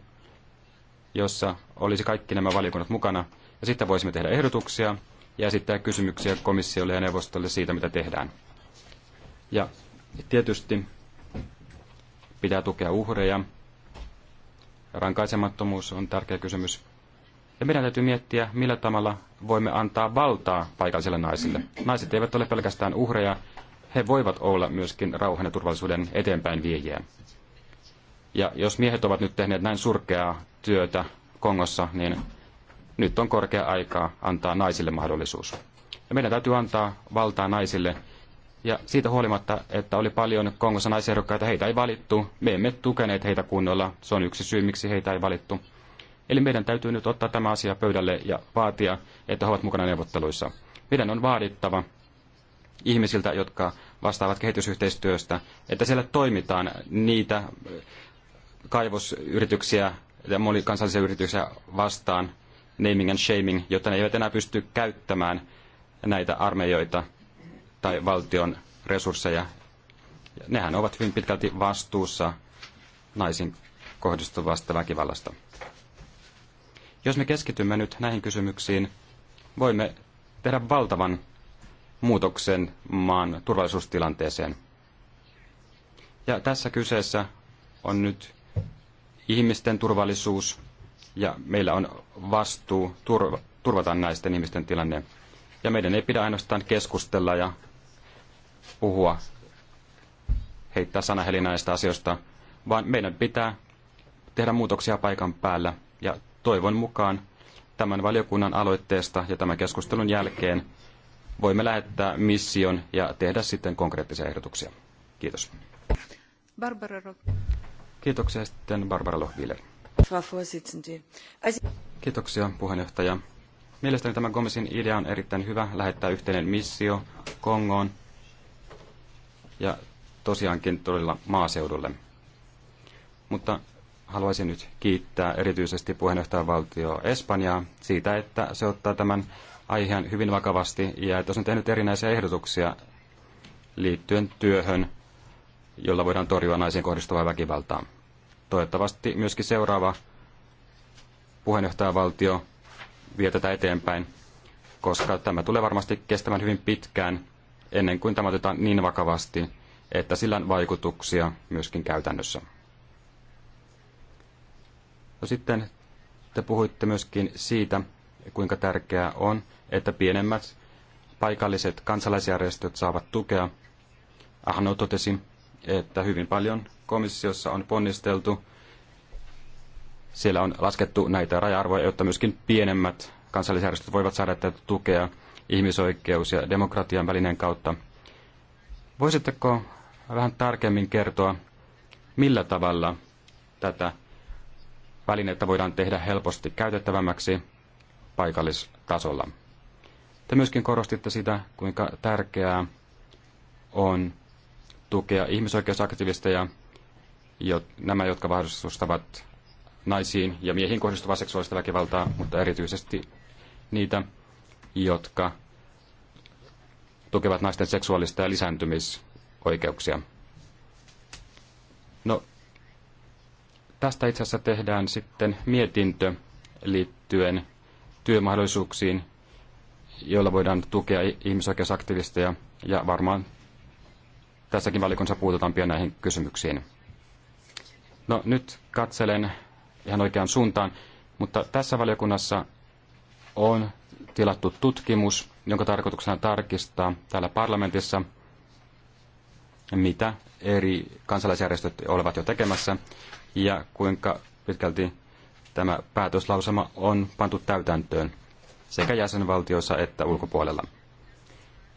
jossa olisi kaikki nämä valiokunnat mukana, ja sitten voisimme tehdä ehdotuksia ja esittää kysymyksiä komissiolle ja neuvostolle siitä, mitä tehdään. Ja tietysti pitää tukea uhreja. Rankaisemattomuus on tärkeä kysymys. Ja meidän täytyy miettiä, millä tavalla voimme antaa valtaa paikallisille naisille. Naiset eivät ole pelkästään uhreja, he voivat olla myöskin rauhan ja turvallisuuden eteenpäin viejiä. Ja jos miehet ovat nyt tehneet näin surkeaa työtä Kongossa, niin nyt on korkea aika antaa naisille mahdollisuus. Ja meidän täytyy antaa valtaa naisille. Ja siitä huolimatta, että oli paljon Kongossa naisehdokkaita, heitä ei valittu. Me emme tukeneet heitä kunnolla. Se on yksi syy, miksi heitä ei valittu. Eli meidän täytyy nyt ottaa tämä asia pöydälle ja vaatia, että he ovat mukana neuvotteluissa. Meidän on vaadittava ihmisiltä, jotka vastaavat kehitysyhteistyöstä, että siellä toimitaan niitä kaivosyrityksiä ja monikansallisia yrityksiä vastaan, naming and shaming, jotta ne eivät enää pysty käyttämään näitä armeijoita tai valtion resursseja. Nehän ovat hyvin pitkälti vastuussa naisiin kohdistuvasta väkivallasta. Jos me keskitymme nyt näihin kysymyksiin, voimme tehdä valtavan muutoksen maan turvallisuustilanteeseen. Ja tässä kyseessä on nyt ihmisten turvallisuus ja meillä on vastuu turva, turvata näisten ihmisten tilanne. Ja meidän ei pidä ainoastaan keskustella ja puhua, heittää sanaheli asioista, vaan meidän pitää tehdä muutoksia paikan päällä. Ja toivon mukaan tämän valiokunnan aloitteesta ja tämän keskustelun jälkeen voimme lähettää mission ja tehdä sitten konkreettisia ehdotuksia. Kiitos. Barbara Rock. Kiitoksia sitten Barbara Lohviler. Kiitoksia puheenjohtaja. Mielestäni tämä Gomesin idea on erittäin hyvä lähettää yhteinen missio Kongoon ja tosiaankin todella maaseudulle. Mutta haluaisin nyt kiittää erityisesti puheenjohtajavaltio Espanjaa siitä, että se ottaa tämän aiheen hyvin vakavasti ja että se on tehnyt erinäisiä ehdotuksia liittyen työhön, jolla voidaan torjua naisiin kohdistuvaa väkivaltaa toivottavasti myöskin seuraava puheenjohtajavaltio vie tätä eteenpäin, koska tämä tulee varmasti kestämään hyvin pitkään ennen kuin tämä otetaan niin vakavasti, että sillä on vaikutuksia myöskin käytännössä. No sitten te puhuitte myöskin siitä, kuinka tärkeää on, että pienemmät paikalliset kansalaisjärjestöt saavat tukea. Ahno totesi, että hyvin paljon komissiossa on ponnisteltu. Siellä on laskettu näitä raja-arvoja, jotta myöskin pienemmät kansallisjärjestöt voivat saada tätä tukea ihmisoikeus- ja demokratian välinen kautta. Voisitteko vähän tarkemmin kertoa, millä tavalla tätä välinettä voidaan tehdä helposti käytettävämmäksi paikallistasolla? Te myöskin korostitte sitä, kuinka tärkeää on tukea ihmisoikeusaktivisteja jo, nämä, jotka vahvistustavat naisiin ja miehiin kohdistuvaa seksuaalista väkivaltaa, mutta erityisesti niitä, jotka tukevat naisten seksuaalista ja lisääntymisoikeuksia. No, tästä itse asiassa tehdään sitten mietintö liittyen työmahdollisuuksiin, joilla voidaan tukea ihmisoikeusaktivisteja ja varmaan tässäkin valikunnassa puututaan pian näihin kysymyksiin. No nyt katselen ihan oikeaan suuntaan, mutta tässä valiokunnassa on tilattu tutkimus, jonka tarkoituksena tarkistaa täällä parlamentissa, mitä eri kansalaisjärjestöt ovat jo tekemässä ja kuinka pitkälti tämä päätöslausema on pantu täytäntöön sekä jäsenvaltioissa että ulkopuolella.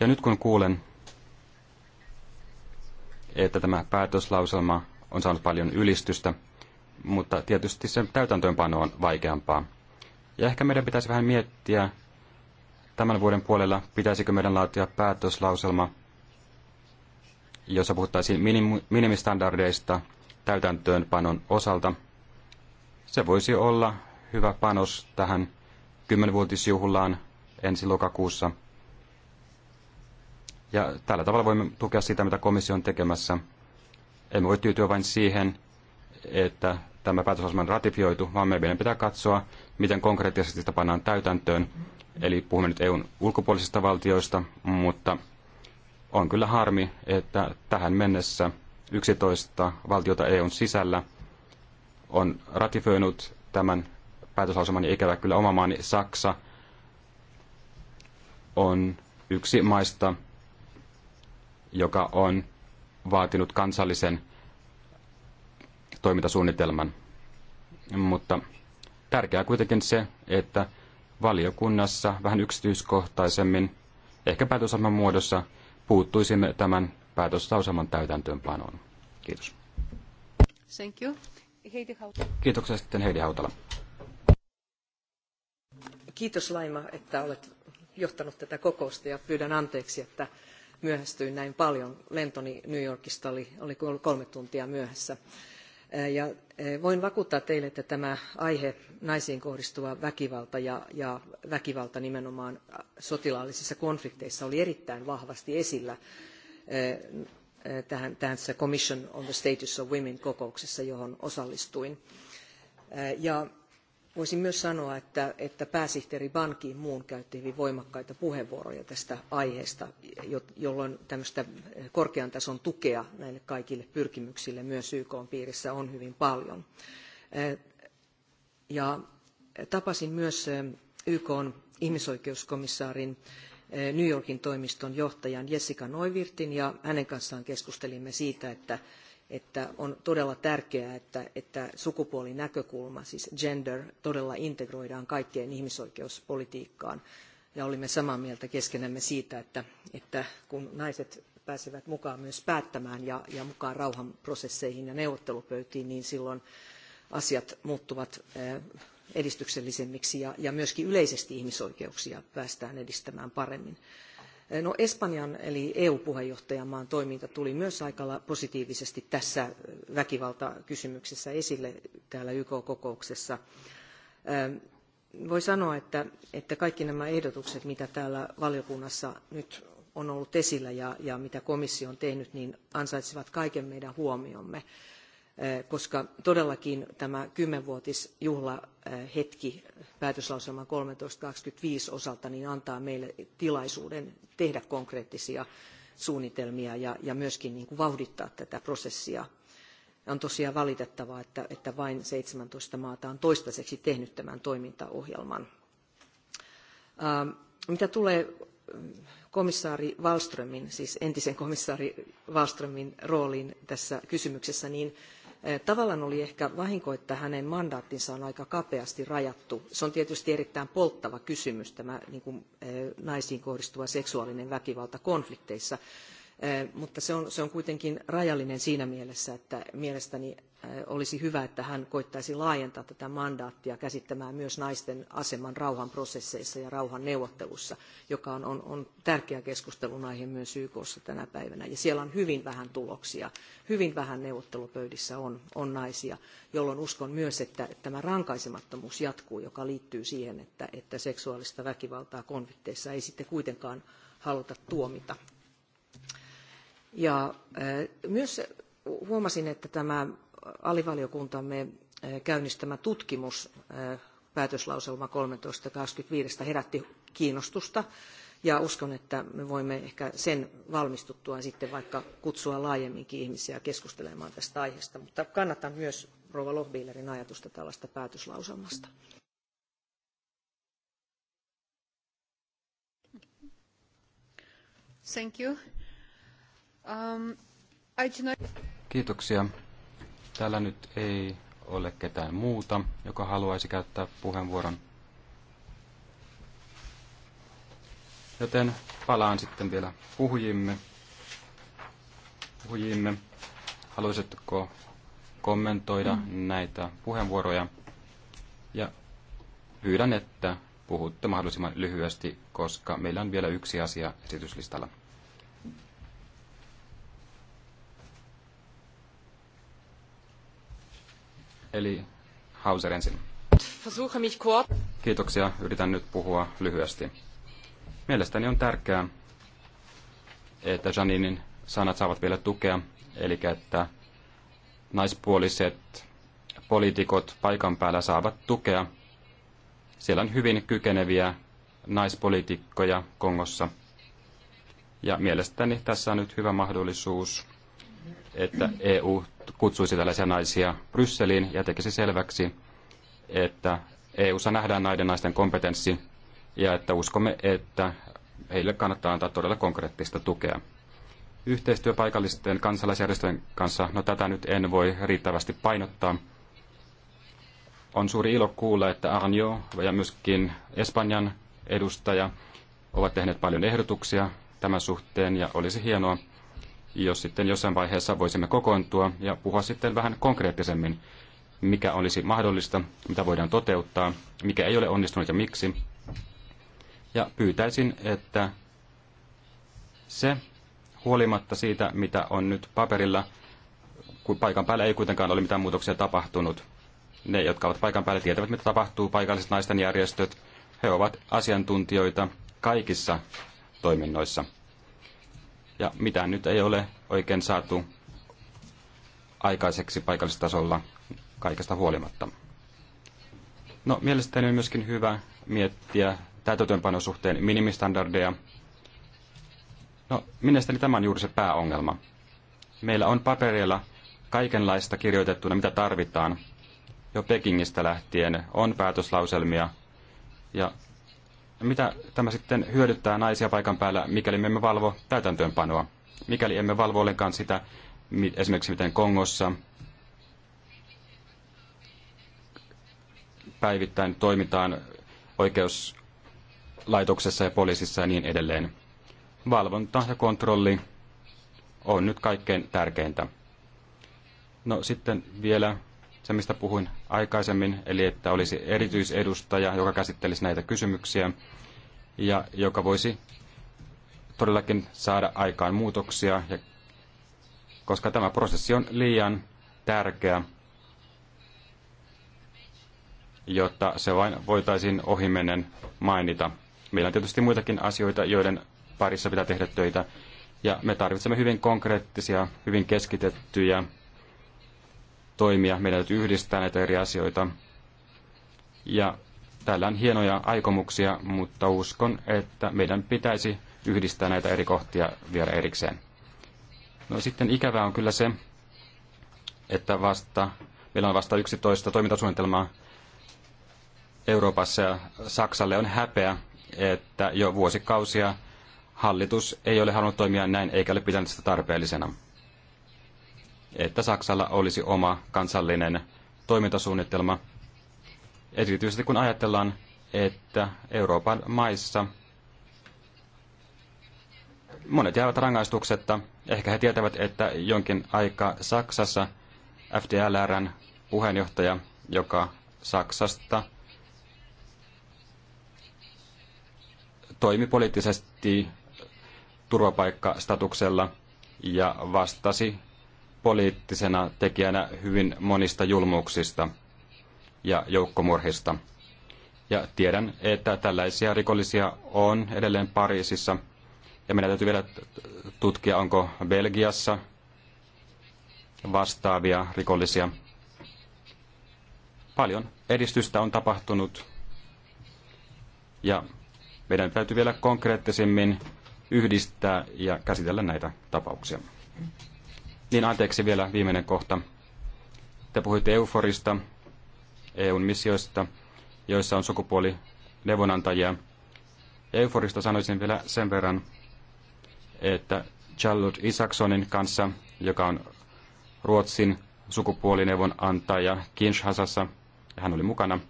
Ja nyt kun kuulen, että tämä päätöslauselma on saanut paljon ylistystä, mutta tietysti sen täytäntöönpano on vaikeampaa. Ja ehkä meidän pitäisi vähän miettiä tämän vuoden puolella, pitäisikö meidän laatia päätöslauselma, jossa puhuttaisiin minim- minimistandardeista täytäntöönpanon osalta. Se voisi olla hyvä panos tähän kymmenvuotisjuhlaan ensi lokakuussa. Ja tällä tavalla voimme tukea sitä, mitä komissio on tekemässä – emme voi tyytyä vain siihen, että tämä päätösasema on ratifioitu, vaan meidän pitää katsoa, miten konkreettisesti sitä pannaan täytäntöön. Eli puhumme nyt EUn ulkopuolisista valtioista, mutta on kyllä harmi, että tähän mennessä 11 valtiota EUn sisällä on ratifioinut tämän päätöslauselman, ja ikävä kyllä oma maani Saksa on yksi maista, joka on vaatinut kansallisen toimintasuunnitelman. Mutta tärkeää kuitenkin se, että valiokunnassa vähän yksityiskohtaisemmin, ehkä päätösaseman muodossa, puuttuisimme tämän päätöslauselman täytäntöönpanoon. Kiitos. Thank you. Heidi Hautala. Kiitoksia sitten Heidi Hautala. Kiitos Laima, että olet johtanut tätä kokousta ja pyydän anteeksi, että myöhästyin näin paljon. Lentoni New Yorkista oli, oli kolme tuntia myöhässä. Ja voin vakuuttaa teille, että tämä aihe, naisiin kohdistuva väkivalta ja, ja väkivalta nimenomaan sotilaallisissa konflikteissa oli erittäin vahvasti esillä tähän, tässä Commission on the Status of Women kokouksessa, johon osallistuin. Ja Voisin myös sanoa, että, että pääsihteeri Ban Ki-moon käytti hyvin voimakkaita puheenvuoroja tästä aiheesta, jolloin tämmöistä korkean tason tukea näille kaikille pyrkimyksille myös YK piirissä on hyvin paljon. Ja tapasin myös eh, YK ihmisoikeuskomissaarin eh, New Yorkin toimiston johtajan Jessica Noivirtin ja hänen kanssaan keskustelimme siitä, että että on todella tärkeää, että, että sukupuolinäkökulma, siis gender, todella integroidaan kaikkeen ihmisoikeuspolitiikkaan. Ja olimme samaa mieltä keskenämme siitä, että, että kun naiset pääsevät mukaan myös päättämään ja, ja mukaan rauhanprosesseihin ja neuvottelupöytiin, niin silloin asiat muuttuvat edistyksellisemmiksi ja, ja myöskin yleisesti ihmisoikeuksia päästään edistämään paremmin. No, Espanjan eli EU-puheenjohtajamaan toiminta tuli myös aika positiivisesti tässä väkivaltakysymyksessä esille täällä YK-kokouksessa. Voi sanoa, että, että kaikki nämä ehdotukset, mitä täällä valiokunnassa nyt on ollut esillä ja, ja mitä komissio on tehnyt, niin ansaitsevat kaiken meidän huomiomme koska todellakin tämä kymmenvuotisjuhlahetki päätöslauselman kaksikymmentäviisi osalta niin antaa meille tilaisuuden tehdä konkreettisia suunnitelmia ja, ja myöskin niin kuin vauhdittaa tätä prosessia. On tosiaan valitettavaa, että, että vain 17 maata on toistaiseksi tehnyt tämän toimintaohjelman. mitä tulee komissaari Wallströmin, siis entisen komissaari Wallströmin rooliin tässä kysymyksessä, niin Tavallaan oli ehkä vahinko, että hänen mandaattinsa on aika kapeasti rajattu. Se on tietysti erittäin polttava kysymys, tämä niin kuin, naisiin kohdistuva seksuaalinen väkivalta konflikteissa. Eh, mutta se on, se on kuitenkin rajallinen siinä mielessä, että mielestäni eh, olisi hyvä, että hän koittaisi laajentaa tätä mandaattia käsittämään myös naisten aseman rauhanprosesseissa ja rauhanneuvottelussa, joka on, on, on tärkeä keskustelun aihe myös YKssa tänä päivänä. Ja siellä on hyvin vähän tuloksia, hyvin vähän neuvottelupöydissä on, on naisia, jolloin uskon myös, että tämä rankaisemattomuus jatkuu, joka liittyy siihen, että, että seksuaalista väkivaltaa konflikteissa ei sitten kuitenkaan haluta tuomita. Ja myös huomasin, että tämä alivaliokuntamme käynnistämä tutkimus päätöslauselma 13.25 herätti kiinnostusta ja uskon, että me voimme ehkä sen valmistuttua sitten vaikka kutsua laajemminkin ihmisiä keskustelemaan tästä aiheesta, mutta kannatan myös rouva Lohbiilerin ajatusta tällaista päätöslauselmasta. Thank you. Um, Kiitoksia. Täällä nyt ei ole ketään muuta, joka haluaisi käyttää puheenvuoron. Joten palaan sitten vielä puhujimme. puhujimme. Haluaisitko kommentoida mm. näitä puheenvuoroja? Ja pyydän, että puhutte mahdollisimman lyhyesti, koska meillä on vielä yksi asia esityslistalla. Eli Hauser ensin. Kiitoksia, yritän nyt puhua lyhyesti. Mielestäni on tärkeää, että Janinin sanat saavat vielä tukea, eli että naispuoliset poliitikot paikan päällä saavat tukea. Siellä on hyvin kykeneviä naispoliitikkoja Kongossa. Ja mielestäni tässä on nyt hyvä mahdollisuus että EU kutsuisi tällaisia naisia Brysseliin ja tekisi selväksi, että EUssa nähdään näiden naisten kompetenssi ja että uskomme, että heille kannattaa antaa todella konkreettista tukea. Yhteistyö paikallisten kansalaisjärjestöjen kanssa, no tätä nyt en voi riittävästi painottaa. On suuri ilo kuulla, että Arnio ja myöskin Espanjan edustaja ovat tehneet paljon ehdotuksia tämän suhteen ja olisi hienoa, jos sitten jossain vaiheessa voisimme kokoontua ja puhua sitten vähän konkreettisemmin, mikä olisi mahdollista, mitä voidaan toteuttaa, mikä ei ole onnistunut ja miksi. Ja pyytäisin, että se huolimatta siitä, mitä on nyt paperilla, kun paikan päällä ei kuitenkaan ole mitään muutoksia tapahtunut. Ne, jotka ovat paikan päällä, tietävät, mitä tapahtuu. Paikalliset naisten järjestöt, he ovat asiantuntijoita kaikissa toiminnoissa ja mitään nyt ei ole oikein saatu aikaiseksi paikallistasolla kaikesta huolimatta. No, mielestäni on myöskin hyvä miettiä täytäntöönpanon suhteen minimistandardeja. No, mielestäni tämä on juuri se pääongelma. Meillä on paperilla kaikenlaista kirjoitettuna, mitä tarvitaan. Jo Pekingistä lähtien on päätöslauselmia ja mitä tämä sitten hyödyttää naisia paikan päällä, mikäli me emme valvo täytäntöönpanoa? Mikäli emme valvo ollenkaan sitä, esimerkiksi miten Kongossa päivittäin toimitaan oikeuslaitoksessa ja poliisissa ja niin edelleen. Valvonta ja kontrolli on nyt kaikkein tärkeintä. No sitten vielä se, mistä puhuin aikaisemmin, eli että olisi erityisedustaja, joka käsittelisi näitä kysymyksiä ja joka voisi todellakin saada aikaan muutoksia, ja, koska tämä prosessi on liian tärkeä, jotta se vain voitaisiin ohimennen mainita. Meillä on tietysti muitakin asioita, joiden parissa pitää tehdä töitä, ja me tarvitsemme hyvin konkreettisia, hyvin keskitettyjä toimia. Meidän täytyy yhdistää näitä eri asioita. Ja täällä on hienoja aikomuksia, mutta uskon, että meidän pitäisi yhdistää näitä eri kohtia vielä erikseen. No sitten ikävää on kyllä se, että vasta, meillä on vasta 11 toimintasuunnitelmaa Euroopassa ja Saksalle on häpeä, että jo vuosikausia hallitus ei ole halunnut toimia näin eikä ole pitänyt sitä tarpeellisena että Saksalla olisi oma kansallinen toimintasuunnitelma, erityisesti kun ajatellaan, että Euroopan maissa monet jäävät rangaistuksetta. Ehkä he tietävät, että jonkin aikaa Saksassa FDLRn puheenjohtaja, joka Saksasta toimi poliittisesti turvapaikkastatuksella ja vastasi poliittisena tekijänä hyvin monista julmuuksista ja joukkomurhista. Ja tiedän, että tällaisia rikollisia on edelleen Pariisissa. Ja meidän täytyy vielä tutkia, onko Belgiassa vastaavia rikollisia. Paljon edistystä on tapahtunut. Ja meidän täytyy vielä konkreettisemmin yhdistää ja käsitellä näitä tapauksia. Niin anteeksi vielä viimeinen kohta. Te puhuitte euforista, EUn missioista, joissa on sukupuoli neuvonantajia. Euforista sanoisin vielä sen verran, että Charles Isaksonin kanssa, joka on Ruotsin sukupuolineuvon antaja Kinshasassa, ja hän oli mukana.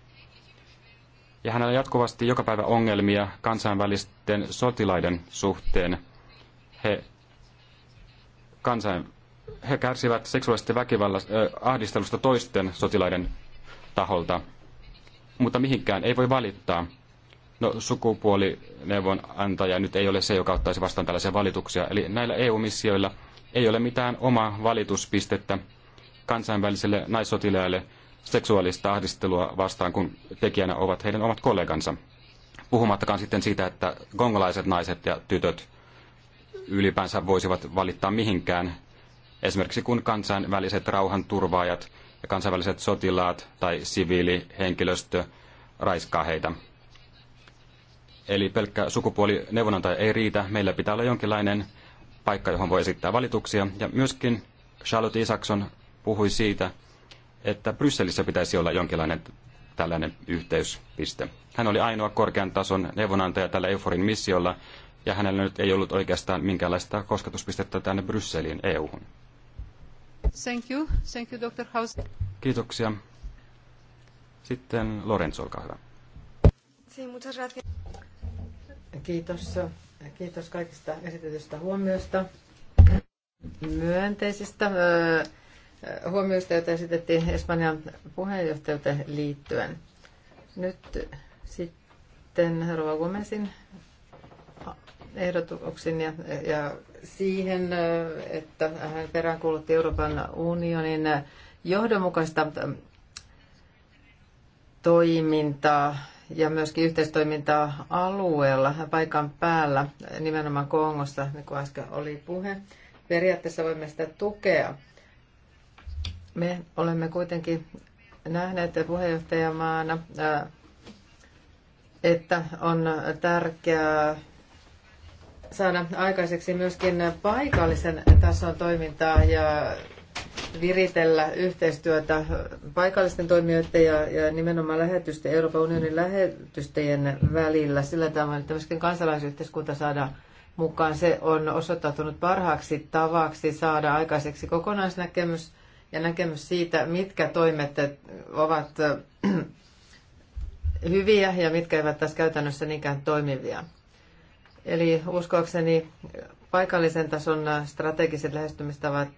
Ja hänellä on jatkuvasti joka päivä ongelmia kansainvälisten sotilaiden suhteen. He kansain, he kärsivät seksuaalisesta väkivallasta, äh, ahdistelusta toisten sotilaiden taholta. Mutta mihinkään ei voi valittaa. No sukupuolineuvonantaja nyt ei ole se, joka ottaisi vastaan tällaisia valituksia. Eli näillä EU-missioilla ei ole mitään omaa valituspistettä kansainväliselle naissotilaille seksuaalista ahdistelua vastaan, kun tekijänä ovat heidän omat kollegansa. Puhumattakaan sitten siitä, että kongolaiset naiset ja tytöt ylipäänsä voisivat valittaa mihinkään Esimerkiksi kun kansainväliset rauhanturvaajat ja kansainväliset sotilaat tai siviilihenkilöstö raiskaa heitä. Eli pelkkä sukupuolineuvonantaja ei riitä. Meillä pitää olla jonkinlainen paikka, johon voi esittää valituksia. Ja myöskin Charlotte Isakson puhui siitä, että Brysselissä pitäisi olla jonkinlainen tällainen yhteyspiste. Hän oli ainoa korkean tason neuvonantaja tällä Euforin missiolla, ja hänellä nyt ei ollut oikeastaan minkäänlaista kosketuspistettä tänne Brysseliin EU-hun. Thank you. Thank you, Dr. House. Kiitoksia. Sitten Lorenzo, olkaa hyvä. Kiitos. Kiitos kaikista esitetystä huomioista, myönteisistä huomioista, joita esitettiin Espanjan puheenjohtajuuteen liittyen. Nyt sitten Rova Gomezin ehdotuksen ja, ja siihen, että hän peräänkuulutti Euroopan unionin johdonmukaista toimintaa ja myöskin yhteistoimintaa alueella, paikan päällä, nimenomaan Kongossa, niin kuin äsken oli puhe. Periaatteessa voimme sitä tukea. Me olemme kuitenkin nähneet puheenjohtajamaana, että on tärkeää saada aikaiseksi myöskin paikallisen tason toimintaa ja viritellä yhteistyötä paikallisten toimijoiden ja, ja nimenomaan lähetysten, Euroopan unionin lähetystöjen välillä sillä tavalla, että myöskin kansalaisyhteiskunta saadaan mukaan. Se on osoittautunut parhaaksi tavaksi saada aikaiseksi kokonaisnäkemys ja näkemys siitä, mitkä toimet ovat hyviä ja mitkä eivät tässä käytännössä niinkään toimivia. Eli uskoakseni paikallisen tason strategiset lähestymistavat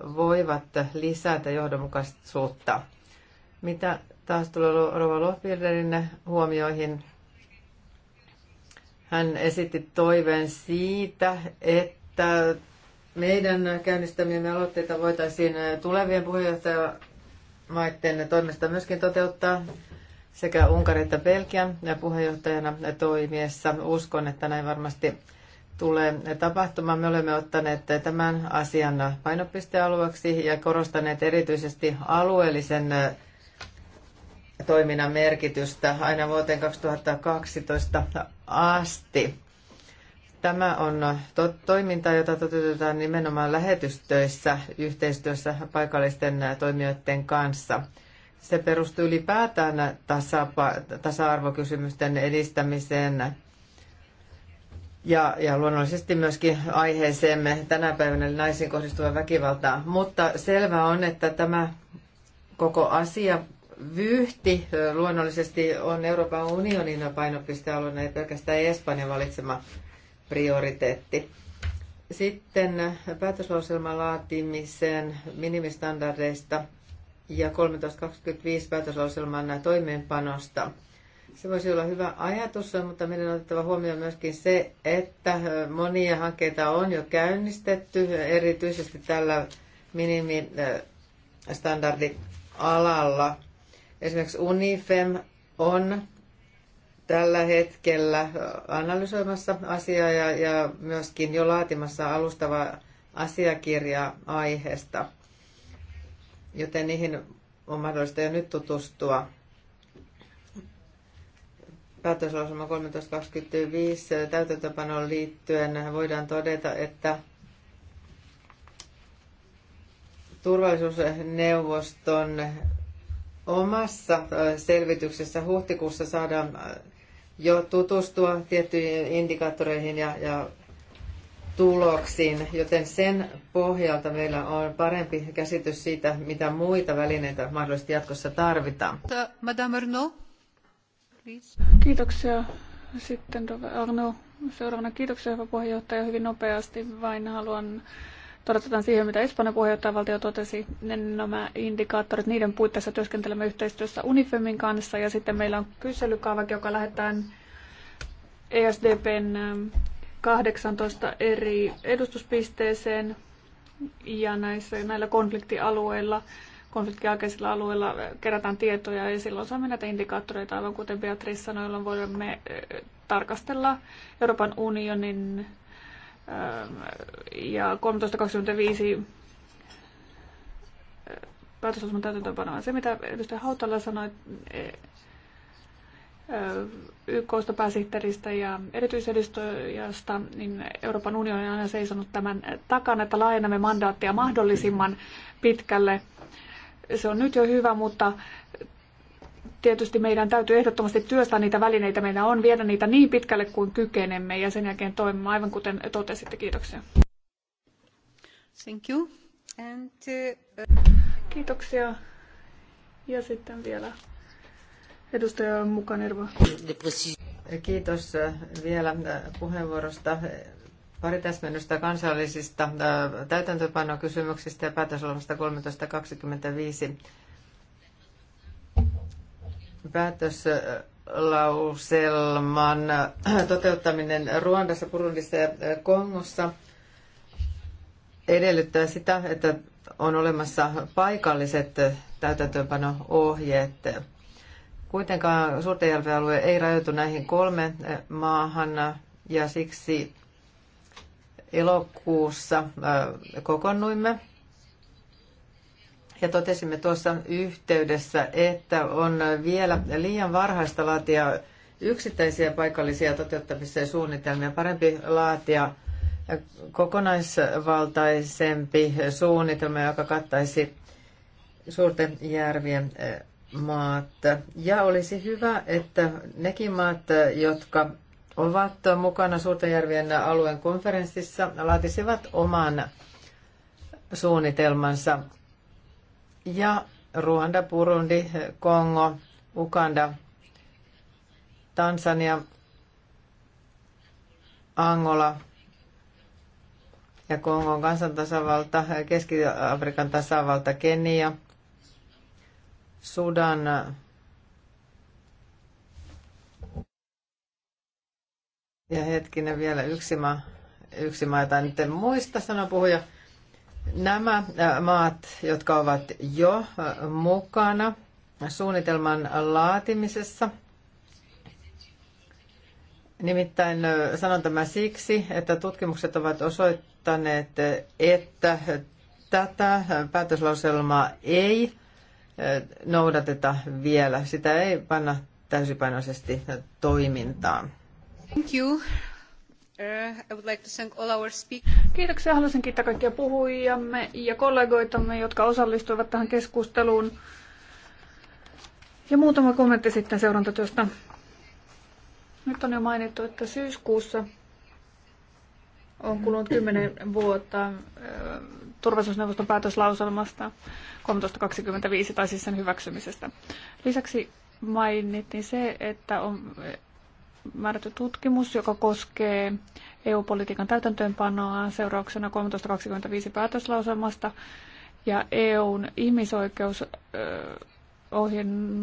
voivat lisätä johdonmukaisuutta. Mitä taas tulee Rova Lohbilderin huomioihin, hän esitti toiveen siitä, että meidän käynnistämiemme aloitteita voitaisiin tulevien puheenjohtajamaiden toimesta myöskin toteuttaa sekä Unkarin että Belgian puheenjohtajana toimiessa. Uskon, että näin varmasti tulee tapahtumaan. Me olemme ottaneet tämän asian painopistealueeksi ja korostaneet erityisesti alueellisen toiminnan merkitystä aina vuoteen 2012 asti. Tämä on to- toiminta, jota toteutetaan nimenomaan lähetystöissä yhteistyössä paikallisten toimijoiden kanssa. Se perustuu ylipäätään tasa-arvokysymysten edistämiseen ja, ja luonnollisesti myöskin aiheeseemme tänä päivänä eli naisiin kohdistuva väkivaltaa. Mutta selvää on, että tämä koko asia vyyhti luonnollisesti on Euroopan unionin painopistealueena, ei pelkästään Espanjan valitsema prioriteetti. Sitten päätöslauselman laatimiseen minimistandardeista – ja 13.25 päätöslauselman toimeenpanosta. Se voisi olla hyvä ajatus, mutta meidän on otettava huomioon myöskin se, että monia hankkeita on jo käynnistetty, erityisesti tällä minimistandardialalla. Esimerkiksi Unifem on tällä hetkellä analysoimassa asiaa ja, ja myöskin jo laatimassa alustavaa asiakirjaa aiheesta – joten niihin on mahdollista jo nyt tutustua. Päätöslausuma 1325 täytäntöpanoon liittyen voidaan todeta, että turvallisuusneuvoston omassa äh, selvityksessä huhtikuussa saadaan äh, jo tutustua tiettyihin indikaattoreihin ja, ja tuloksiin, joten sen pohjalta meillä on parempi käsitys siitä, mitä muita välineitä mahdollisesti jatkossa tarvitaan. Madame Kiitoksia. Sitten Arno, Seuraavana kiitoksia, hyvä puheenjohtaja. Hyvin nopeasti vain haluan todeta siihen, mitä Espanjan puheenjohtajavaltio totesi. Nämä indikaattorit, niiden puitteissa työskentelemme yhteistyössä Unifemin kanssa ja sitten meillä on kyselykaavake, joka lähdetään ESDPn 18 eri edustuspisteeseen ja näissä, näillä konfliktialueilla, konfliktiaikaisilla alueilla kerätään tietoja ja silloin saamme näitä indikaattoreita, aivan kuten Beatrice sanoi, jolloin voimme eh, tarkastella Euroopan unionin eh, ja 1325 eh, päätösosman täytäntöönpanoa. Se, mitä edustaja Hautala sanoi YKsta pääsihteeristä ja erityisedustajasta, niin Euroopan unioni on aina seisonut tämän takana, että laajennamme mandaattia mahdollisimman pitkälle. Se on nyt jo hyvä, mutta tietysti meidän täytyy ehdottomasti työstää niitä välineitä. meidän on viedä niitä niin pitkälle kuin kykenemme ja sen jälkeen toimimaan, aivan kuten totesitte. Kiitoksia. Thank you. And, to... Uh, Kiitoksia. Ja sitten vielä Edustaja Mukanerva. Kiitos vielä puheenvuorosta. Pari täsmennystä kansallisista äh, täytäntöpanokysymyksistä ja päätösolmasta 1325 päätöslauselman äh, toteuttaminen Ruandassa, Burundissa ja äh, Kongossa edellyttää sitä, että on olemassa paikalliset täytäntöönpano-ohjeet. Kuitenkaan Suurtenjärven ei rajoitu näihin kolme eh, maahan eh, ja siksi elokuussa eh, kokonnuimme ja totesimme tuossa yhteydessä, että on vielä liian varhaista laatia yksittäisiä paikallisia toteuttamisen suunnitelmia, parempi laatia kokonaisvaltaisempi suunnitelma, joka kattaisi suurten järvien maat. Ja olisi hyvä, että nekin maat, jotka ovat mukana Suurtajärvien alueen konferenssissa, laatisivat oman suunnitelmansa. Ja Ruanda, Burundi, Kongo, Uganda, Tansania, Angola ja Kongon kansantasavalta, Keski-Afrikan tasavalta, Kenia – sodan ja hetkinen vielä yksi maa, yksi maa jota nyt en muista, sanoi puhuja. Nämä maat, jotka ovat jo mukana suunnitelman laatimisessa, Nimittäin sanon tämä siksi, että tutkimukset ovat osoittaneet, että tätä päätöslauselmaa ei noudateta vielä. Sitä ei panna täysipainoisesti toimintaan. Thank you. Uh, I would like to thank all our Kiitoksia. Haluaisin kiittää kaikkia puhujiamme ja kollegoitamme, jotka osallistuivat tähän keskusteluun. Ja muutama kommentti sitten seurantatyöstä. Nyt on jo mainittu, että syyskuussa on kulunut kymmenen vuotta turvallisuusneuvoston päätöslauselmasta. 13.25 tai siis sen hyväksymisestä. Lisäksi mainittiin se, että on määrätty tutkimus, joka koskee EU-politiikan täytäntöönpanoa seurauksena 13.25 päätöslauselmasta ja EUn ihmisoikeus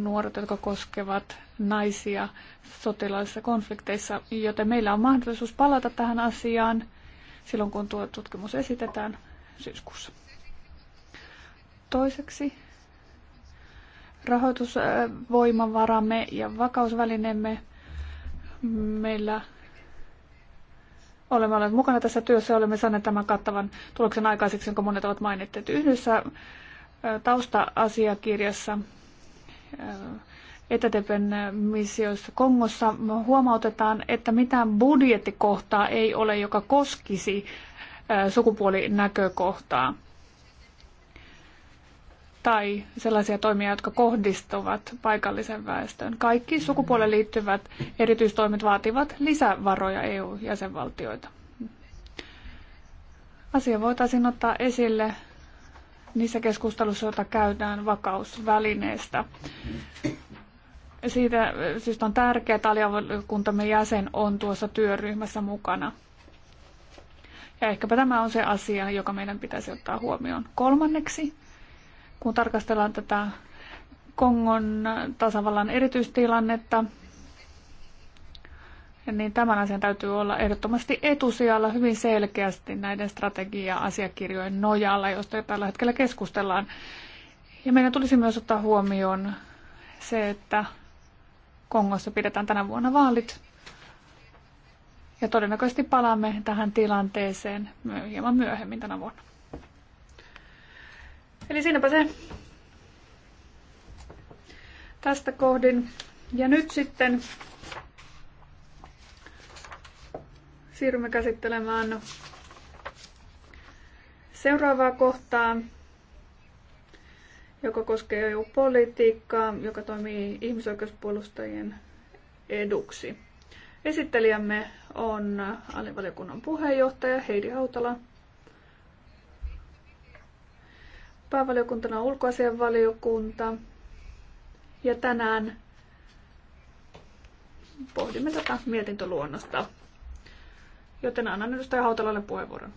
nuoret, jotka koskevat naisia sotilaissa konflikteissa, joten meillä on mahdollisuus palata tähän asiaan silloin, kun tuo tutkimus esitetään syyskuussa. Toiseksi rahoitusvoimavaramme ja vakausvälineemme meillä olemme olleet mukana tässä työssä ja olemme saaneet tämän kattavan tuloksen aikaiseksi, jonka monet ovat mainitteet. Yhdessä tausta-asiakirjassa Etätepen missioissa Kongossa huomautetaan, että mitään budjettikohtaa ei ole, joka koskisi sukupuolinäkökohtaa tai sellaisia toimia, jotka kohdistuvat paikallisen väestöön. Kaikki sukupuoleen liittyvät erityistoimet vaativat lisävaroja EU-jäsenvaltioita. Asia voitaisiin ottaa esille niissä keskusteluissa, joita käydään vakausvälineestä. Siitä syystä on tärkeää, että aliavaliokuntamme jäsen on tuossa työryhmässä mukana. Ja ehkäpä tämä on se asia, joka meidän pitäisi ottaa huomioon. Kolmanneksi, kun tarkastellaan tätä Kongon tasavallan erityistilannetta, niin tämän asian täytyy olla ehdottomasti etusijalla hyvin selkeästi näiden strategia-asiakirjojen nojalla, joista tällä hetkellä keskustellaan. Ja meidän tulisi myös ottaa huomioon se, että Kongossa pidetään tänä vuonna vaalit. Ja todennäköisesti palaamme tähän tilanteeseen hieman myöhemmin tänä vuonna. Eli siinäpä se tästä kohdin. Ja nyt sitten siirrymme käsittelemään seuraavaa kohtaa, joka koskee EU-politiikkaa, joka toimii ihmisoikeuspuolustajien eduksi. Esittelijämme on alivaliokunnan puheenjohtaja Heidi Hautala. Päävaliokuntana ulkoasianvaliokunta. Ja tänään pohdimme tätä mietintöluonnosta. Joten annan edustaja Hautalalle puheenvuoron.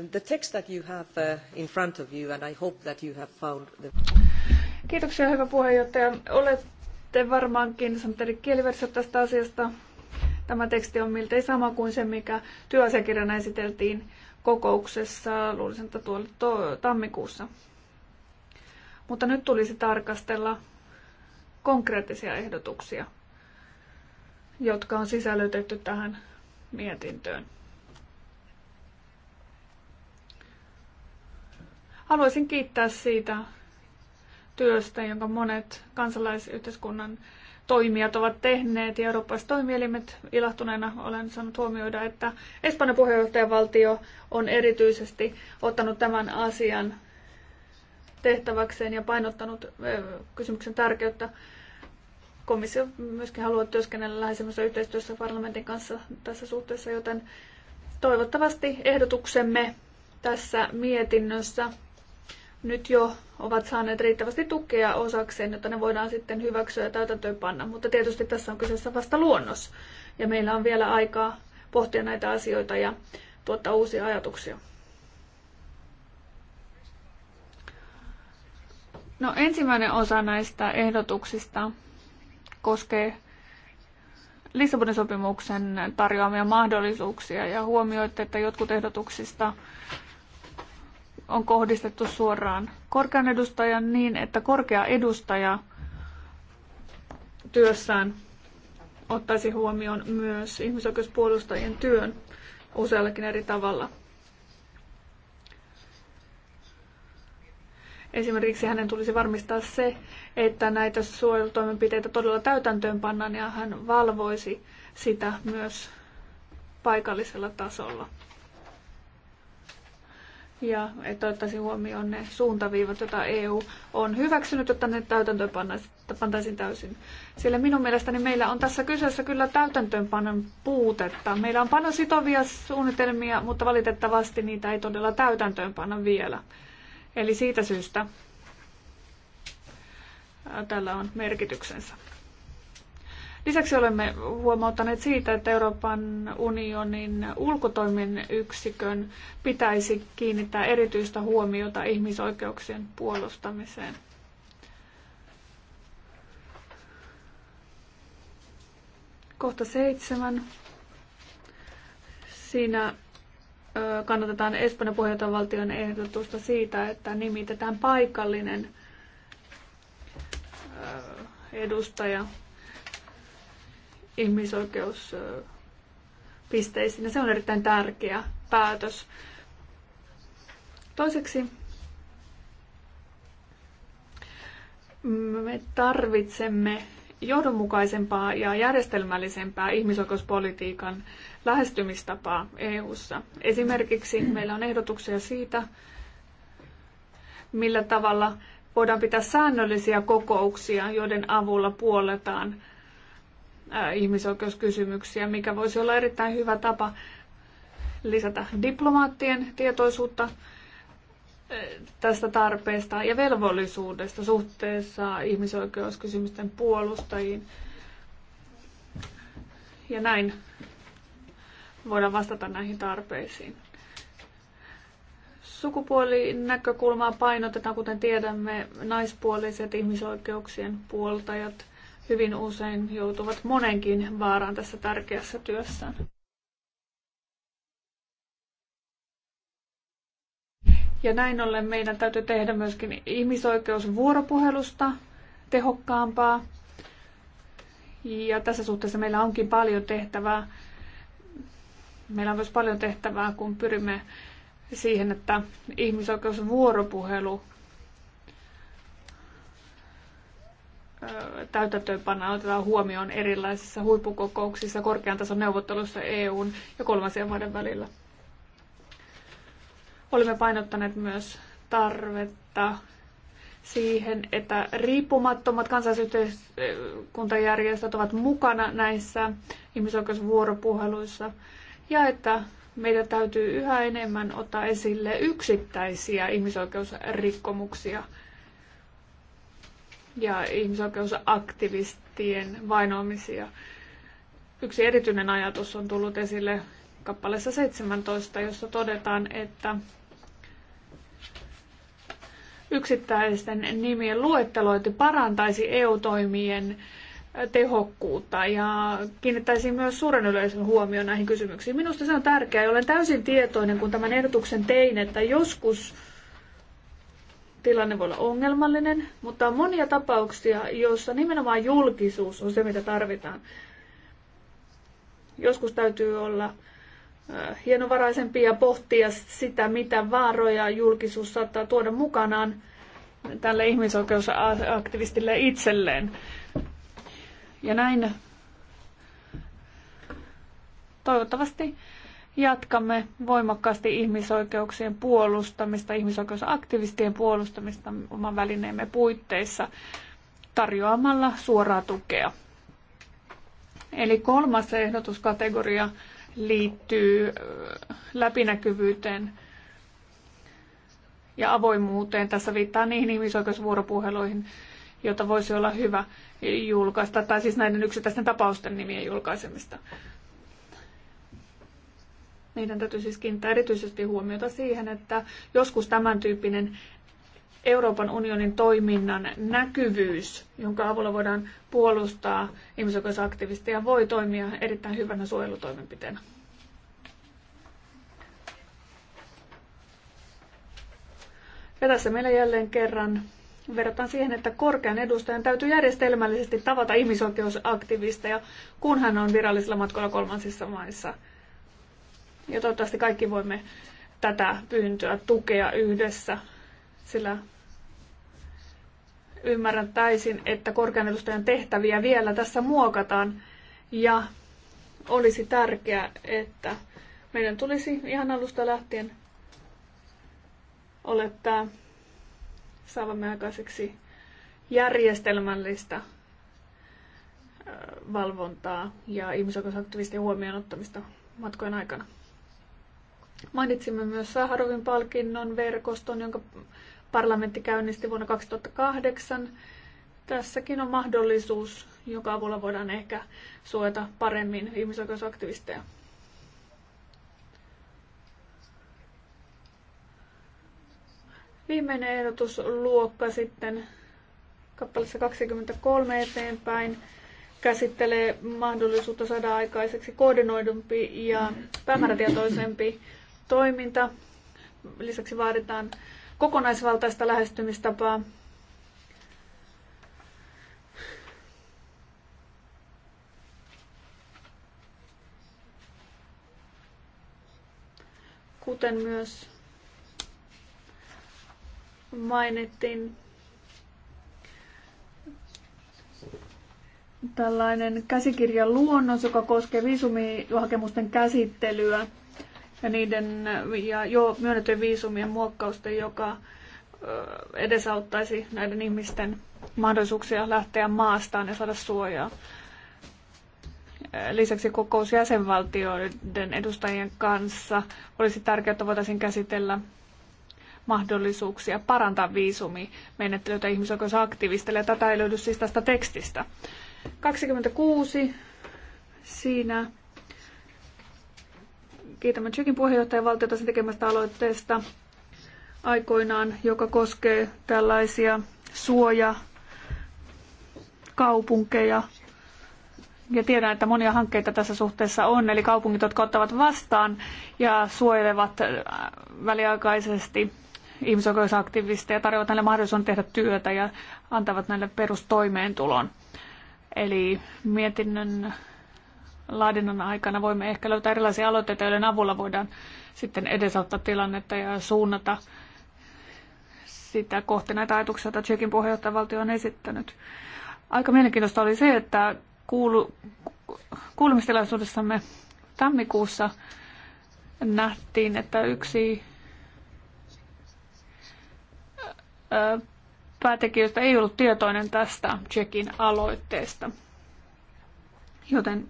Um, the text that you have uh, in front of you, and I hope that you have found the... Kiitoksia, hyvä puheenjohtaja. Olette varmaankin saaneet eri kieliversiot tästä asiasta. Tämä teksti on miltei sama kuin se, mikä työasiakirjana esiteltiin kokouksessa, luulisin, että tuolla tammikuussa. Mutta nyt tulisi tarkastella konkreettisia ehdotuksia, jotka on sisällytetty tähän mietintöön. Haluaisin kiittää siitä työstä, jonka monet kansalaisyhteiskunnan toimijat ovat tehneet ja eurooppalaiset toimielimet ilahtuneena olen saanut huomioida, että Espanjan puheenjohtajavaltio on erityisesti ottanut tämän asian tehtäväkseen ja painottanut kysymyksen tärkeyttä. Komissio myöskin haluaa työskennellä läheisemmässä yhteistyössä parlamentin kanssa tässä suhteessa, joten toivottavasti ehdotuksemme tässä mietinnössä nyt jo ovat saaneet riittävästi tukea osakseen, jotta ne voidaan sitten hyväksyä ja täytäntöönpanna. Mutta tietysti tässä on kyseessä vasta luonnos ja meillä on vielä aikaa pohtia näitä asioita ja tuottaa uusia ajatuksia. No ensimmäinen osa näistä ehdotuksista koskee Lissabonin sopimuksen tarjoamia mahdollisuuksia ja huomioitte, että jotkut ehdotuksista on kohdistettu suoraan korkean edustajan niin, että korkea edustaja työssään ottaisi huomioon myös ihmisoikeuspuolustajien työn useallakin eri tavalla. Esimerkiksi hänen tulisi varmistaa se, että näitä suojelutoimenpiteitä todella täytäntöön pannaan ja hän valvoisi sitä myös paikallisella tasolla ja että ottaisiin huomioon ne suuntaviivat, joita EU on hyväksynyt, jotta ne täytäntöönpantaisiin täysin. Sillä minun mielestäni meillä on tässä kyseessä kyllä täytäntöönpanon puutetta. Meillä on paljon sitovia suunnitelmia, mutta valitettavasti niitä ei todella täytäntöönpanna vielä. Eli siitä syystä tällä on merkityksensä. Lisäksi olemme huomauttaneet siitä, että Euroopan unionin ulkotoimen yksikön pitäisi kiinnittää erityistä huomiota ihmisoikeuksien puolustamiseen. Kohta seitsemän. Siinä kannatetaan Espanjan puheenjohtajavaltion ehdotusta siitä, että nimitetään paikallinen edustaja ihmisoikeuspisteisiin. se on erittäin tärkeä päätös. Toiseksi me tarvitsemme johdonmukaisempaa ja järjestelmällisempää ihmisoikeuspolitiikan lähestymistapaa EU:ssa. Esimerkiksi meillä on ehdotuksia siitä, millä tavalla voidaan pitää säännöllisiä kokouksia, joiden avulla puoletaan ihmisoikeuskysymyksiä, mikä voisi olla erittäin hyvä tapa lisätä diplomaattien tietoisuutta tästä tarpeesta ja velvollisuudesta suhteessa ihmisoikeuskysymysten puolustajiin. Ja näin voidaan vastata näihin tarpeisiin. Sukupuolinäkökulmaa painotetaan, kuten tiedämme, naispuoliset ihmisoikeuksien puoltajat hyvin usein joutuvat monenkin vaaraan tässä tärkeässä työssään. Ja näin ollen meidän täytyy tehdä myöskin ihmisoikeusvuoropuhelusta tehokkaampaa. Ja tässä suhteessa meillä onkin paljon tehtävää. Meillä on myös paljon tehtävää, kun pyrimme siihen, että ihmisoikeusvuoropuhelu täytäntöönpannaan otetaan huomioon erilaisissa huippukokouksissa, korkean tason neuvotteluissa EUn ja kolmansien maiden välillä. Olemme painottaneet myös tarvetta siihen, että riippumattomat kansallisyhteiskuntajärjestöt ovat mukana näissä ihmisoikeusvuoropuheluissa ja että meidän täytyy yhä enemmän ottaa esille yksittäisiä ihmisoikeusrikkomuksia – ja ihmisoikeusaktivistien vainoamisia. Yksi erityinen ajatus on tullut esille kappaleessa 17, jossa todetaan, että yksittäisten nimien luettelointi parantaisi EU-toimien tehokkuutta ja kiinnittäisi myös suuren yleisön huomioon näihin kysymyksiin. Minusta se on tärkeää ja olen täysin tietoinen, kun tämän ehdotuksen tein, että joskus tilanne voi olla ongelmallinen, mutta on monia tapauksia, joissa nimenomaan julkisuus on se, mitä tarvitaan. Joskus täytyy olla äh, hienovaraisempi ja pohtia sitä, mitä vaaroja julkisuus saattaa tuoda mukanaan tälle ihmisoikeusaktivistille itselleen. Ja näin toivottavasti jatkamme voimakkaasti ihmisoikeuksien puolustamista, ihmisoikeusaktivistien puolustamista oman välineemme puitteissa tarjoamalla suoraa tukea. Eli kolmas ehdotuskategoria liittyy läpinäkyvyyteen ja avoimuuteen. Tässä viittaa niihin ihmisoikeusvuoropuheluihin, joita voisi olla hyvä julkaista, tai siis näiden yksittäisten tapausten nimien julkaisemista. Meidän täytyy siis kiinnittää erityisesti huomiota siihen, että joskus tämän tyyppinen Euroopan unionin toiminnan näkyvyys, jonka avulla voidaan puolustaa ihmisoikeusaktivisteja, voi toimia erittäin hyvänä suojelutoimenpiteenä. Ja tässä meillä jälleen kerran verrataan siihen, että korkean edustajan täytyy järjestelmällisesti tavata ihmisoikeusaktivisteja, kun hän on virallisella matkalla kolmansissa maissa – ja toivottavasti kaikki voimme tätä pyyntöä tukea yhdessä, sillä ymmärrän täysin, että korkean edustajan tehtäviä vielä tässä muokataan ja olisi tärkeää, että meidän tulisi ihan alusta lähtien olettaa saavamme aikaiseksi järjestelmällistä äh, valvontaa ja ihmisoikeusaktivistien huomioon ottamista matkojen aikana. Mainitsimme myös Saharovin palkinnon verkoston, jonka parlamentti käynnisti vuonna 2008. Tässäkin on mahdollisuus, joka avulla voidaan ehkä suojata paremmin ihmisoikeusaktivisteja. Viimeinen luokka sitten kappaleessa 23 eteenpäin käsittelee mahdollisuutta saada aikaiseksi koordinoidumpi ja päämäärätietoisempi toiminta. Lisäksi vaaditaan kokonaisvaltaista lähestymistapaa. Kuten myös mainittiin, tällainen käsikirjan luonnos, joka koskee viisumihakemusten käsittelyä ja niiden ja jo myönnettyjen viisumien muokkausten, joka edesauttaisi näiden ihmisten mahdollisuuksia lähteä maastaan ja saada suojaa. Lisäksi kokous jäsenvaltioiden edustajien kanssa olisi tärkeää, että voitaisiin käsitellä mahdollisuuksia parantaa viisumimenettelyitä ihmisoikeusaktivisteille. Tätä ei löydy siis tästä tekstistä. 26. Siinä Kiitämme Tsekin puheenjohtajavaltiota sen tekemästä aloitteesta aikoinaan, joka koskee tällaisia suoja kaupunkeja. Ja tiedän, että monia hankkeita tässä suhteessa on, eli kaupungit, jotka ottavat vastaan ja suojelevat äh, väliaikaisesti ihmisoikeusaktivisteja, tarjoavat näille mahdollisuuden tehdä työtä ja antavat näille perustoimeentulon. Eli mietinnön laadinnan aikana voimme ehkä löytää erilaisia aloitteita, joiden avulla voidaan sitten edesauttaa tilannetta ja suunnata sitä kohti näitä ajatuksia, joita Tsekin puheenjohtajavaltio on esittänyt. Aika mielenkiintoista oli se, että kuulu, kuulumistilaisuudessamme tammikuussa nähtiin, että yksi päätekijöistä ei ollut tietoinen tästä Tsekin aloitteesta. Joten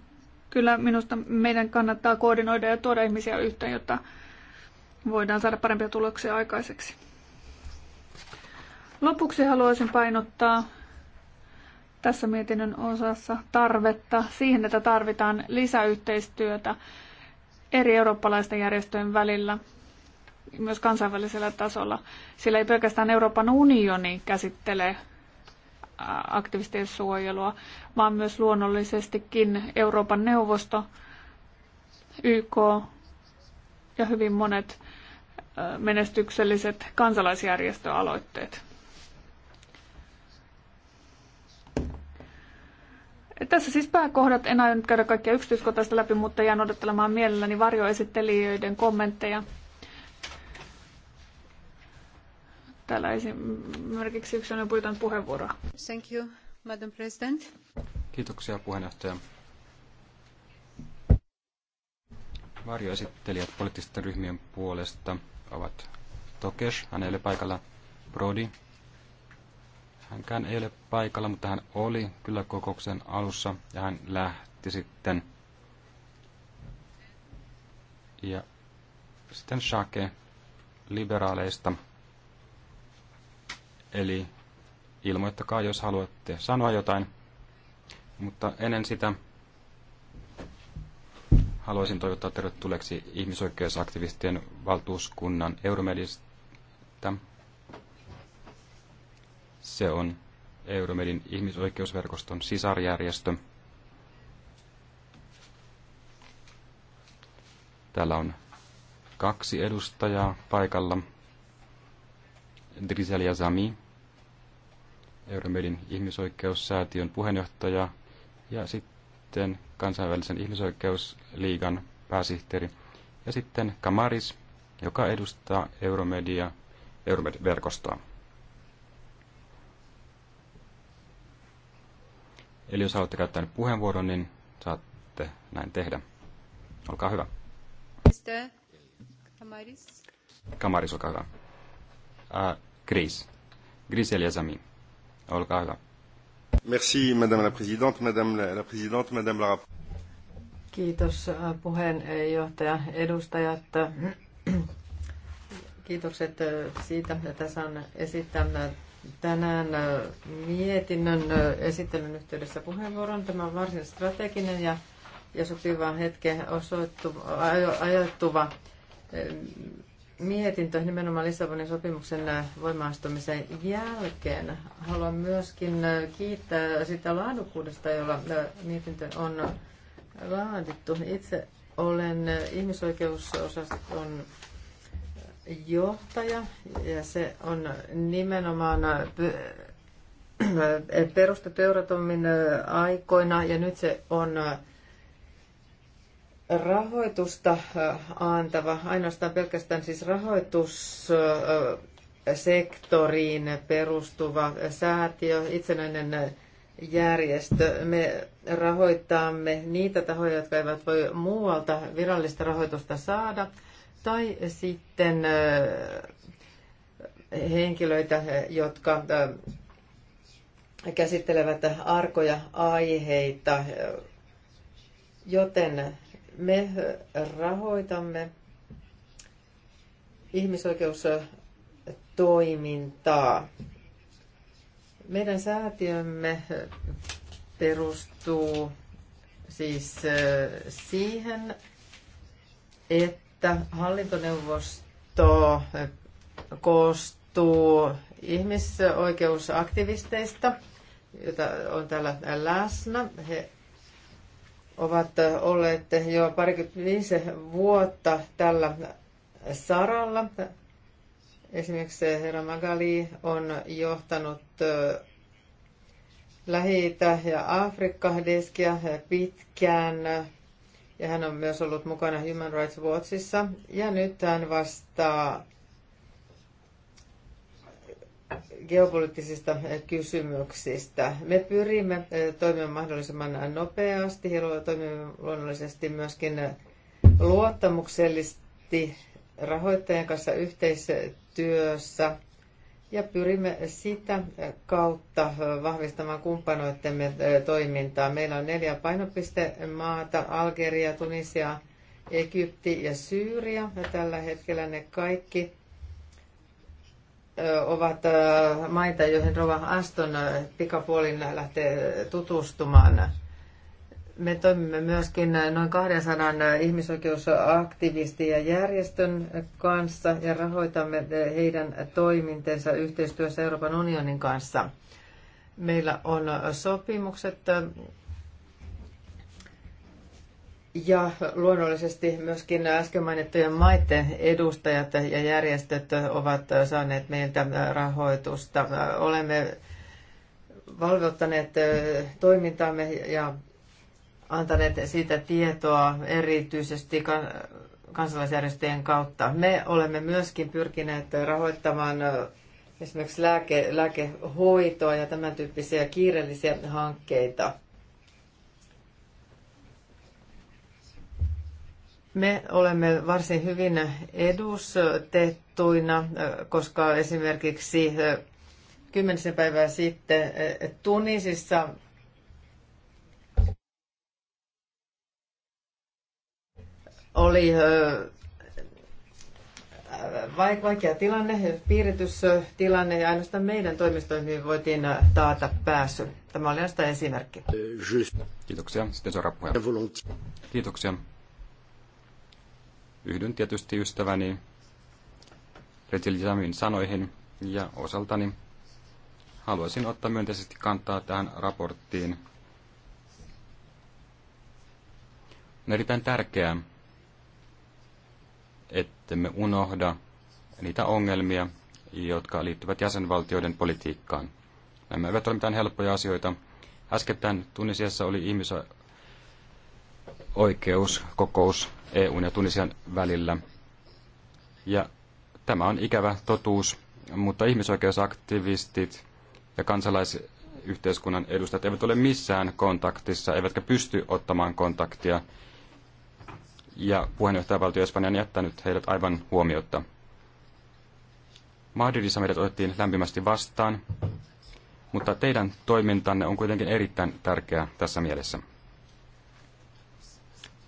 Kyllä minusta meidän kannattaa koordinoida ja tuoda ihmisiä yhteen, jotta voidaan saada parempia tuloksia aikaiseksi. Lopuksi haluaisin painottaa tässä mietinnön osassa tarvetta siihen, että tarvitaan lisäyhteistyötä eri eurooppalaisten järjestöjen välillä, myös kansainvälisellä tasolla. Sillä ei pelkästään Euroopan unioni käsittele aktivistien suojelua, vaan myös luonnollisestikin Euroopan neuvosto, YK ja hyvin monet menestykselliset kansalaisjärjestöaloitteet. Tässä siis pääkohdat. En aio nyt käydä kaikkia yksityiskohtaista läpi, mutta jään odottelemaan mielelläni varjoesittelijöiden kommentteja. Täällä esimerkiksi yksi on puhutaan puheenvuoroa. Thank you, Madam President. Kiitoksia puheenjohtaja. Varjoesittelijät poliittisten ryhmien puolesta ovat Tokes, hän ei ole paikalla, Brody, hänkään ei ole paikalla, mutta hän oli kyllä kokouksen alussa ja hän lähti sitten. Ja sitten Shake liberaaleista. Eli ilmoittakaa, jos haluatte sanoa jotain. Mutta ennen sitä haluaisin toivottaa tervetulleeksi ihmisoikeusaktivistien valtuuskunnan Euromedistä. Se on Euromedin ihmisoikeusverkoston sisarjärjestö. Täällä on kaksi edustajaa paikalla. Drizel Yazami, Euromedin ihmisoikeussäätiön puheenjohtaja ja sitten kansainvälisen ihmisoikeusliigan pääsihteeri. Ja sitten Kamaris, joka edustaa Euromedia, Euromed-verkostoa. Eli jos haluatte käyttää nyt puheenvuoron, niin saatte näin tehdä. Olkaa hyvä. Mr. Kamaris. Kamaris, olkaa hyvä. Ää, äh, Gris. Gris Eliasami. Olkaa hyvä. Merci, madame la présidente, madame la, présidente, madame la Kiitos äh, puheenjohtaja, edustajat. Äh, kiitokset äh, siitä, että saan esittää tänään mietinnön esittelyn yhteydessä puheenvuoron. Tämä on varsin strateginen ja, ja sopiva hetke osoittuva, ajoittuva mietintö nimenomaan Lissabonin sopimuksen voimaastumisen jälkeen. Haluan myöskin äh, kiittää sitä laadukkuudesta, jolla äh, mietintö on äh, laadittu. Itse olen ihmisoikeusosaston johtaja ja se on nimenomaan perustettu Euratomin aikoina ja nyt se on rahoitusta antava, ainoastaan pelkästään siis rahoitussektoriin perustuva säätiö, itsenäinen järjestö. Me rahoitamme niitä tahoja, jotka eivät voi muualta virallista rahoitusta saada, tai sitten henkilöitä, jotka käsittelevät arkoja aiheita, joten me rahoitamme ihmisoikeustoimintaa. Meidän säätiömme perustuu siis siihen, että hallintoneuvosto koostuu ihmisoikeusaktivisteista, joita on täällä läsnä. He ovat olleet jo parikymmentäviisi vuotta tällä saralla. Esimerkiksi herra Magali on johtanut lähi ja Afrikka-deskiä pitkään ja hän on myös ollut mukana Human Rights Watchissa ja nyt hän vastaa geopoliittisista kysymyksistä. Me pyrimme eh, toimimaan mahdollisimman nopeasti ja toimimme luonnollisesti myöskin luottamuksellisesti rahoittajan kanssa yhteistyössä ja pyrimme sitä kautta vahvistamaan kumppanoittemme eh, toimintaa. Meillä on neljä painopistemaata, Algeria, Tunisia, Egypti ja Syyria ja tällä hetkellä ne kaikki – ovat maita, joihin Rova Aston pikapuolin lähtee tutustumaan. Me toimimme myöskin noin 200 ihmisoikeusaktivistin ja järjestön kanssa ja rahoitamme heidän toimintensa yhteistyössä Euroopan unionin kanssa. Meillä on sopimukset ja luonnollisesti myöskin äsken mainittujen maiden edustajat ja järjestöt ovat saaneet meiltä rahoitusta. Olemme valvottaneet toimintaamme ja antaneet siitä tietoa erityisesti kansalaisjärjestöjen kautta. Me olemme myöskin pyrkineet rahoittamaan esimerkiksi lääke, lääkehoitoa ja tämän tyyppisiä kiireellisiä hankkeita – Me olemme varsin hyvin edustettuina, koska esimerkiksi kymmenisen päivää sitten Tunisissa oli vaikea tilanne, piiritystilanne ja ainoastaan meidän toimistoihin voitiin taata pääsy. Tämä oli ainoastaan esimerkki. Kiitoksia. Sitten seuraava Kiitoksia yhdyn tietysti ystäväni Retiljamin sanoihin ja osaltani haluaisin ottaa myönteisesti kantaa tähän raporttiin. On erittäin tärkeää, me unohda niitä ongelmia, jotka liittyvät jäsenvaltioiden politiikkaan. Nämä eivät ole mitään helppoja asioita. Äskettäin Tunisiassa oli ihmisoikeuskokous EUn ja Tunisian välillä. Ja tämä on ikävä totuus, mutta ihmisoikeusaktivistit ja kansalaisyhteiskunnan edustajat eivät ole missään kontaktissa, eivätkä pysty ottamaan kontaktia. Ja puheenjohtajavaltio Espanja on jättänyt heidät aivan huomiotta. Madridissa meidät otettiin lämpimästi vastaan, mutta teidän toimintanne on kuitenkin erittäin tärkeää tässä mielessä.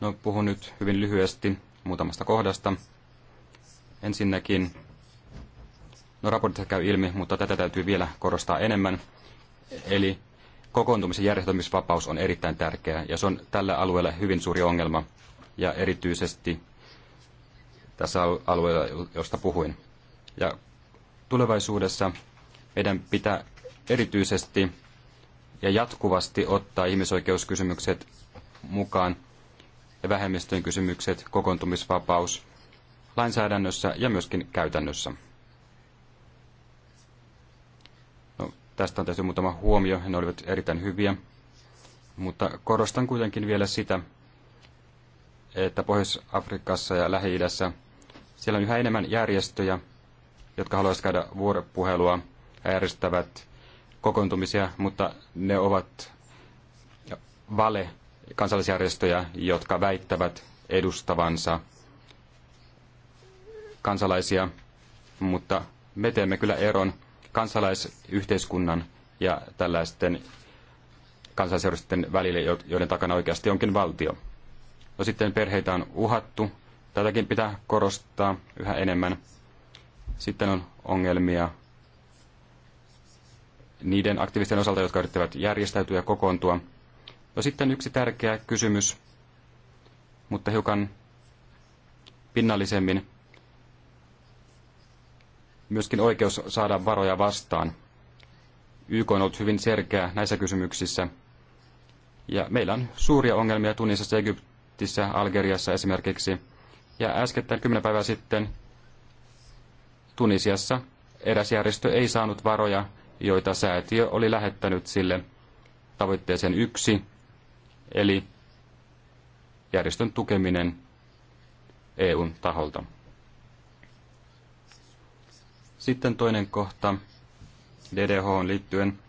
No, puhun nyt hyvin lyhyesti muutamasta kohdasta. Ensinnäkin, no raportissa käy ilmi, mutta tätä täytyy vielä korostaa enemmän. Eli kokoontumisen järjestämisvapaus on erittäin tärkeä ja se on tällä alueella hyvin suuri ongelma ja erityisesti tässä alueella, josta puhuin. Ja tulevaisuudessa meidän pitää erityisesti ja jatkuvasti ottaa ihmisoikeuskysymykset mukaan ja vähemmistöjen kysymykset, kokoontumisvapaus lainsäädännössä ja myöskin käytännössä. No, tästä on tehty muutama huomio, ne olivat erittäin hyviä, mutta korostan kuitenkin vielä sitä, että Pohjois-Afrikassa ja Lähi-idässä siellä on yhä enemmän järjestöjä, jotka haluaisivat käydä vuoropuhelua ja järjestävät kokoontumisia, mutta ne ovat vale kansalaisjärjestöjä, jotka väittävät edustavansa kansalaisia, mutta me teemme kyllä eron kansalaisyhteiskunnan ja tällaisten kansalaisjärjestöjen välille, joiden takana oikeasti onkin valtio. No sitten perheitä on uhattu. Tätäkin pitää korostaa yhä enemmän. Sitten on ongelmia niiden aktivistien osalta, jotka yrittävät järjestäytyä ja kokoontua – No sitten yksi tärkeä kysymys, mutta hiukan pinnallisemmin. Myöskin oikeus saada varoja vastaan. YK on ollut hyvin selkeä näissä kysymyksissä. Ja meillä on suuria ongelmia Tunisassa, Egyptissä, Algeriassa esimerkiksi. Ja äskettäin kymmenen päivää sitten Tunisiassa eräs järjestö ei saanut varoja, joita säätiö oli lähettänyt sille tavoitteeseen yksi eli järjestön tukeminen EUn taholta. Sitten toinen kohta DDH on liittyen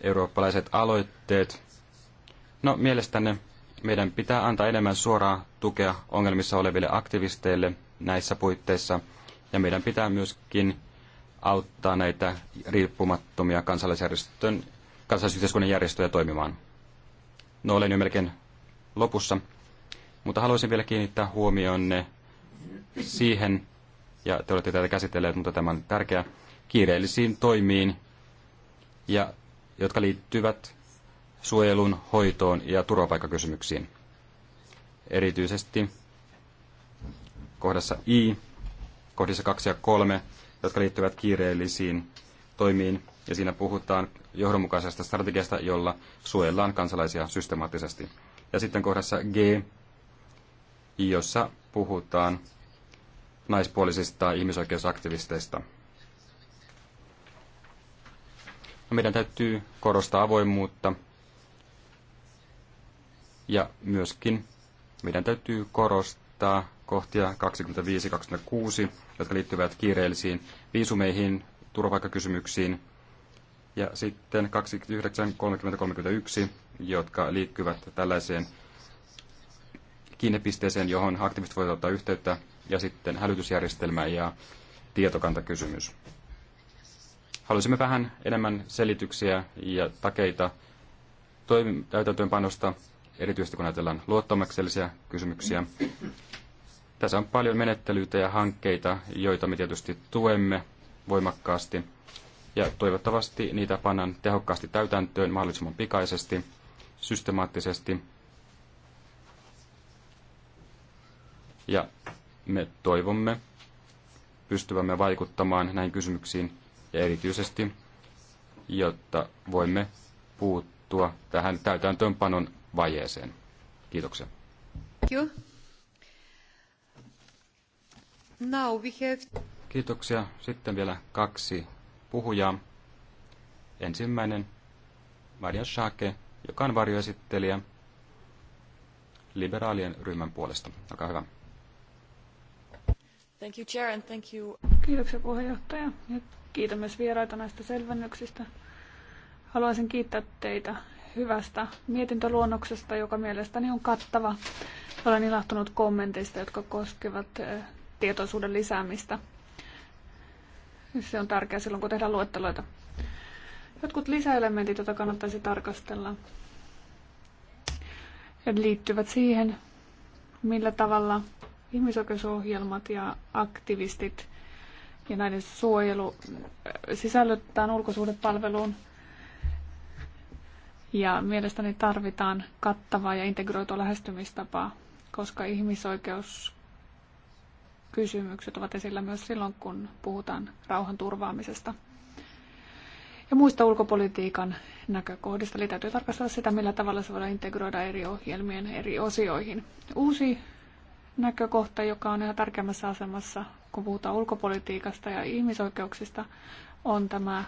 eurooppalaiset aloitteet. No mielestäni meidän pitää antaa enemmän suoraa tukea ongelmissa oleville aktivisteille näissä puitteissa ja meidän pitää myöskin auttaa näitä riippumattomia kansallisyhteiskunnan järjestöjä toimimaan. No olen jo melkein lopussa, mutta haluaisin vielä kiinnittää huomionne siihen, ja te olette tätä käsitelleet, mutta tämä on tärkeä, kiireellisiin toimiin, ja, jotka liittyvät suojelun, hoitoon ja turvapaikkakysymyksiin. Erityisesti kohdassa I, kohdissa 2 ja 3, jotka liittyvät kiireellisiin toimiin, ja siinä puhutaan johdonmukaisesta strategiasta, jolla suojellaan kansalaisia systemaattisesti. Ja sitten kohdassa G, jossa puhutaan naispuolisista ihmisoikeusaktivisteista. No, meidän täytyy korostaa avoimuutta ja myöskin meidän täytyy korostaa kohtia 25-26, jotka liittyvät kiireellisiin viisumeihin, turvapaikkakysymyksiin ja sitten 29, 30, 31, jotka liittyvät tällaiseen kiinnepisteeseen, johon aktivistit voivat ottaa yhteyttä, ja sitten hälytysjärjestelmä ja tietokantakysymys. Haluaisimme vähän enemmän selityksiä ja takeita täytäntöönpanosta, erityisesti kun ajatellaan luottamuksellisia kysymyksiä. Tässä on paljon menettelyitä ja hankkeita, joita me tietysti tuemme voimakkaasti ja toivottavasti niitä pannaan tehokkaasti täytäntöön mahdollisimman pikaisesti, systemaattisesti. Ja me toivomme pystyvämme vaikuttamaan näihin kysymyksiin ja erityisesti, jotta voimme puuttua tähän täytäntöönpanon vajeeseen. Kiitoksia. Kiitoksia. Sitten vielä kaksi puhujaa. Ensimmäinen Maria Schake, joka on varjoesittelijä liberaalien ryhmän puolesta. Olkaa hyvä. Thank you, Chair, and thank you. Kiitoksia puheenjohtaja ja kiitän myös vieraita näistä selvennyksistä. Haluaisin kiittää teitä hyvästä mietintöluonnoksesta, joka mielestäni on kattava. Olen ilahtunut kommenteista, jotka koskevat eh, tietoisuuden lisäämistä se on tärkeää silloin, kun tehdään luetteloita. Jotkut lisäelementit, joita kannattaisi tarkastella, liittyvät siihen, millä tavalla ihmisoikeusohjelmat ja aktivistit ja näiden suojelu äh, sisällytetään ulkosuhdepalveluun. Ja mielestäni tarvitaan kattavaa ja integroitua lähestymistapaa, koska ihmisoikeus kysymykset ovat esillä myös silloin, kun puhutaan rauhan turvaamisesta ja muista ulkopolitiikan näkökohdista. Eli täytyy tarkastella sitä, millä tavalla se voidaan integroida eri ohjelmien eri osioihin. Uusi näkökohta, joka on yhä tärkeämmässä asemassa, kun puhutaan ulkopolitiikasta ja ihmisoikeuksista, on tämä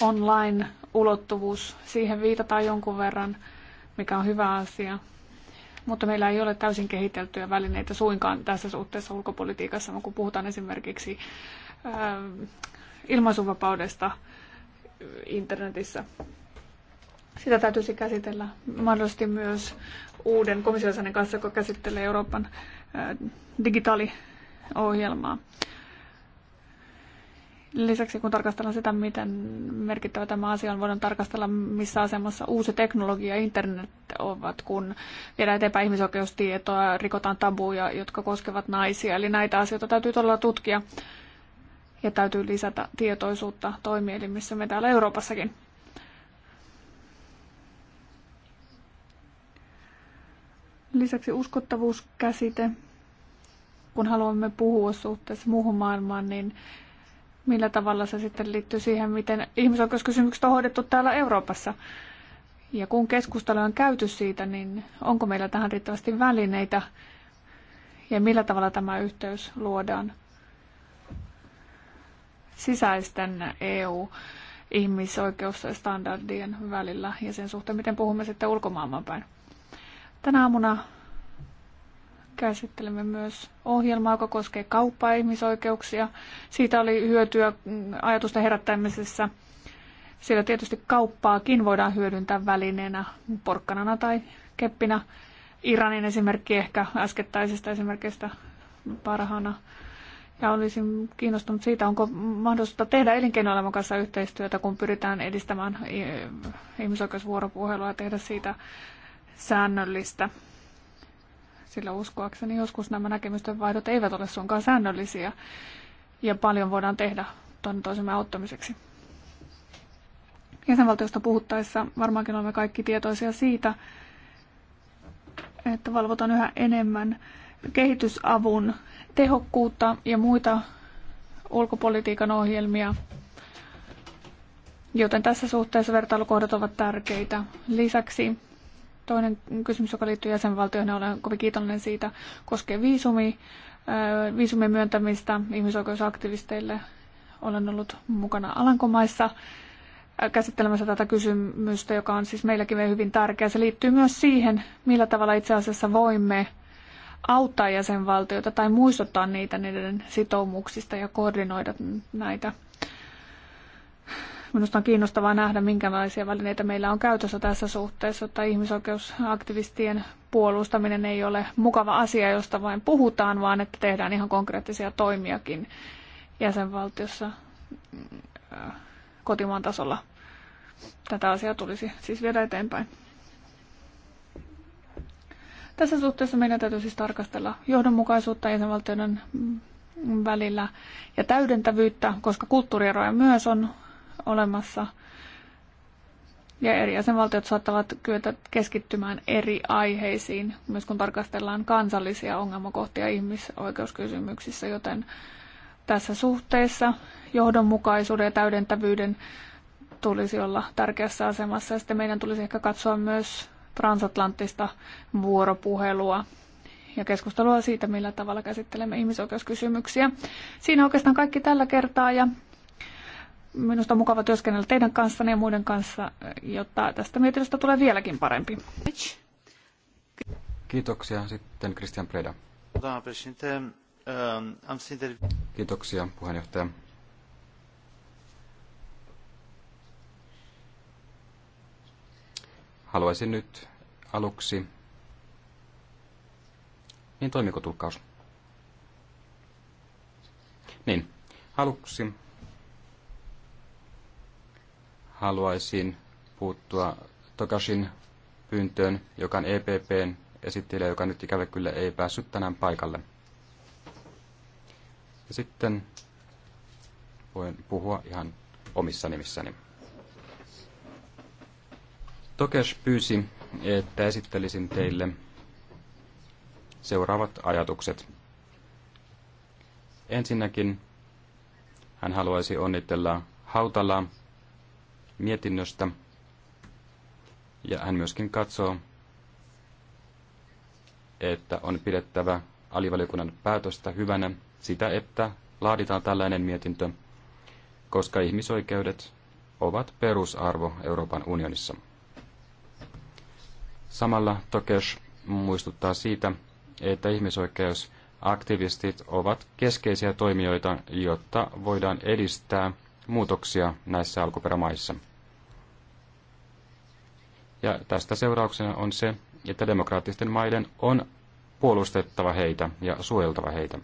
online-ulottuvuus. Siihen viitataan jonkun verran, mikä on hyvä asia mutta meillä ei ole täysin kehiteltyjä välineitä suinkaan tässä suhteessa ulkopolitiikassa, kun puhutaan esimerkiksi ähm, ilmaisuvapaudesta internetissä. Sitä täytyisi käsitellä mahdollisesti myös uuden komissiosainen kanssa, joka käsittelee Euroopan äh, digitaaliohjelmaa. Lisäksi kun tarkastellaan sitä, miten merkittävä tämä asia on, voidaan tarkastella, missä asemassa uusi teknologia ja internet ovat, kun viedään eteenpäin ihmisoikeustietoa, rikotaan tabuja, jotka koskevat naisia. Eli näitä asioita täytyy todella tutkia ja täytyy lisätä tietoisuutta toimielimissä me täällä Euroopassakin. Lisäksi uskottavuuskäsite. Kun haluamme puhua suhteessa muuhun maailmaan, niin millä tavalla se sitten liittyy siihen, miten ihmisoikeuskysymykset on hoidettu täällä Euroopassa. Ja kun keskustelu on käyty siitä, niin onko meillä tähän riittävästi välineitä ja millä tavalla tämä yhteys luodaan sisäisten EU- ihmisoikeusstandardien välillä ja sen suhteen, miten puhumme sitten ulkomaailman päin. Tänä aamuna Käsittelemme myös ohjelmaa, joka koskee kauppaa ja ihmisoikeuksia. Siitä oli hyötyä mm, ajatusta herättämisessä, sillä tietysti kauppaakin voidaan hyödyntää välineenä, porkkanana tai keppinä. Iranin esimerkki ehkä äskettäisestä esimerkistä parhaana. Ja olisin kiinnostunut siitä, onko mahdollista tehdä elinkeinoelämän kanssa yhteistyötä, kun pyritään edistämään ihmisoikeusvuoropuhelua ja tehdä siitä säännöllistä sillä uskoakseni joskus nämä näkemysten vaihdot eivät ole suinkaan säännöllisiä ja paljon voidaan tehdä toinen toisemme auttamiseksi. Jäsenvaltiosta puhuttaessa varmaankin olemme kaikki tietoisia siitä, että valvotaan yhä enemmän kehitysavun tehokkuutta ja muita ulkopolitiikan ohjelmia, joten tässä suhteessa vertailukohdat ovat tärkeitä. Lisäksi Toinen kysymys, joka liittyy jäsenvaltioihin, olen kovin kiitollinen siitä, koskee viisumi, äh, viisumien myöntämistä ihmisoikeusaktivisteille. Olen ollut mukana Alankomaissa äh, käsittelemässä tätä kysymystä, joka on siis meilläkin hyvin tärkeä. Se liittyy myös siihen, millä tavalla itse asiassa voimme auttaa jäsenvaltioita tai muistuttaa niitä niiden sitoumuksista ja koordinoida näitä Minusta on kiinnostavaa nähdä, minkälaisia välineitä meillä on käytössä tässä suhteessa, että ihmisoikeusaktivistien puolustaminen ei ole mukava asia, josta vain puhutaan, vaan että tehdään ihan konkreettisia toimiakin jäsenvaltiossa äh, kotimaan tasolla. Tätä asiaa tulisi siis viedä eteenpäin. Tässä suhteessa meidän täytyy siis tarkastella johdonmukaisuutta jäsenvaltioiden välillä ja täydentävyyttä, koska kulttuurieroja myös on olemassa. Ja eri jäsenvaltiot saattavat kyetä keskittymään eri aiheisiin, myös kun tarkastellaan kansallisia ongelmakohtia ihmisoikeuskysymyksissä, joten tässä suhteessa johdonmukaisuuden ja täydentävyyden tulisi olla tärkeässä asemassa. Ja sitten meidän tulisi ehkä katsoa myös transatlanttista vuoropuhelua ja keskustelua siitä, millä tavalla käsittelemme ihmisoikeuskysymyksiä. Siinä oikeastaan kaikki tällä kertaa ja Minusta on mukava työskennellä teidän kanssanne ja muiden kanssa, jotta tästä mietinnöstä tulee vieläkin parempi. Kiitoksia. Sitten Christian Preda. Kiitoksia, puheenjohtaja. Haluaisin nyt aluksi... Niin, toimiko tulkkaus? Niin, aluksi haluaisin puuttua Tokashin pyyntöön, joka on EPPn esittelijä, joka nyt ikävä kyllä ei päässyt tänään paikalle. Ja sitten voin puhua ihan omissa nimissäni. Tokes pyysi, että esittelisin teille seuraavat ajatukset. Ensinnäkin hän haluaisi onnitella Hautalaa mietinnöstä. Ja hän myöskin katsoo, että on pidettävä alivaliokunnan päätöstä hyvänä sitä, että laaditaan tällainen mietintö, koska ihmisoikeudet ovat perusarvo Euroopan unionissa. Samalla Tokes muistuttaa siitä, että ihmisoikeusaktivistit ovat keskeisiä toimijoita, jotta voidaan edistää muutoksia näissä alkuperämaissa – ja tästä seurauksena on se, että demokraattisten maiden on puolustettava heitä ja suojeltava heitä.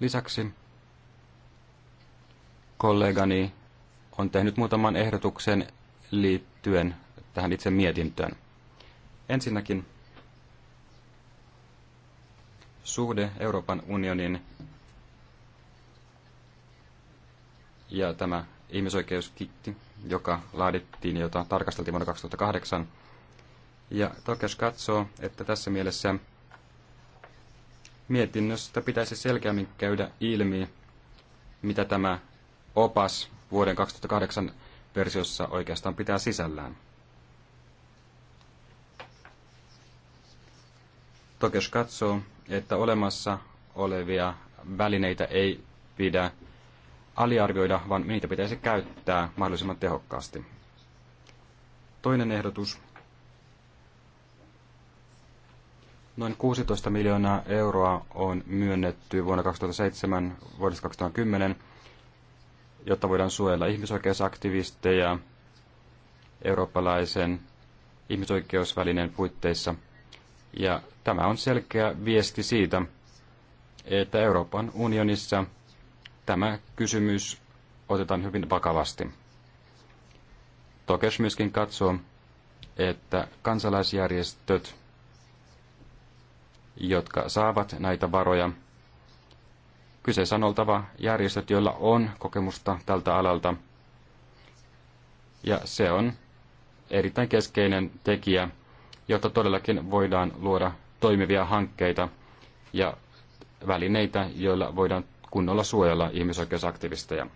Lisäksi kollegani on tehnyt muutaman ehdotuksen liittyen tähän itse mietintöön. Ensinnäkin suhde Euroopan unionin ja tämä ihmisoikeuskitti joka laadittiin, jota tarkasteltiin vuonna 2008. Ja Tokes katsoo, että tässä mielessä mietinnöstä pitäisi selkeämmin käydä ilmi, mitä tämä opas vuoden 2008 versiossa oikeastaan pitää sisällään. Tokes katsoo, että olemassa olevia välineitä ei pidä aliarvioida, vaan niitä pitäisi käyttää mahdollisimman tehokkaasti. Toinen ehdotus. Noin 16 miljoonaa euroa on myönnetty vuonna 2007 vuodesta 2010, jotta voidaan suojella ihmisoikeusaktivisteja eurooppalaisen ihmisoikeusvälineen puitteissa. Ja tämä on selkeä viesti siitä, että Euroopan unionissa – tämä kysymys otetaan hyvin vakavasti. Tokes myöskin katsoo, että kansalaisjärjestöt, jotka saavat näitä varoja, kyseessä on oltava järjestöt, joilla on kokemusta tältä alalta. Ja se on erittäin keskeinen tekijä, jotta todellakin voidaan luoda toimivia hankkeita ja välineitä, joilla voidaan kunnolla suojella ihmisoikeusaktivisteja.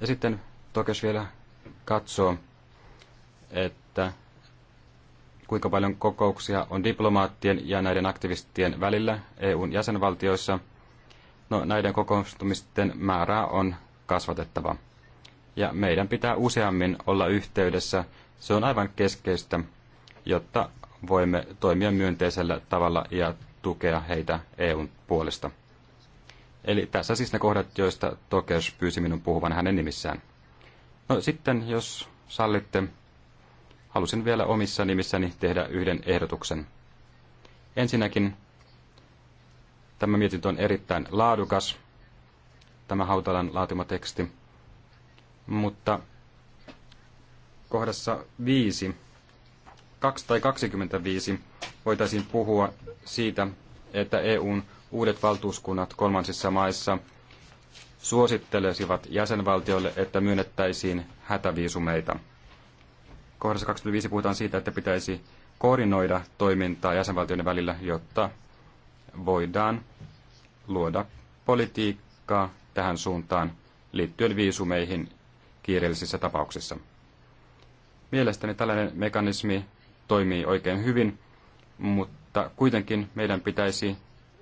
Ja sitten Tokes vielä katsoo, että kuinka paljon kokouksia on diplomaattien ja näiden aktivistien välillä EUn jäsenvaltioissa. No, näiden kokoustumisten määrää on kasvatettava. Ja meidän pitää useammin olla yhteydessä. Se on aivan keskeistä, jotta voimme toimia myönteisellä tavalla ja tukea heitä EUn puolesta. Eli tässä siis ne kohdat, joista Tokes pyysi minun puhuvan hänen nimissään. No sitten, jos sallitte, halusin vielä omissa nimissäni tehdä yhden ehdotuksen. Ensinnäkin, tämä mietintö on erittäin laadukas, tämä Hautalan laatima teksti, mutta kohdassa 5, 2 tai 25 voitaisiin puhua siitä, että EUn uudet valtuuskunnat kolmansissa maissa suosittelisivat jäsenvaltioille, että myönnettäisiin hätäviisumeita. Kohdassa 25 puhutaan siitä, että pitäisi koordinoida toimintaa jäsenvaltioiden välillä, jotta voidaan luoda politiikkaa tähän suuntaan liittyen viisumeihin kiireellisissä tapauksissa. Mielestäni tällainen mekanismi toimii oikein hyvin, mutta kuitenkin meidän pitäisi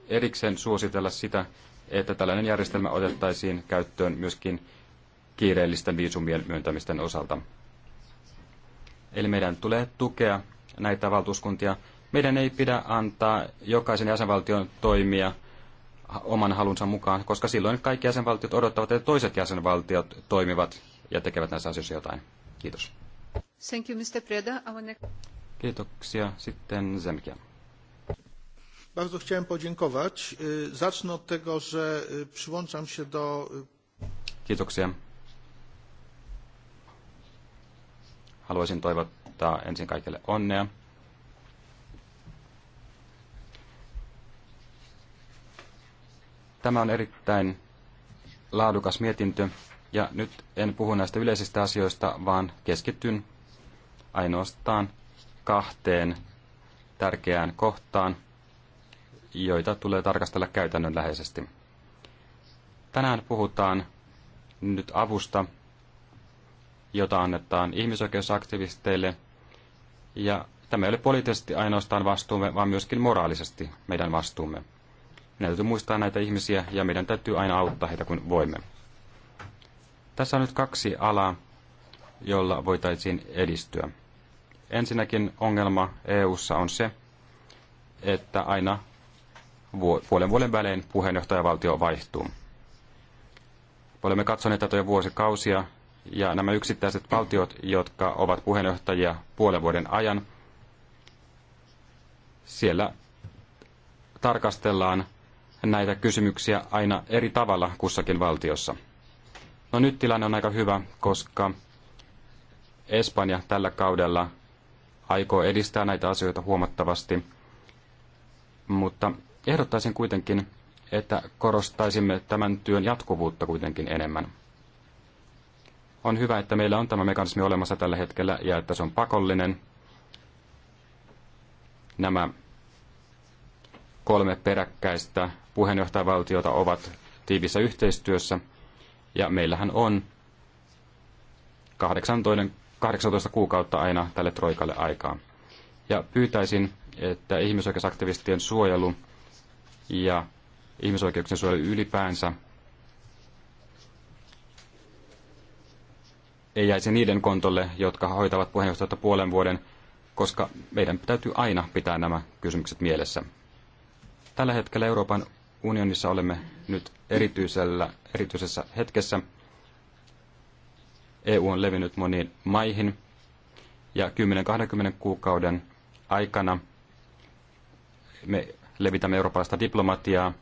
erikseen suositella sitä, että tällainen järjestelmä otettaisiin käyttöön myöskin kiireellisten viisumien myöntämisten osalta. Eli meidän tulee tukea näitä valtuuskuntia. Meidän ei pidä antaa jokaisen jäsenvaltion toimia oman halunsa mukaan, koska silloin kaikki jäsenvaltiot odottavat, että toiset jäsenvaltiot toimivat ja tekevät näissä asioissa jotain. Kiitos. Thank you, Mr. Preda. Kiitoksia. Sitten Zemkia. Bardzo chciałem podziękować. Zacznę od tego, że przyłączam się do... Kiitoksia. Haluaisin toivottaa ensin kaikille onnea. Tämä on erittäin laadukas mietintö ja nyt en puhu näistä yleisistä asioista, vaan keskityn ainoastaan kahteen tärkeään kohtaan – joita tulee tarkastella käytännönläheisesti. Tänään puhutaan nyt avusta, jota annetaan ihmisoikeusaktivisteille, ja tämä ei ole poliittisesti ainoastaan vastuumme, vaan myöskin moraalisesti meidän vastuumme. Meidän täytyy muistaa näitä ihmisiä ja meidän täytyy aina auttaa heitä, kun voimme. Tässä on nyt kaksi alaa, jolla voitaisiin edistyä. Ensinnäkin ongelma EU:ssa on se, että aina puolen vuoden välein puheenjohtajavaltio vaihtuu. Olemme katsoneet tätä jo vuosikausia, ja nämä yksittäiset valtiot, jotka ovat puheenjohtajia puolen vuoden ajan, siellä tarkastellaan näitä kysymyksiä aina eri tavalla kussakin valtiossa. No nyt tilanne on aika hyvä, koska Espanja tällä kaudella aikoo edistää näitä asioita huomattavasti, mutta Ehdottaisin kuitenkin, että korostaisimme tämän työn jatkuvuutta kuitenkin enemmän. On hyvä, että meillä on tämä mekanismi olemassa tällä hetkellä ja että se on pakollinen. Nämä kolme peräkkäistä puheenjohtajavaltiota ovat tiivissä yhteistyössä ja meillähän on 18, 18 kuukautta aina tälle troikalle aikaa. Ja pyytäisin, että ihmisoikeusaktivistien suojelu – ja ihmisoikeuksien suojelu ylipäänsä ei jäisi niiden kontolle, jotka hoitavat puheenjohtajalta puolen vuoden, koska meidän täytyy aina pitää nämä kysymykset mielessä. Tällä hetkellä Euroopan unionissa olemme nyt erityisellä, erityisessä hetkessä. EU on levinnyt moniin maihin ja 10-20 kuukauden aikana me levitämme eurooppalaista diplomatiaa.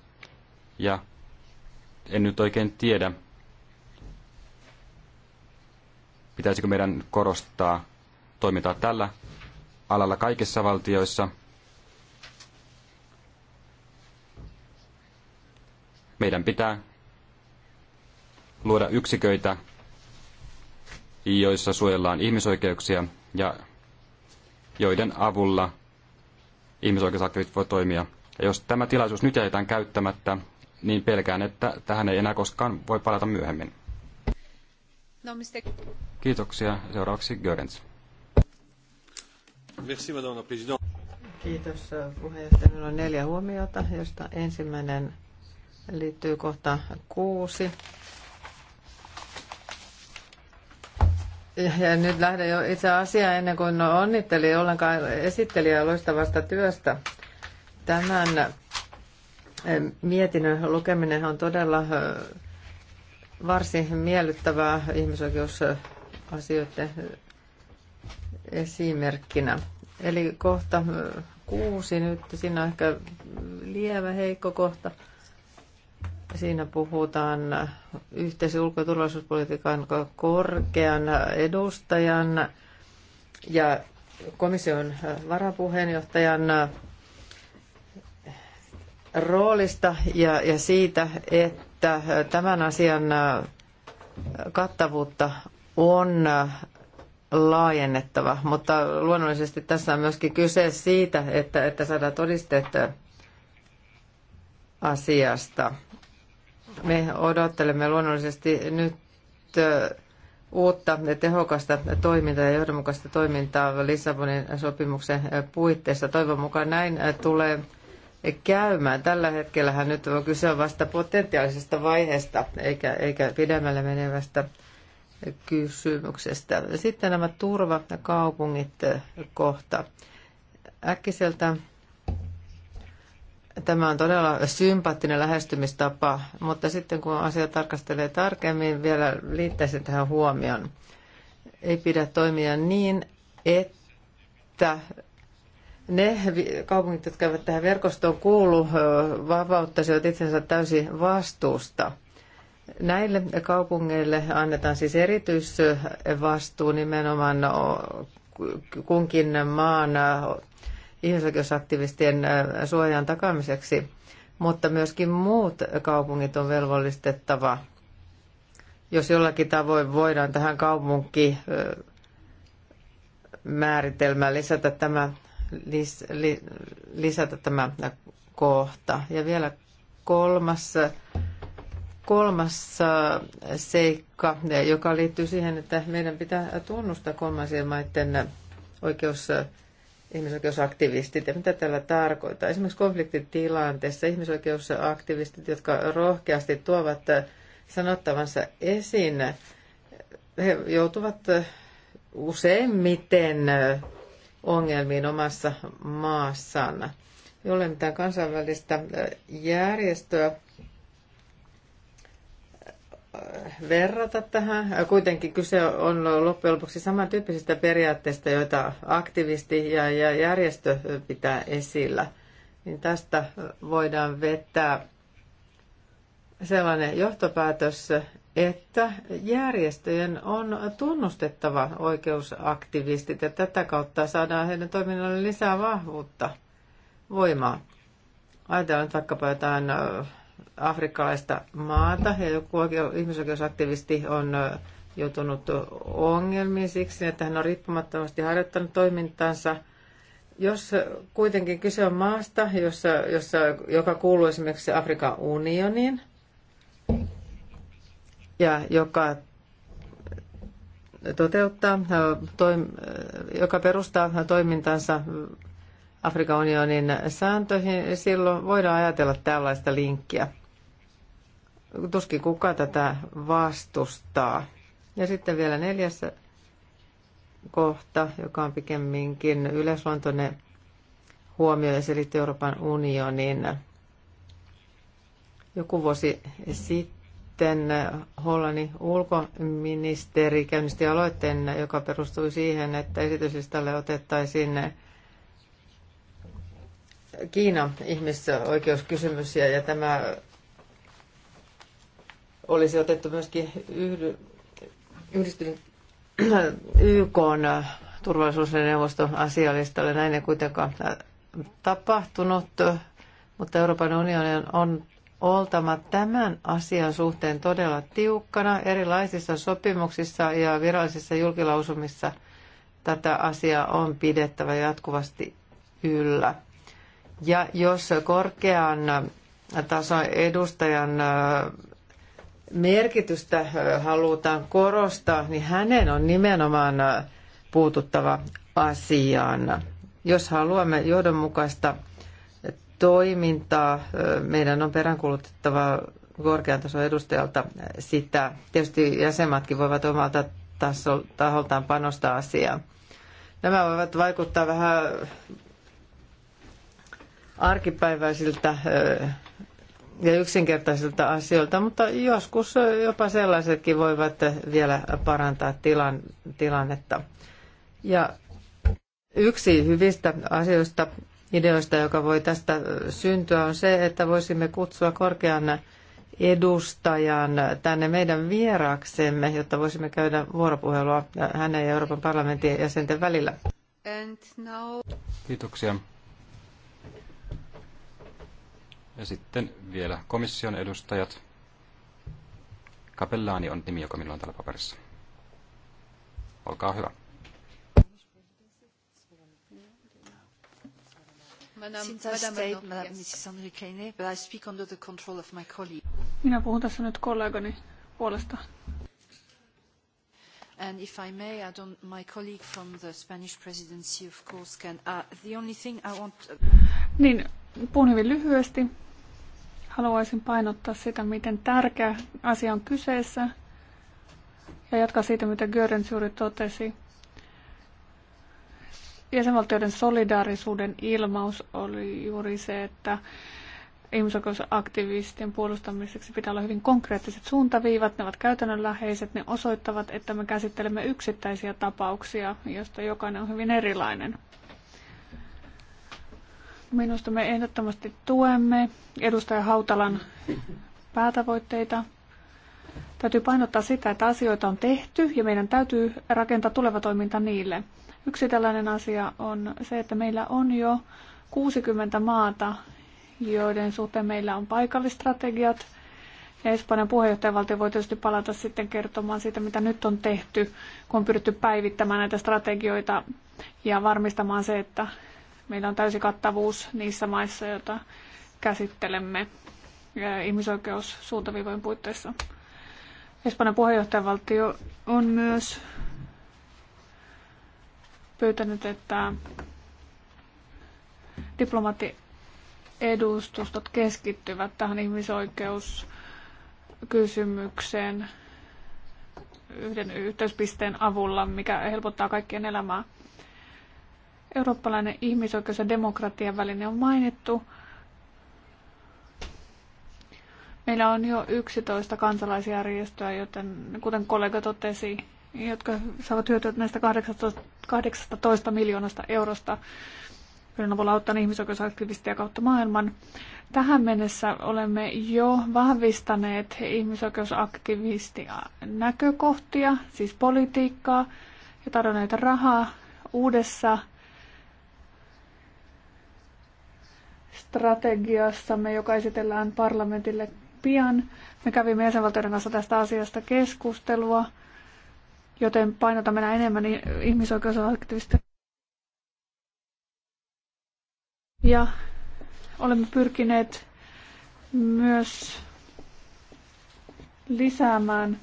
Ja en nyt oikein tiedä, pitäisikö meidän korostaa toimintaa tällä alalla kaikissa valtioissa. Meidän pitää luoda yksiköitä, joissa suojellaan ihmisoikeuksia ja joiden avulla ihmisoikeusaktivit voi toimia jos tämä tilaisuus nyt jätetään käyttämättä, niin pelkään, että tähän ei enää koskaan voi palata myöhemmin. No, mistä... Kiitoksia. Seuraavaksi Görens. Merci, madame Kiitos äh, puheenjohtaja. Minulla on neljä huomiota, josta ensimmäinen liittyy kohta kuusi. Ja nyt lähden jo itse asiaan ennen kuin onnittelin ollenkaan esittelijää loistavasta työstä. Tämän eh, mietinnön lukeminen on todella eh, varsin miellyttävää ihmisoikeusasioiden eh, esimerkkinä. Eli kohta kuusi nyt, siinä on ehkä lievä heikko kohta. Siinä puhutaan yhteisen ulko- ja turvallisuuspolitiikan korkean edustajan ja komission varapuheenjohtajan roolista ja, ja siitä, että tämän asian kattavuutta on laajennettava, mutta luonnollisesti tässä on myöskin kyse siitä, että, että saadaan todisteet asiasta. Me odottelemme luonnollisesti nyt uutta ja tehokasta toimintaa ja johdonmukaista toimintaa Lissabonin sopimuksen puitteissa. Toivon mukaan näin tulee käymään. Tällä hetkellähän nyt on kyse vasta potentiaalisesta vaiheesta, eikä, eikä pidemmälle menevästä kysymyksestä. Sitten nämä turva- ja kaupungit eh, kohta. Äkkiseltä tämä on todella sympaattinen lähestymistapa, mutta sitten kun asia tarkastelee tarkemmin, vielä liittäisin tähän huomion. Ei pidä toimia niin, että ne kaupungit, jotka eivät tähän verkostoon kuulu, vapauttaisivat itsensä täysin vastuusta. Näille kaupungeille annetaan siis erityisvastuu nimenomaan kunkin maan ihmisoikeusaktivistien suojan takamiseksi, mutta myöskin muut kaupungit on velvollistettava, jos jollakin tavoin voidaan tähän kaupunki määritelmään lisätä tämä lisätä tämä kohta. Ja vielä kolmas, kolmas äh, seikka, joka liittyy siihen, että meidän pitää tunnustaa kolmansien maiden oikeus äh, ihmisoikeusaktivistit ja mitä tällä tarkoittaa. Esimerkiksi konfliktitilanteessa ihmisoikeusaktivistit, jotka rohkeasti tuovat äh, sanottavansa esiin, he joutuvat useimmiten ongelmiin omassa maassaan. Ei ole mitään kansainvälistä järjestöä verrata tähän. Kuitenkin kyse on loppujen lopuksi samantyyppisistä periaatteista, joita aktivisti ja, ja järjestö pitää esillä. Niin tästä voidaan vetää sellainen johtopäätös, että järjestöjen on tunnustettava oikeusaktivistit ja tätä kautta saadaan heidän toiminnalle lisää vahvuutta, voimaa. Ajatellaan nyt vaikkapa jotain afrikkalaista maata ja joku ihmisoikeusaktivisti on joutunut ongelmiin siksi, että hän on riippumattomasti harjoittanut toimintansa. Jos kuitenkin kyse on maasta, jossa, jossa, joka kuuluu esimerkiksi Afrikan unioniin – ja joka toteuttaa, toim, joka perustaa toimintansa Afrikan unionin sääntöihin, silloin voidaan ajatella tällaista linkkiä. Tuskin kuka tätä vastustaa. Ja sitten vielä neljäs kohta, joka on pikemminkin yleisluontoinen huomio, ja se liittyy Euroopan unionin Joku vuosi sitten sitten Hollannin ulkoministeri käynnisti aloitteen, joka perustui siihen, että esityslistalle otettaisiin Kiinan ihmisoikeuskysymys ja, ja tämä olisi otettu myöskin yhdy, yhdistynyt YK turvallisuusneuvoston asialistalle. Näin ei kuitenkaan tapahtunut, mutta Euroopan unioni on oltava tämän asian suhteen todella tiukkana erilaisissa sopimuksissa ja virallisissa julkilausumissa tätä asiaa on pidettävä jatkuvasti yllä. Ja jos korkean tason edustajan merkitystä halutaan korostaa, niin hänen on nimenomaan puututtava asiaan. Jos haluamme johdonmukaista toimintaa. Meidän on peräänkuulutettava korkean tason edustajalta sitä. Tietysti jäsenmaatkin voivat omalta taso, taholtaan panostaa asiaan. Nämä voivat vaikuttaa vähän arkipäiväisiltä ja yksinkertaisilta asioilta, mutta joskus jopa sellaisetkin voivat vielä parantaa tilan, tilannetta. Ja yksi hyvistä asioista ideoista, joka voi tästä syntyä, on se, että voisimme kutsua korkean edustajan tänne meidän vieraaksemme, jotta voisimme käydä vuoropuhelua hänen ja Euroopan parlamentin jäsenten välillä. Now... Kiitoksia. Ja sitten vielä komission edustajat. Kapellaani on nimi, joka minulla on täällä paperissa. Olkaa hyvä. Minä puhun tässä nyt kollegani puolesta. And if I may, I don't, my colleague from the Spanish presidency, of course, can. Uh, the only thing I want... Niin, puhun hyvin lyhyesti. Haluaisin painottaa sitä, miten tärkeä asia on kyseessä. Ja jatkaa siitä, mitä Görens juuri totesi jäsenvaltioiden solidaarisuuden ilmaus oli juuri se, että ihmisoikeusaktivistien puolustamiseksi pitää olla hyvin konkreettiset suuntaviivat, ne ovat käytännönläheiset, ne osoittavat, että me käsittelemme yksittäisiä tapauksia, joista jokainen on hyvin erilainen. Minusta me ehdottomasti tuemme edustaja Hautalan päätavoitteita. Täytyy painottaa sitä, että asioita on tehty ja meidän täytyy rakentaa tuleva toiminta niille. Yksi tällainen asia on se, että meillä on jo 60 maata, joiden suhteen meillä on paikallistrategiat. Ja Espanjan puheenjohtajavaltio voi tietysti palata sitten kertomaan siitä, mitä nyt on tehty, kun on pyritty päivittämään näitä strategioita ja varmistamaan se, että meillä on täysi kattavuus niissä maissa, joita käsittelemme ihmisoikeussuuntaviivojen puitteissa. Espanjan puheenjohtajavaltio on myös pyytänyt, että diplomaattiedustustot keskittyvät tähän ihmisoikeuskysymykseen yhden yhteyspisteen avulla, mikä helpottaa kaikkien elämää. Eurooppalainen ihmisoikeus- ja demokratian väline on mainittu. Meillä on jo 11 kansalaisjärjestöä, joten kuten kollega totesi, jotka saavat hyötyä näistä 18, 18 miljoonasta eurosta joiden avulla auttaa niin ihmisoikeusaktivistia kautta maailman. Tähän mennessä olemme jo vahvistaneet ihmisoikeusaktivistia näkökohtia, siis politiikkaa, ja tarjonneet rahaa uudessa strategiassamme, joka esitellään parlamentille pian. Me kävimme jäsenvaltioiden kanssa tästä asiasta keskustelua joten painotamme nämä enemmän ihmisoikeusaktivista. Ja olemme pyrkineet myös lisäämään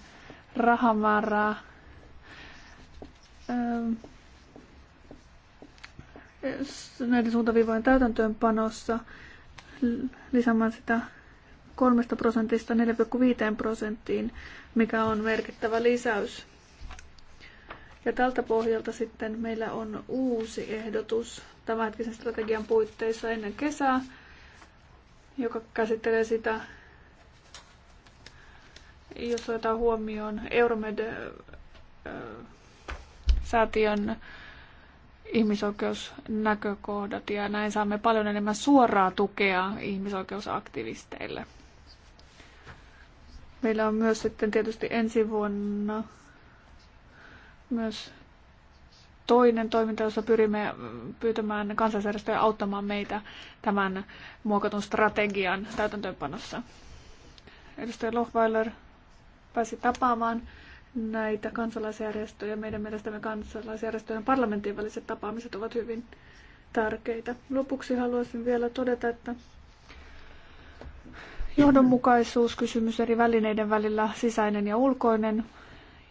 rahamäärää ähm, näiden suuntaviivojen täytäntöönpanossa lisäämään sitä 3 prosentista 4,5 prosenttiin, mikä on merkittävä lisäys ja tältä pohjalta sitten meillä on uusi ehdotus tämänhetkisen strategian puitteissa ennen kesää, joka käsittelee sitä, jos otetaan huomioon Euromed-säätiön ihmisoikeusnäkökohdat ja näin saamme paljon enemmän suoraa tukea ihmisoikeusaktivisteille. Meillä on myös sitten tietysti ensi vuonna myös toinen toiminta, jossa pyrimme pyytämään kansalaisjärjestöjä auttamaan meitä tämän muokatun strategian täytäntöönpanossa. Edustaja Lohweiler pääsi tapaamaan näitä kansalaisjärjestöjä. Meidän mielestämme kansalaisjärjestöjen parlamentin väliset tapaamiset ovat hyvin tärkeitä. Lopuksi haluaisin vielä todeta, että johdonmukaisuuskysymys eri välineiden välillä, sisäinen ja ulkoinen,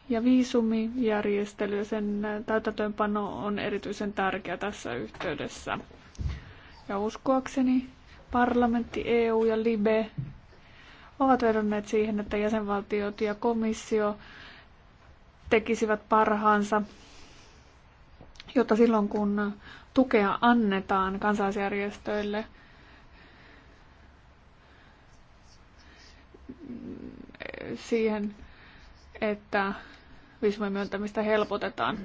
ja viisumijärjestely ja sen täytäntöönpano on erityisen tärkeä tässä yhteydessä. Ja uskoakseni parlamentti, EU ja LIBE ovat vedonneet siihen, että jäsenvaltiot ja komissio tekisivät parhaansa, jotta silloin kun tukea annetaan kansalaisjärjestöille, siihen, että viisumin myöntämistä helpotetaan.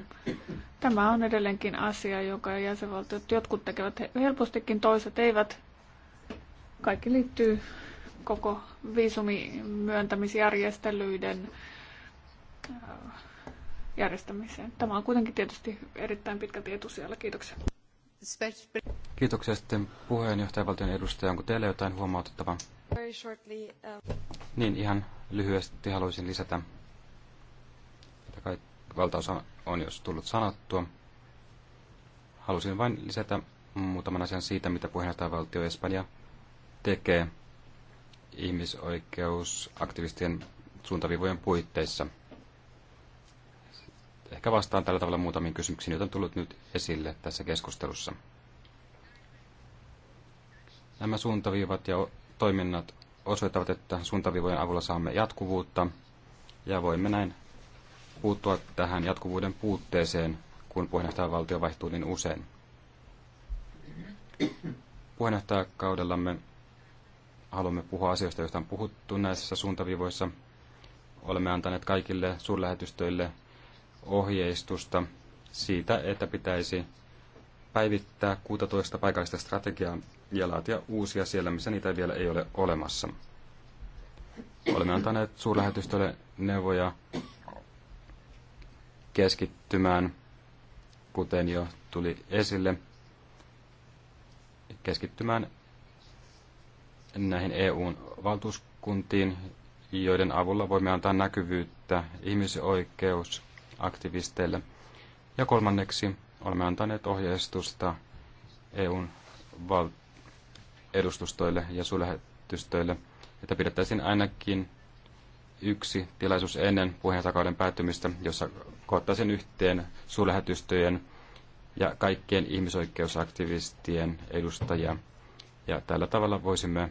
Tämä on edelleenkin asia, joka jäsenvaltiot jotkut tekevät helpostikin, toiset eivät. Kaikki liittyy koko viisumimyöntämisjärjestelyiden äh, järjestämiseen. Tämä on kuitenkin tietysti erittäin pitkä tieto siellä. Kiitoksia. Kiitoksia sitten puheenjohtajavaltion edustaja. Onko teillä jotain huomautettavaa? Uh, niin, ihan lyhyesti haluaisin lisätä sitä valtaosa on jos tullut sanottua. Halusin vain lisätä muutaman asian siitä, mitä puheenjohtajavaltio Espanja tekee ihmisoikeusaktivistien suuntavivojen puitteissa. Ehkä vastaan tällä tavalla muutamiin kysymyksiin, joita on tullut nyt esille tässä keskustelussa. Nämä suuntaviivat ja toiminnat osoittavat, että suuntaviivojen avulla saamme jatkuvuutta ja voimme näin puuttua tähän jatkuvuuden puutteeseen, kun valtio vaihtuu niin usein. Puheenjohtajakaudellamme haluamme puhua asioista, joista on puhuttu näissä suuntaviivoissa. Olemme antaneet kaikille suurlähetystöille ohjeistusta siitä, että pitäisi päivittää 16 paikallista strategiaa ja laatia uusia siellä, missä niitä vielä ei ole olemassa. Olemme antaneet suurlähetystölle neuvoja keskittymään, kuten jo tuli esille, keskittymään näihin EUn valtuuskuntiin, joiden avulla voimme antaa näkyvyyttä ihmisoikeusaktivisteille. Ja kolmanneksi olemme antaneet ohjeistusta EUn val- edustustoille ja sulähetystöille, että pidettäisiin ainakin yksi tilaisuus ennen puheenjohtajakauden päättymistä, jossa koottaa sen yhteen suurlähetystöjen ja kaikkien ihmisoikeusaktivistien edustajia. Ja tällä tavalla voisimme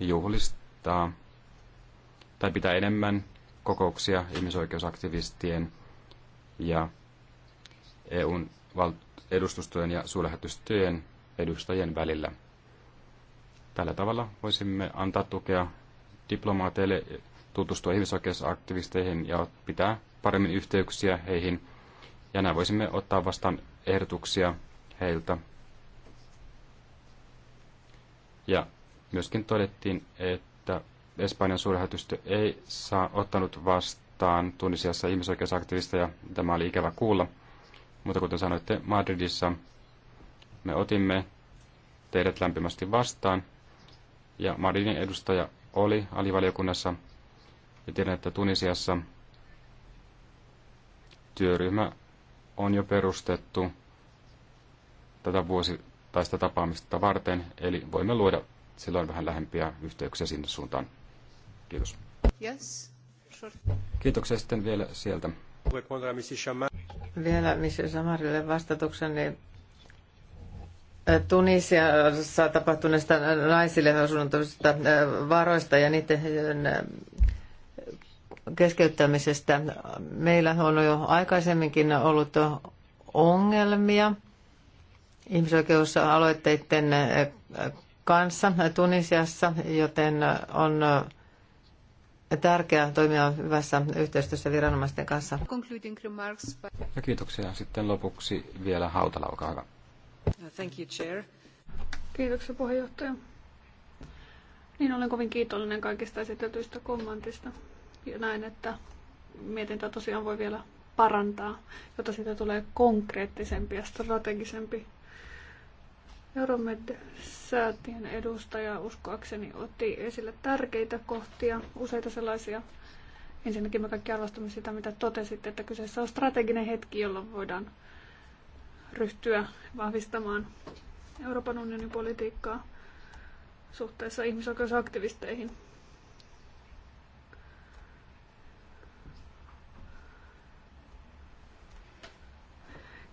juhlistaa tai pitää enemmän kokouksia ihmisoikeusaktivistien ja EUn edustustojen ja suurlähetystöjen edustajien välillä. Tällä tavalla voisimme antaa tukea diplomaateille, tutustua ihmisoikeusaktivisteihin ja pitää paremmin yhteyksiä heihin. Ja näin voisimme ottaa vastaan ehdotuksia heiltä. Ja myöskin todettiin, että Espanjan suurlähetystö ei saa ottanut vastaan Tunisiassa ihmisoikeusaktivisteja. Tämä oli ikävä kuulla. Mutta kuten sanoitte, Madridissa me otimme teidät lämpimästi vastaan. Ja Madridin edustaja oli alivaliokunnassa ja tiedän, että Tunisiassa työryhmä on jo perustettu tätä vuosittaista tapaamista varten, eli voimme luoda silloin vähän lähempiä yhteyksiä sinne suuntaan. Kiitos. Yes. Sure. Kiitoksia sitten vielä sieltä. Vielä Michel Samarille niin Tunisiassa tapahtuneista naisille suunnattomista varoista ja niiden keskeyttämisestä. Meillä on jo aikaisemminkin ollut ongelmia ihmisoikeusaloitteiden kanssa Tunisiassa, joten on tärkeää toimia hyvässä yhteistyössä viranomaisten kanssa. Ja kiitoksia. Sitten lopuksi vielä Hautala, olkaa hyvä. Thank you, Chair. Kiitoksia puheenjohtaja. Niin olen kovin kiitollinen kaikista esitetyistä kommentista. Ja näin, että mietintä tosiaan voi vielä parantaa, jotta siitä tulee konkreettisempi ja strategisempi. euromed säätien edustaja uskoakseni otti esille tärkeitä kohtia, useita sellaisia. Ensinnäkin me kaikki arvostamme sitä, mitä totesit, että kyseessä on strateginen hetki, jolloin voidaan ryhtyä vahvistamaan Euroopan unionin politiikkaa suhteessa ihmisoikeusaktivisteihin.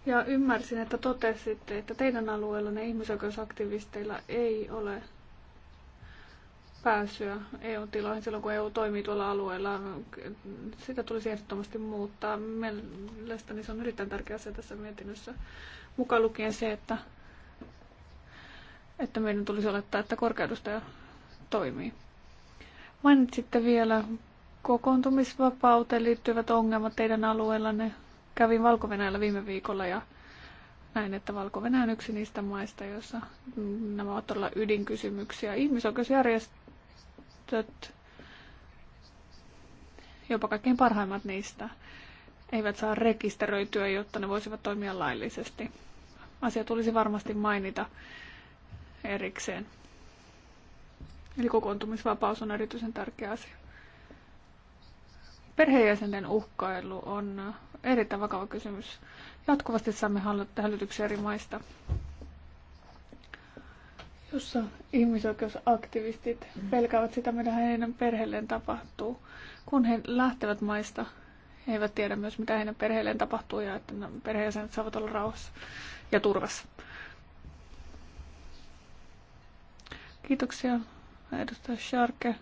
Ja ymmärsin, että totesitte, että teidän alueellanne ihmisoikeusaktivisteilla ei ole pääsyä EU-tiloihin silloin, kun EU toimii tuolla alueella. Sitä tulisi ehdottomasti muuttaa. Mielestäni se on erittäin tärkeä asia tässä mietinnössä. Mukaan lukien se, että, että meidän tulisi olettaa, että korkeudustaja toimii. Mainitsitte vielä kokoontumisvapauteen liittyvät ongelmat teidän alueellanne. Kävin valko viime viikolla ja näin, että valko on yksi niistä maista, joissa nämä ovat todella ydinkysymyksiä. Ihmisoikeusjärjestöt, jopa kaikkein parhaimmat niistä, eivät saa rekisteröityä, jotta ne voisivat toimia laillisesti. Asia tulisi varmasti mainita erikseen. Eli kokoontumisvapaus on erityisen tärkeä asia. Perheenjäsenen uhkailu on erittäin vakava kysymys. Jatkuvasti saamme hälytyksiä eri maista, jossa ihmisoikeusaktivistit pelkäävät sitä, mitä heidän perheelleen tapahtuu. Kun he lähtevät maista, he eivät tiedä myös, mitä heidän perheelleen tapahtuu ja että perheenjäsenet saavat olla rauhassa ja turvassa. Kiitoksia edustaja Sharke.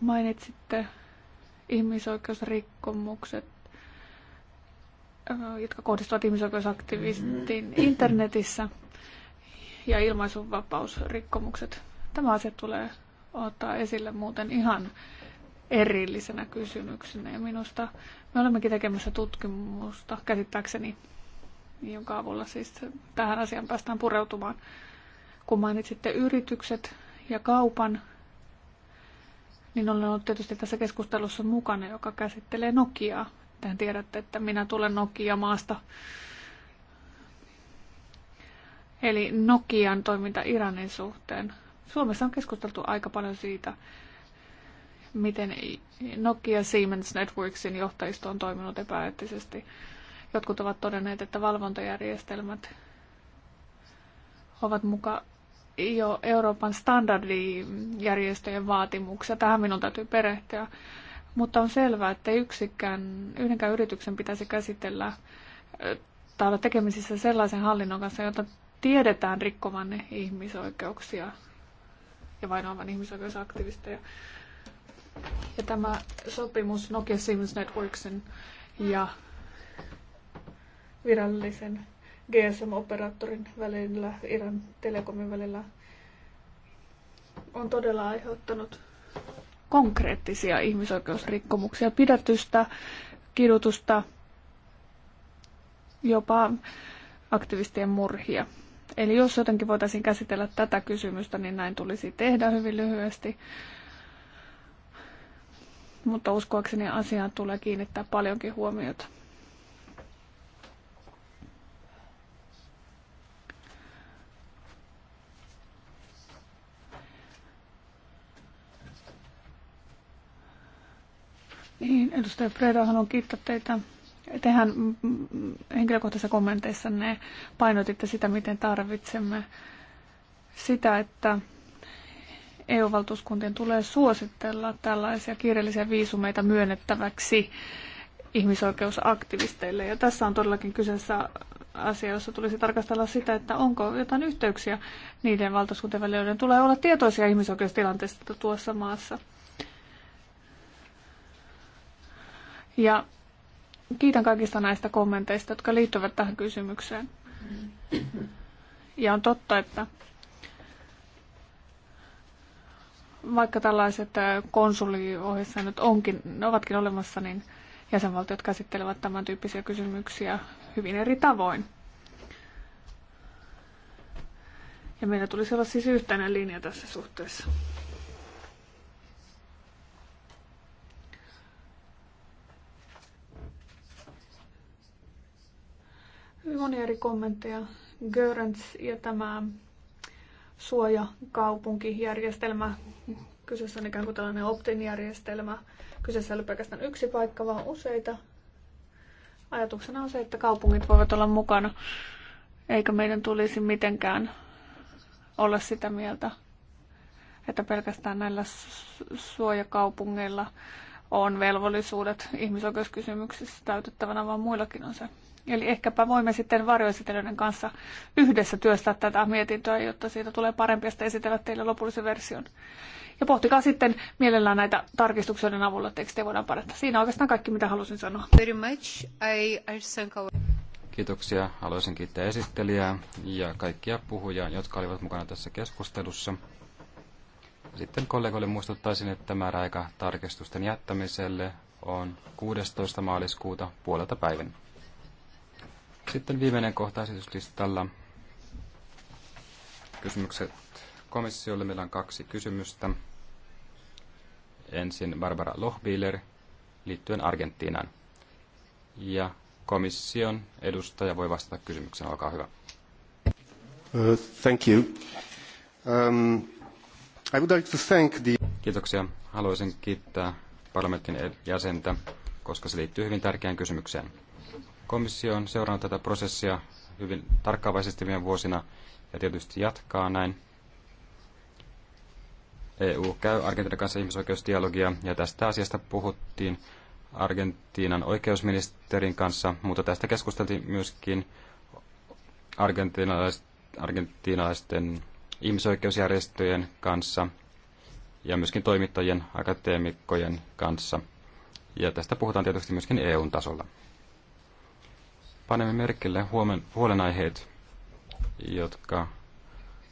Mainitsitte ihmisoikeusrikkomukset, äh, jotka kohdistuvat ihmisoikeusaktivistiin mm-hmm. internetissä ja ilmaisunvapausrikkomukset. Tämä asia tulee ottaa esille muuten ihan erillisenä kysymyksenä. Ja minusta me olemmekin tekemässä tutkimusta käsittääkseni, jonka avulla siis tähän asiaan päästään pureutumaan. Kun mainitsitte yritykset ja kaupan, niin olen ollut tietysti tässä keskustelussa mukana, joka käsittelee Nokiaa. Tähän tiedätte, että minä tulen Nokia-maasta. Eli Nokian toiminta Iranin suhteen. Suomessa on keskusteltu aika paljon siitä, miten Nokia Siemens Networksin johtajisto on toiminut epäeettisesti. Jotkut ovat todenneet, että valvontajärjestelmät ovat muka jo Euroopan standardijärjestöjen vaatimuksia. Tähän minun täytyy perehtyä. Mutta on selvää, että yksikään, yhdenkään yrityksen pitäisi käsitellä tai olla tekemisissä sellaisen hallinnon kanssa, jota tiedetään rikkovan ihmisoikeuksia ja vainoavan ihmisoikeusaktivisteja. Ja tämä sopimus Nokia Siemens Networksin ja virallisen GSM-operaattorin välillä, Iran Telekomin välillä, on todella aiheuttanut konkreettisia ihmisoikeusrikkomuksia, pidätystä, kidutusta, jopa aktivistien murhia. Eli jos jotenkin voitaisiin käsitellä tätä kysymystä, niin näin tulisi tehdä hyvin lyhyesti. Mutta uskoakseni asiaan tulee kiinnittää paljonkin huomiota. Niin, edustaja Preda, haluan kiittää teitä. Tehän henkilökohtaisissa ne painotitte sitä, miten tarvitsemme sitä, että EU-valtuuskuntien tulee suositella tällaisia kirjallisia viisumeita myönnettäväksi ihmisoikeusaktivisteille. Ja tässä on todellakin kyseessä asia, jossa tulisi tarkastella sitä, että onko jotain yhteyksiä niiden valtuuskuntien välillä, joiden tulee olla tietoisia ihmisoikeustilanteista tuossa maassa. Ja kiitän kaikista näistä kommenteista, jotka liittyvät tähän kysymykseen. Ja on totta, että vaikka tällaiset nyt onkin, ovatkin olemassa, niin jäsenvaltiot käsittelevät tämän tyyppisiä kysymyksiä hyvin eri tavoin. Ja meillä tulisi olla siis yhteinen linja tässä suhteessa. monia eri kommentteja. Görens ja tämä suojakaupunkijärjestelmä. Kyseessä on ikään kuin tällainen optin järjestelmä. Kyseessä ei ole pelkästään yksi paikka, vaan useita. Ajatuksena on se, että kaupungit voivat olla mukana, eikä meidän tulisi mitenkään olla sitä mieltä, että pelkästään näillä suojakaupungeilla on velvollisuudet ihmisoikeuskysymyksissä täytettävänä, vaan muillakin on se. Eli ehkäpä voimme sitten varjoesitelijöiden kanssa yhdessä työstää tätä mietintöä, jotta siitä tulee parempi ja esitellä teille lopullisen version. Ja pohtikaa sitten mielellään näitä tarkistuksen avulla, tekstejä voidaan parantaa. Siinä on oikeastaan kaikki, mitä halusin sanoa. Very much. I, I Kiitoksia. Haluaisin kiittää esittelijää ja kaikkia puhujia, jotka olivat mukana tässä keskustelussa. Sitten kollegoille muistuttaisin, että määräaika tarkistusten jättämiselle on 16. maaliskuuta puolelta päivän. Sitten viimeinen kohta esityslistalla. Kysymykset komissiolle. Meillä on kaksi kysymystä. Ensin Barbara Lohbiler liittyen Argentiinaan. Ja komission edustaja voi vastata kysymykseen. Olkaa hyvä. Uh, thank you. Um, I would like to thank the... Kiitoksia. Haluaisin kiittää parlamentin jäsentä, koska se liittyy hyvin tärkeään kysymykseen. Komissio on seurannut tätä prosessia hyvin tarkkaavaisesti viime vuosina ja tietysti jatkaa näin. EU käy Argentiinan kanssa ihmisoikeusdialogia ja tästä asiasta puhuttiin Argentiinan oikeusministerin kanssa, mutta tästä keskusteltiin myöskin argentiinalaisten ihmisoikeusjärjestöjen kanssa ja myöskin toimittajien, akateemikkojen kanssa. Ja tästä puhutaan tietysti myöskin EUn tasolla panemme merkille huomen, huolenaiheet, jotka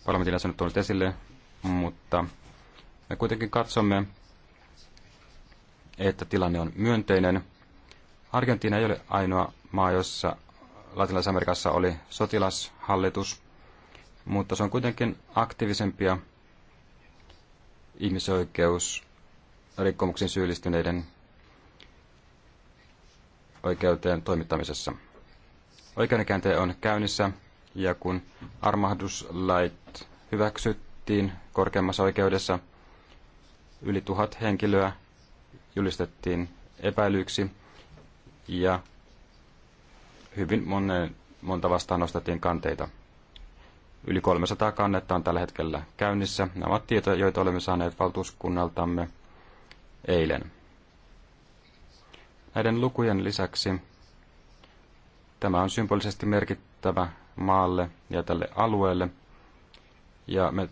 parlamentin jäsenet tuonut esille, mutta me kuitenkin katsomme, että tilanne on myönteinen. Argentiina ei ole ainoa maa, jossa Latinalaisessa Amerikassa oli sotilashallitus, mutta se on kuitenkin aktiivisempia ihmisoikeus rikkomuksiin syyllistyneiden oikeuteen toimittamisessa. Oikeudenkäynti on käynnissä ja kun armahduslait hyväksyttiin korkeimmassa oikeudessa, yli tuhat henkilöä julistettiin epäilyksi ja hyvin monen, monta vastaan nostettiin kanteita. Yli 300 kannetta on tällä hetkellä käynnissä. Nämä ovat tietoja, joita olemme saaneet valtuuskunnaltamme eilen. Näiden lukujen lisäksi Tämä on symbolisesti merkittävä maalle ja tälle alueelle, ja me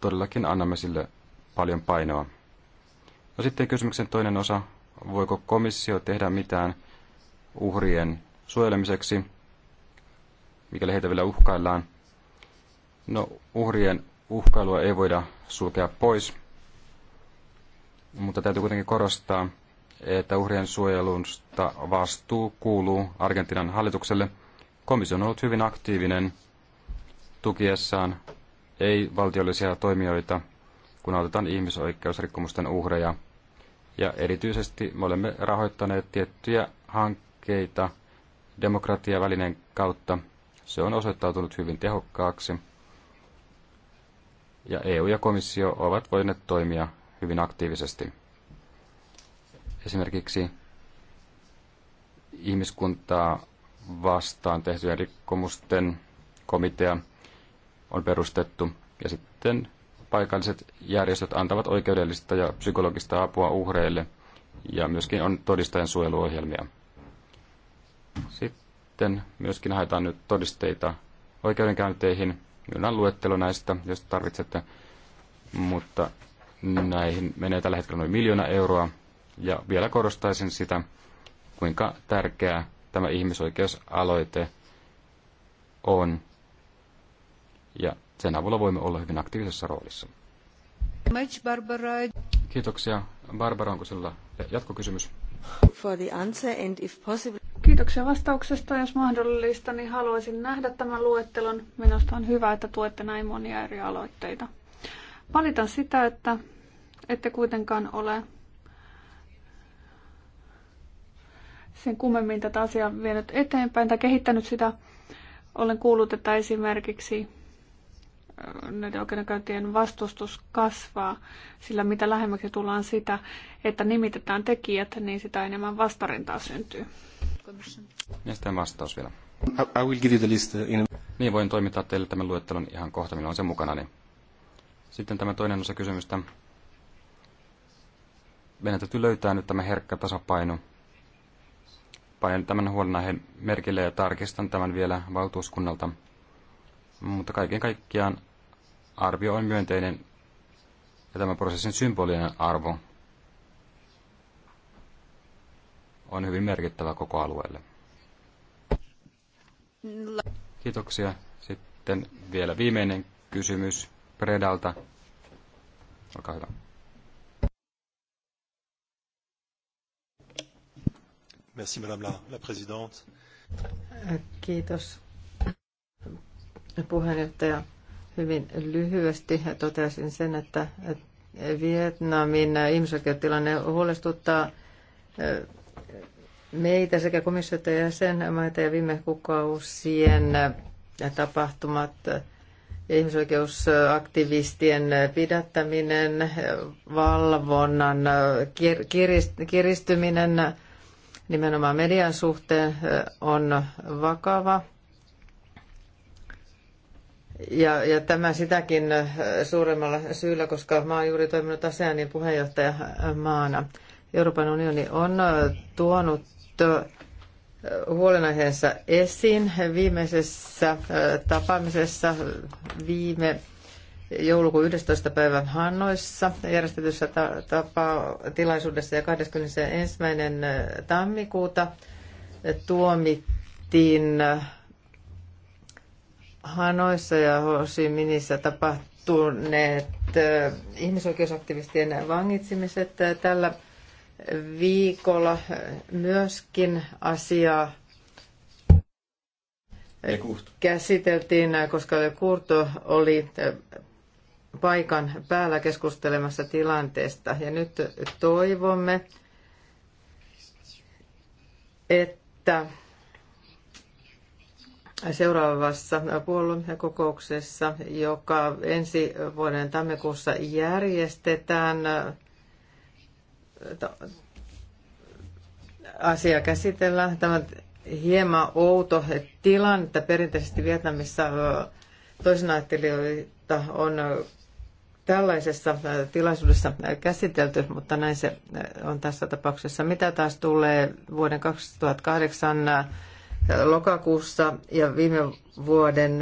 todellakin annamme sille paljon painoa. No sitten kysymyksen toinen osa, voiko komissio tehdä mitään uhrien suojelemiseksi, mikäli heitä vielä uhkaillaan. No, uhrien uhkailua ei voida sulkea pois, mutta täytyy kuitenkin korostaa, että uhrien suojelusta vastuu kuuluu Argentinan hallitukselle. Komissio on ollut hyvin aktiivinen tukiessaan ei-valtiollisia toimijoita, kun autetaan ihmisoikeusrikkomusten uhreja. Ja erityisesti me olemme rahoittaneet tiettyjä hankkeita demokratiavälineen kautta. Se on osoittautunut hyvin tehokkaaksi. Ja EU ja komissio ovat voineet toimia hyvin aktiivisesti esimerkiksi ihmiskuntaa vastaan tehtyjen rikkomusten komitea on perustettu ja sitten paikalliset järjestöt antavat oikeudellista ja psykologista apua uhreille ja myöskin on todistajan suojeluohjelmia. Sitten myöskin haetaan nyt todisteita oikeudenkäynteihin. Minulla on luettelo näistä, jos tarvitsette, mutta näihin menee tällä hetkellä noin miljoona euroa ja vielä korostaisin sitä, kuinka tärkeää tämä ihmisoikeusaloite on. Ja sen avulla voimme olla hyvin aktiivisessa roolissa. Barbara. Kiitoksia. Barbara, onko sinulla jatkokysymys? For the answer and if possible... Kiitoksia vastauksesta. Jos mahdollista, niin haluaisin nähdä tämän luettelon. Minusta on hyvä, että tuette näin monia eri aloitteita. Valitan sitä, että ette kuitenkaan ole sen kummemmin tätä asiaa vienyt eteenpäin tai kehittänyt sitä. Olen kuullut, että esimerkiksi äh, näiden oikeudenkäyntien vastustus kasvaa, sillä mitä lähemmäksi tullaan sitä, että nimitetään tekijät, niin sitä enemmän vastarintaa syntyy. Ja sitten vastaus vielä. I will give you the list uh, in... Niin, voin toimittaa teille tämän luettelon ihan kohta, milloin on se mukana. Niin. Sitten tämä toinen osa kysymystä. Meidän täytyy löytää nyt tämä herkkä tasapaino – Panen tämän huolenaiheen merkille ja tarkistan tämän vielä valtuuskunnalta. Mutta kaiken kaikkiaan arvio on myönteinen ja tämän prosessin symbolinen arvo on hyvin merkittävä koko alueelle. Kiitoksia. Sitten vielä viimeinen kysymys Predalta. Olkaa hyvä. Merci madame la, la présidente. Kiitos puheenjohtaja. Hyvin lyhyesti totesin sen, että Vietnamin ihmisoikeustilanne huolestuttaa meitä sekä komissiota ja jäsenmaita ja viime kuukausien tapahtumat ja ihmisoikeusaktivistien pidättäminen, valvonnan kiristyminen nimenomaan median suhteen on vakava. Ja, ja tämä sitäkin suuremmalla syyllä, koska mä oon juuri toiminut ASEANin puheenjohtajamaana. Euroopan unioni on tuonut huolenaiheensa esiin viimeisessä tapaamisessa viime joulukuun 11. päivä Hannoissa järjestetyssä tapa- tilaisuudessa ja 21. Äh, tammikuuta tuomittiin äh, Hanoissa ja Hosiminissä Minissä tapahtuneet äh, ihmisoikeusaktivistien vangitsimiset tällä viikolla myöskin asiaa käsiteltiin, koska Kurto oli paikan päällä keskustelemassa tilanteesta. Ja nyt toivomme, että seuraavassa kokouksessa, joka ensi vuoden tammikuussa järjestetään, asia käsitellään. Tämä hieman outo tilanne, että perinteisesti Vietnamissa toisena on tällaisessa äh, tilaisuudessa äh, käsitelty, mutta näin se äh, on tässä tapauksessa. Mitä taas tulee vuoden 2008 lokakuussa ja viime vuoden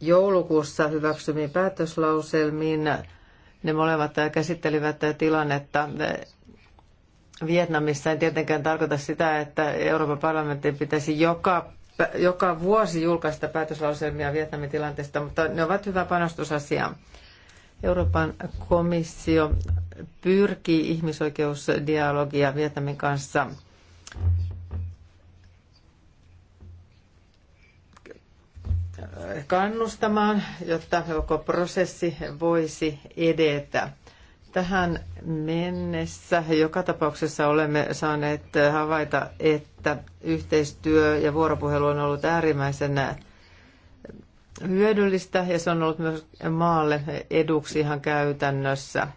joulukuussa hyväksymiin päätöslauselmiin, ne molemmat käsittelivät tilannetta Vietnamissa. En tietenkään tarkoita sitä, että Euroopan parlamentin pitäisi joka joka vuosi julkaista päätöslauselmia Vietnamin tilanteesta, mutta ne ovat hyvä panostusasia. Euroopan komissio pyrkii ihmisoikeusdialogia Vietnamin kanssa kannustamaan, jotta koko prosessi voisi edetä. Tähän mennessä joka tapauksessa olemme saaneet havaita, että yhteistyö ja vuoropuhelu on ollut äärimmäisen hyödyllistä ja se on ollut myös maalle eduksi ihan käytännössä.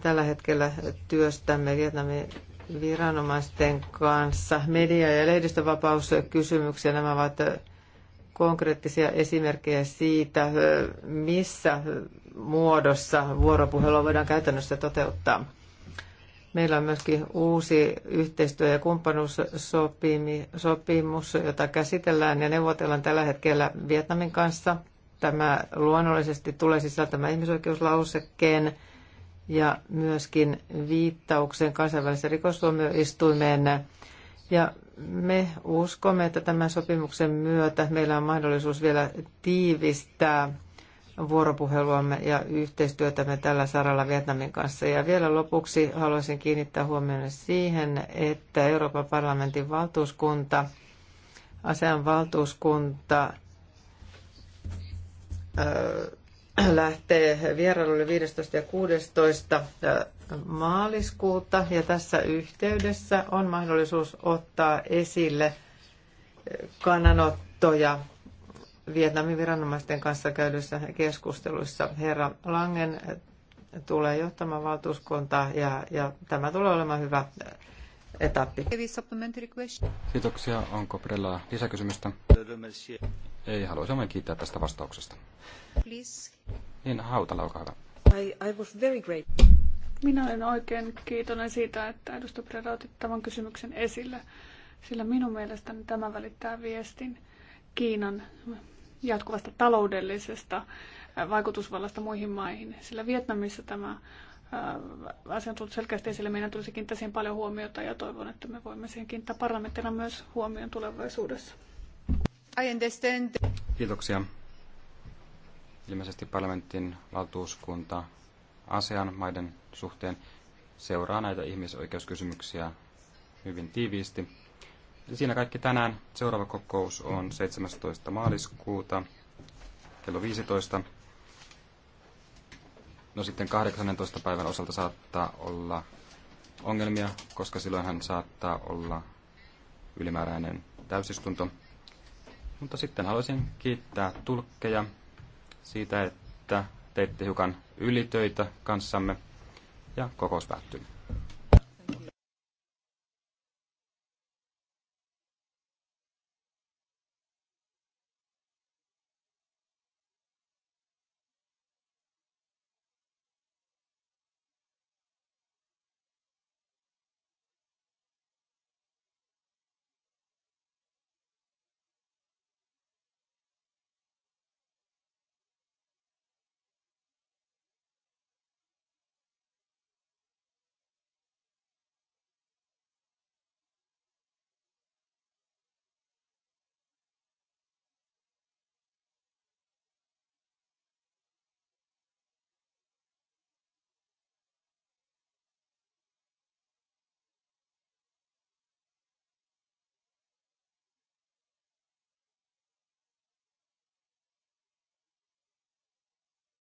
Tällä hetkellä työstämme Vietnamin viranomaisten kanssa media- ja lehdistövapauskysymyksiä. Nämä ovat konkreettisia esimerkkejä siitä, missä muodossa vuoropuhelua voidaan käytännössä toteuttaa. Meillä on myöskin uusi yhteistyö- ja kumppanuussopimus, jota käsitellään ja neuvotellaan tällä hetkellä Vietnamin kanssa. Tämä luonnollisesti tulee sisältämään ihmisoikeuslausekkeen ja myöskin viittauksen kansainvälisen rikostuomioistuimeen. Ja me uskomme, että tämän sopimuksen myötä meillä on mahdollisuus vielä tiivistää vuoropuheluamme ja yhteistyötämme tällä saralla Vietnamin kanssa. Ja vielä lopuksi haluaisin kiinnittää huomioon siihen, että Euroopan parlamentin valtuuskunta, asean valtuuskunta, äh, lähtee vierailulle 15. ja 16. Äh, maaliskuuta ja tässä yhteydessä on mahdollisuus ottaa esille äh, kannanottoja Vietnamin viranomaisten kanssa käydyissä keskusteluissa. Herra Langen tulee johtamaan valtuuskuntaa ja, ja tämä tulee olemaan hyvä eh, etappi. Kiitoksia. Onko Prella lisäkysymystä? Ei, haluaisin vain kiittää tästä vastauksesta. Please. Niin, Hautala, olkaa hyvä. I, I was very great. Minä olen oikein kiitollinen siitä, että edustaja Prella otti tämän kysymyksen esille, sillä minun mielestäni tämä välittää viestin Kiinan jatkuvasta taloudellisesta vaikutusvallasta muihin maihin. Sillä Vietnamissa tämä asia on tullut selkeästi esille. Meidän tulisi kiinnittää siihen paljon huomiota ja toivon, että me voimme siihen kiinnittää parlamenttina myös huomioon tulevaisuudessa. Kiitoksia. Ilmeisesti parlamentin valtuuskunta asian maiden suhteen seuraa näitä ihmisoikeuskysymyksiä hyvin tiiviisti. Siinä kaikki tänään. Seuraava kokous on 17. maaliskuuta kello 15. No sitten 18. päivän osalta saattaa olla ongelmia, koska silloin hän saattaa olla ylimääräinen täysistunto. Mutta sitten haluaisin kiittää tulkkeja siitä, että teitte hiukan ylitöitä kanssamme ja kokous päättyy.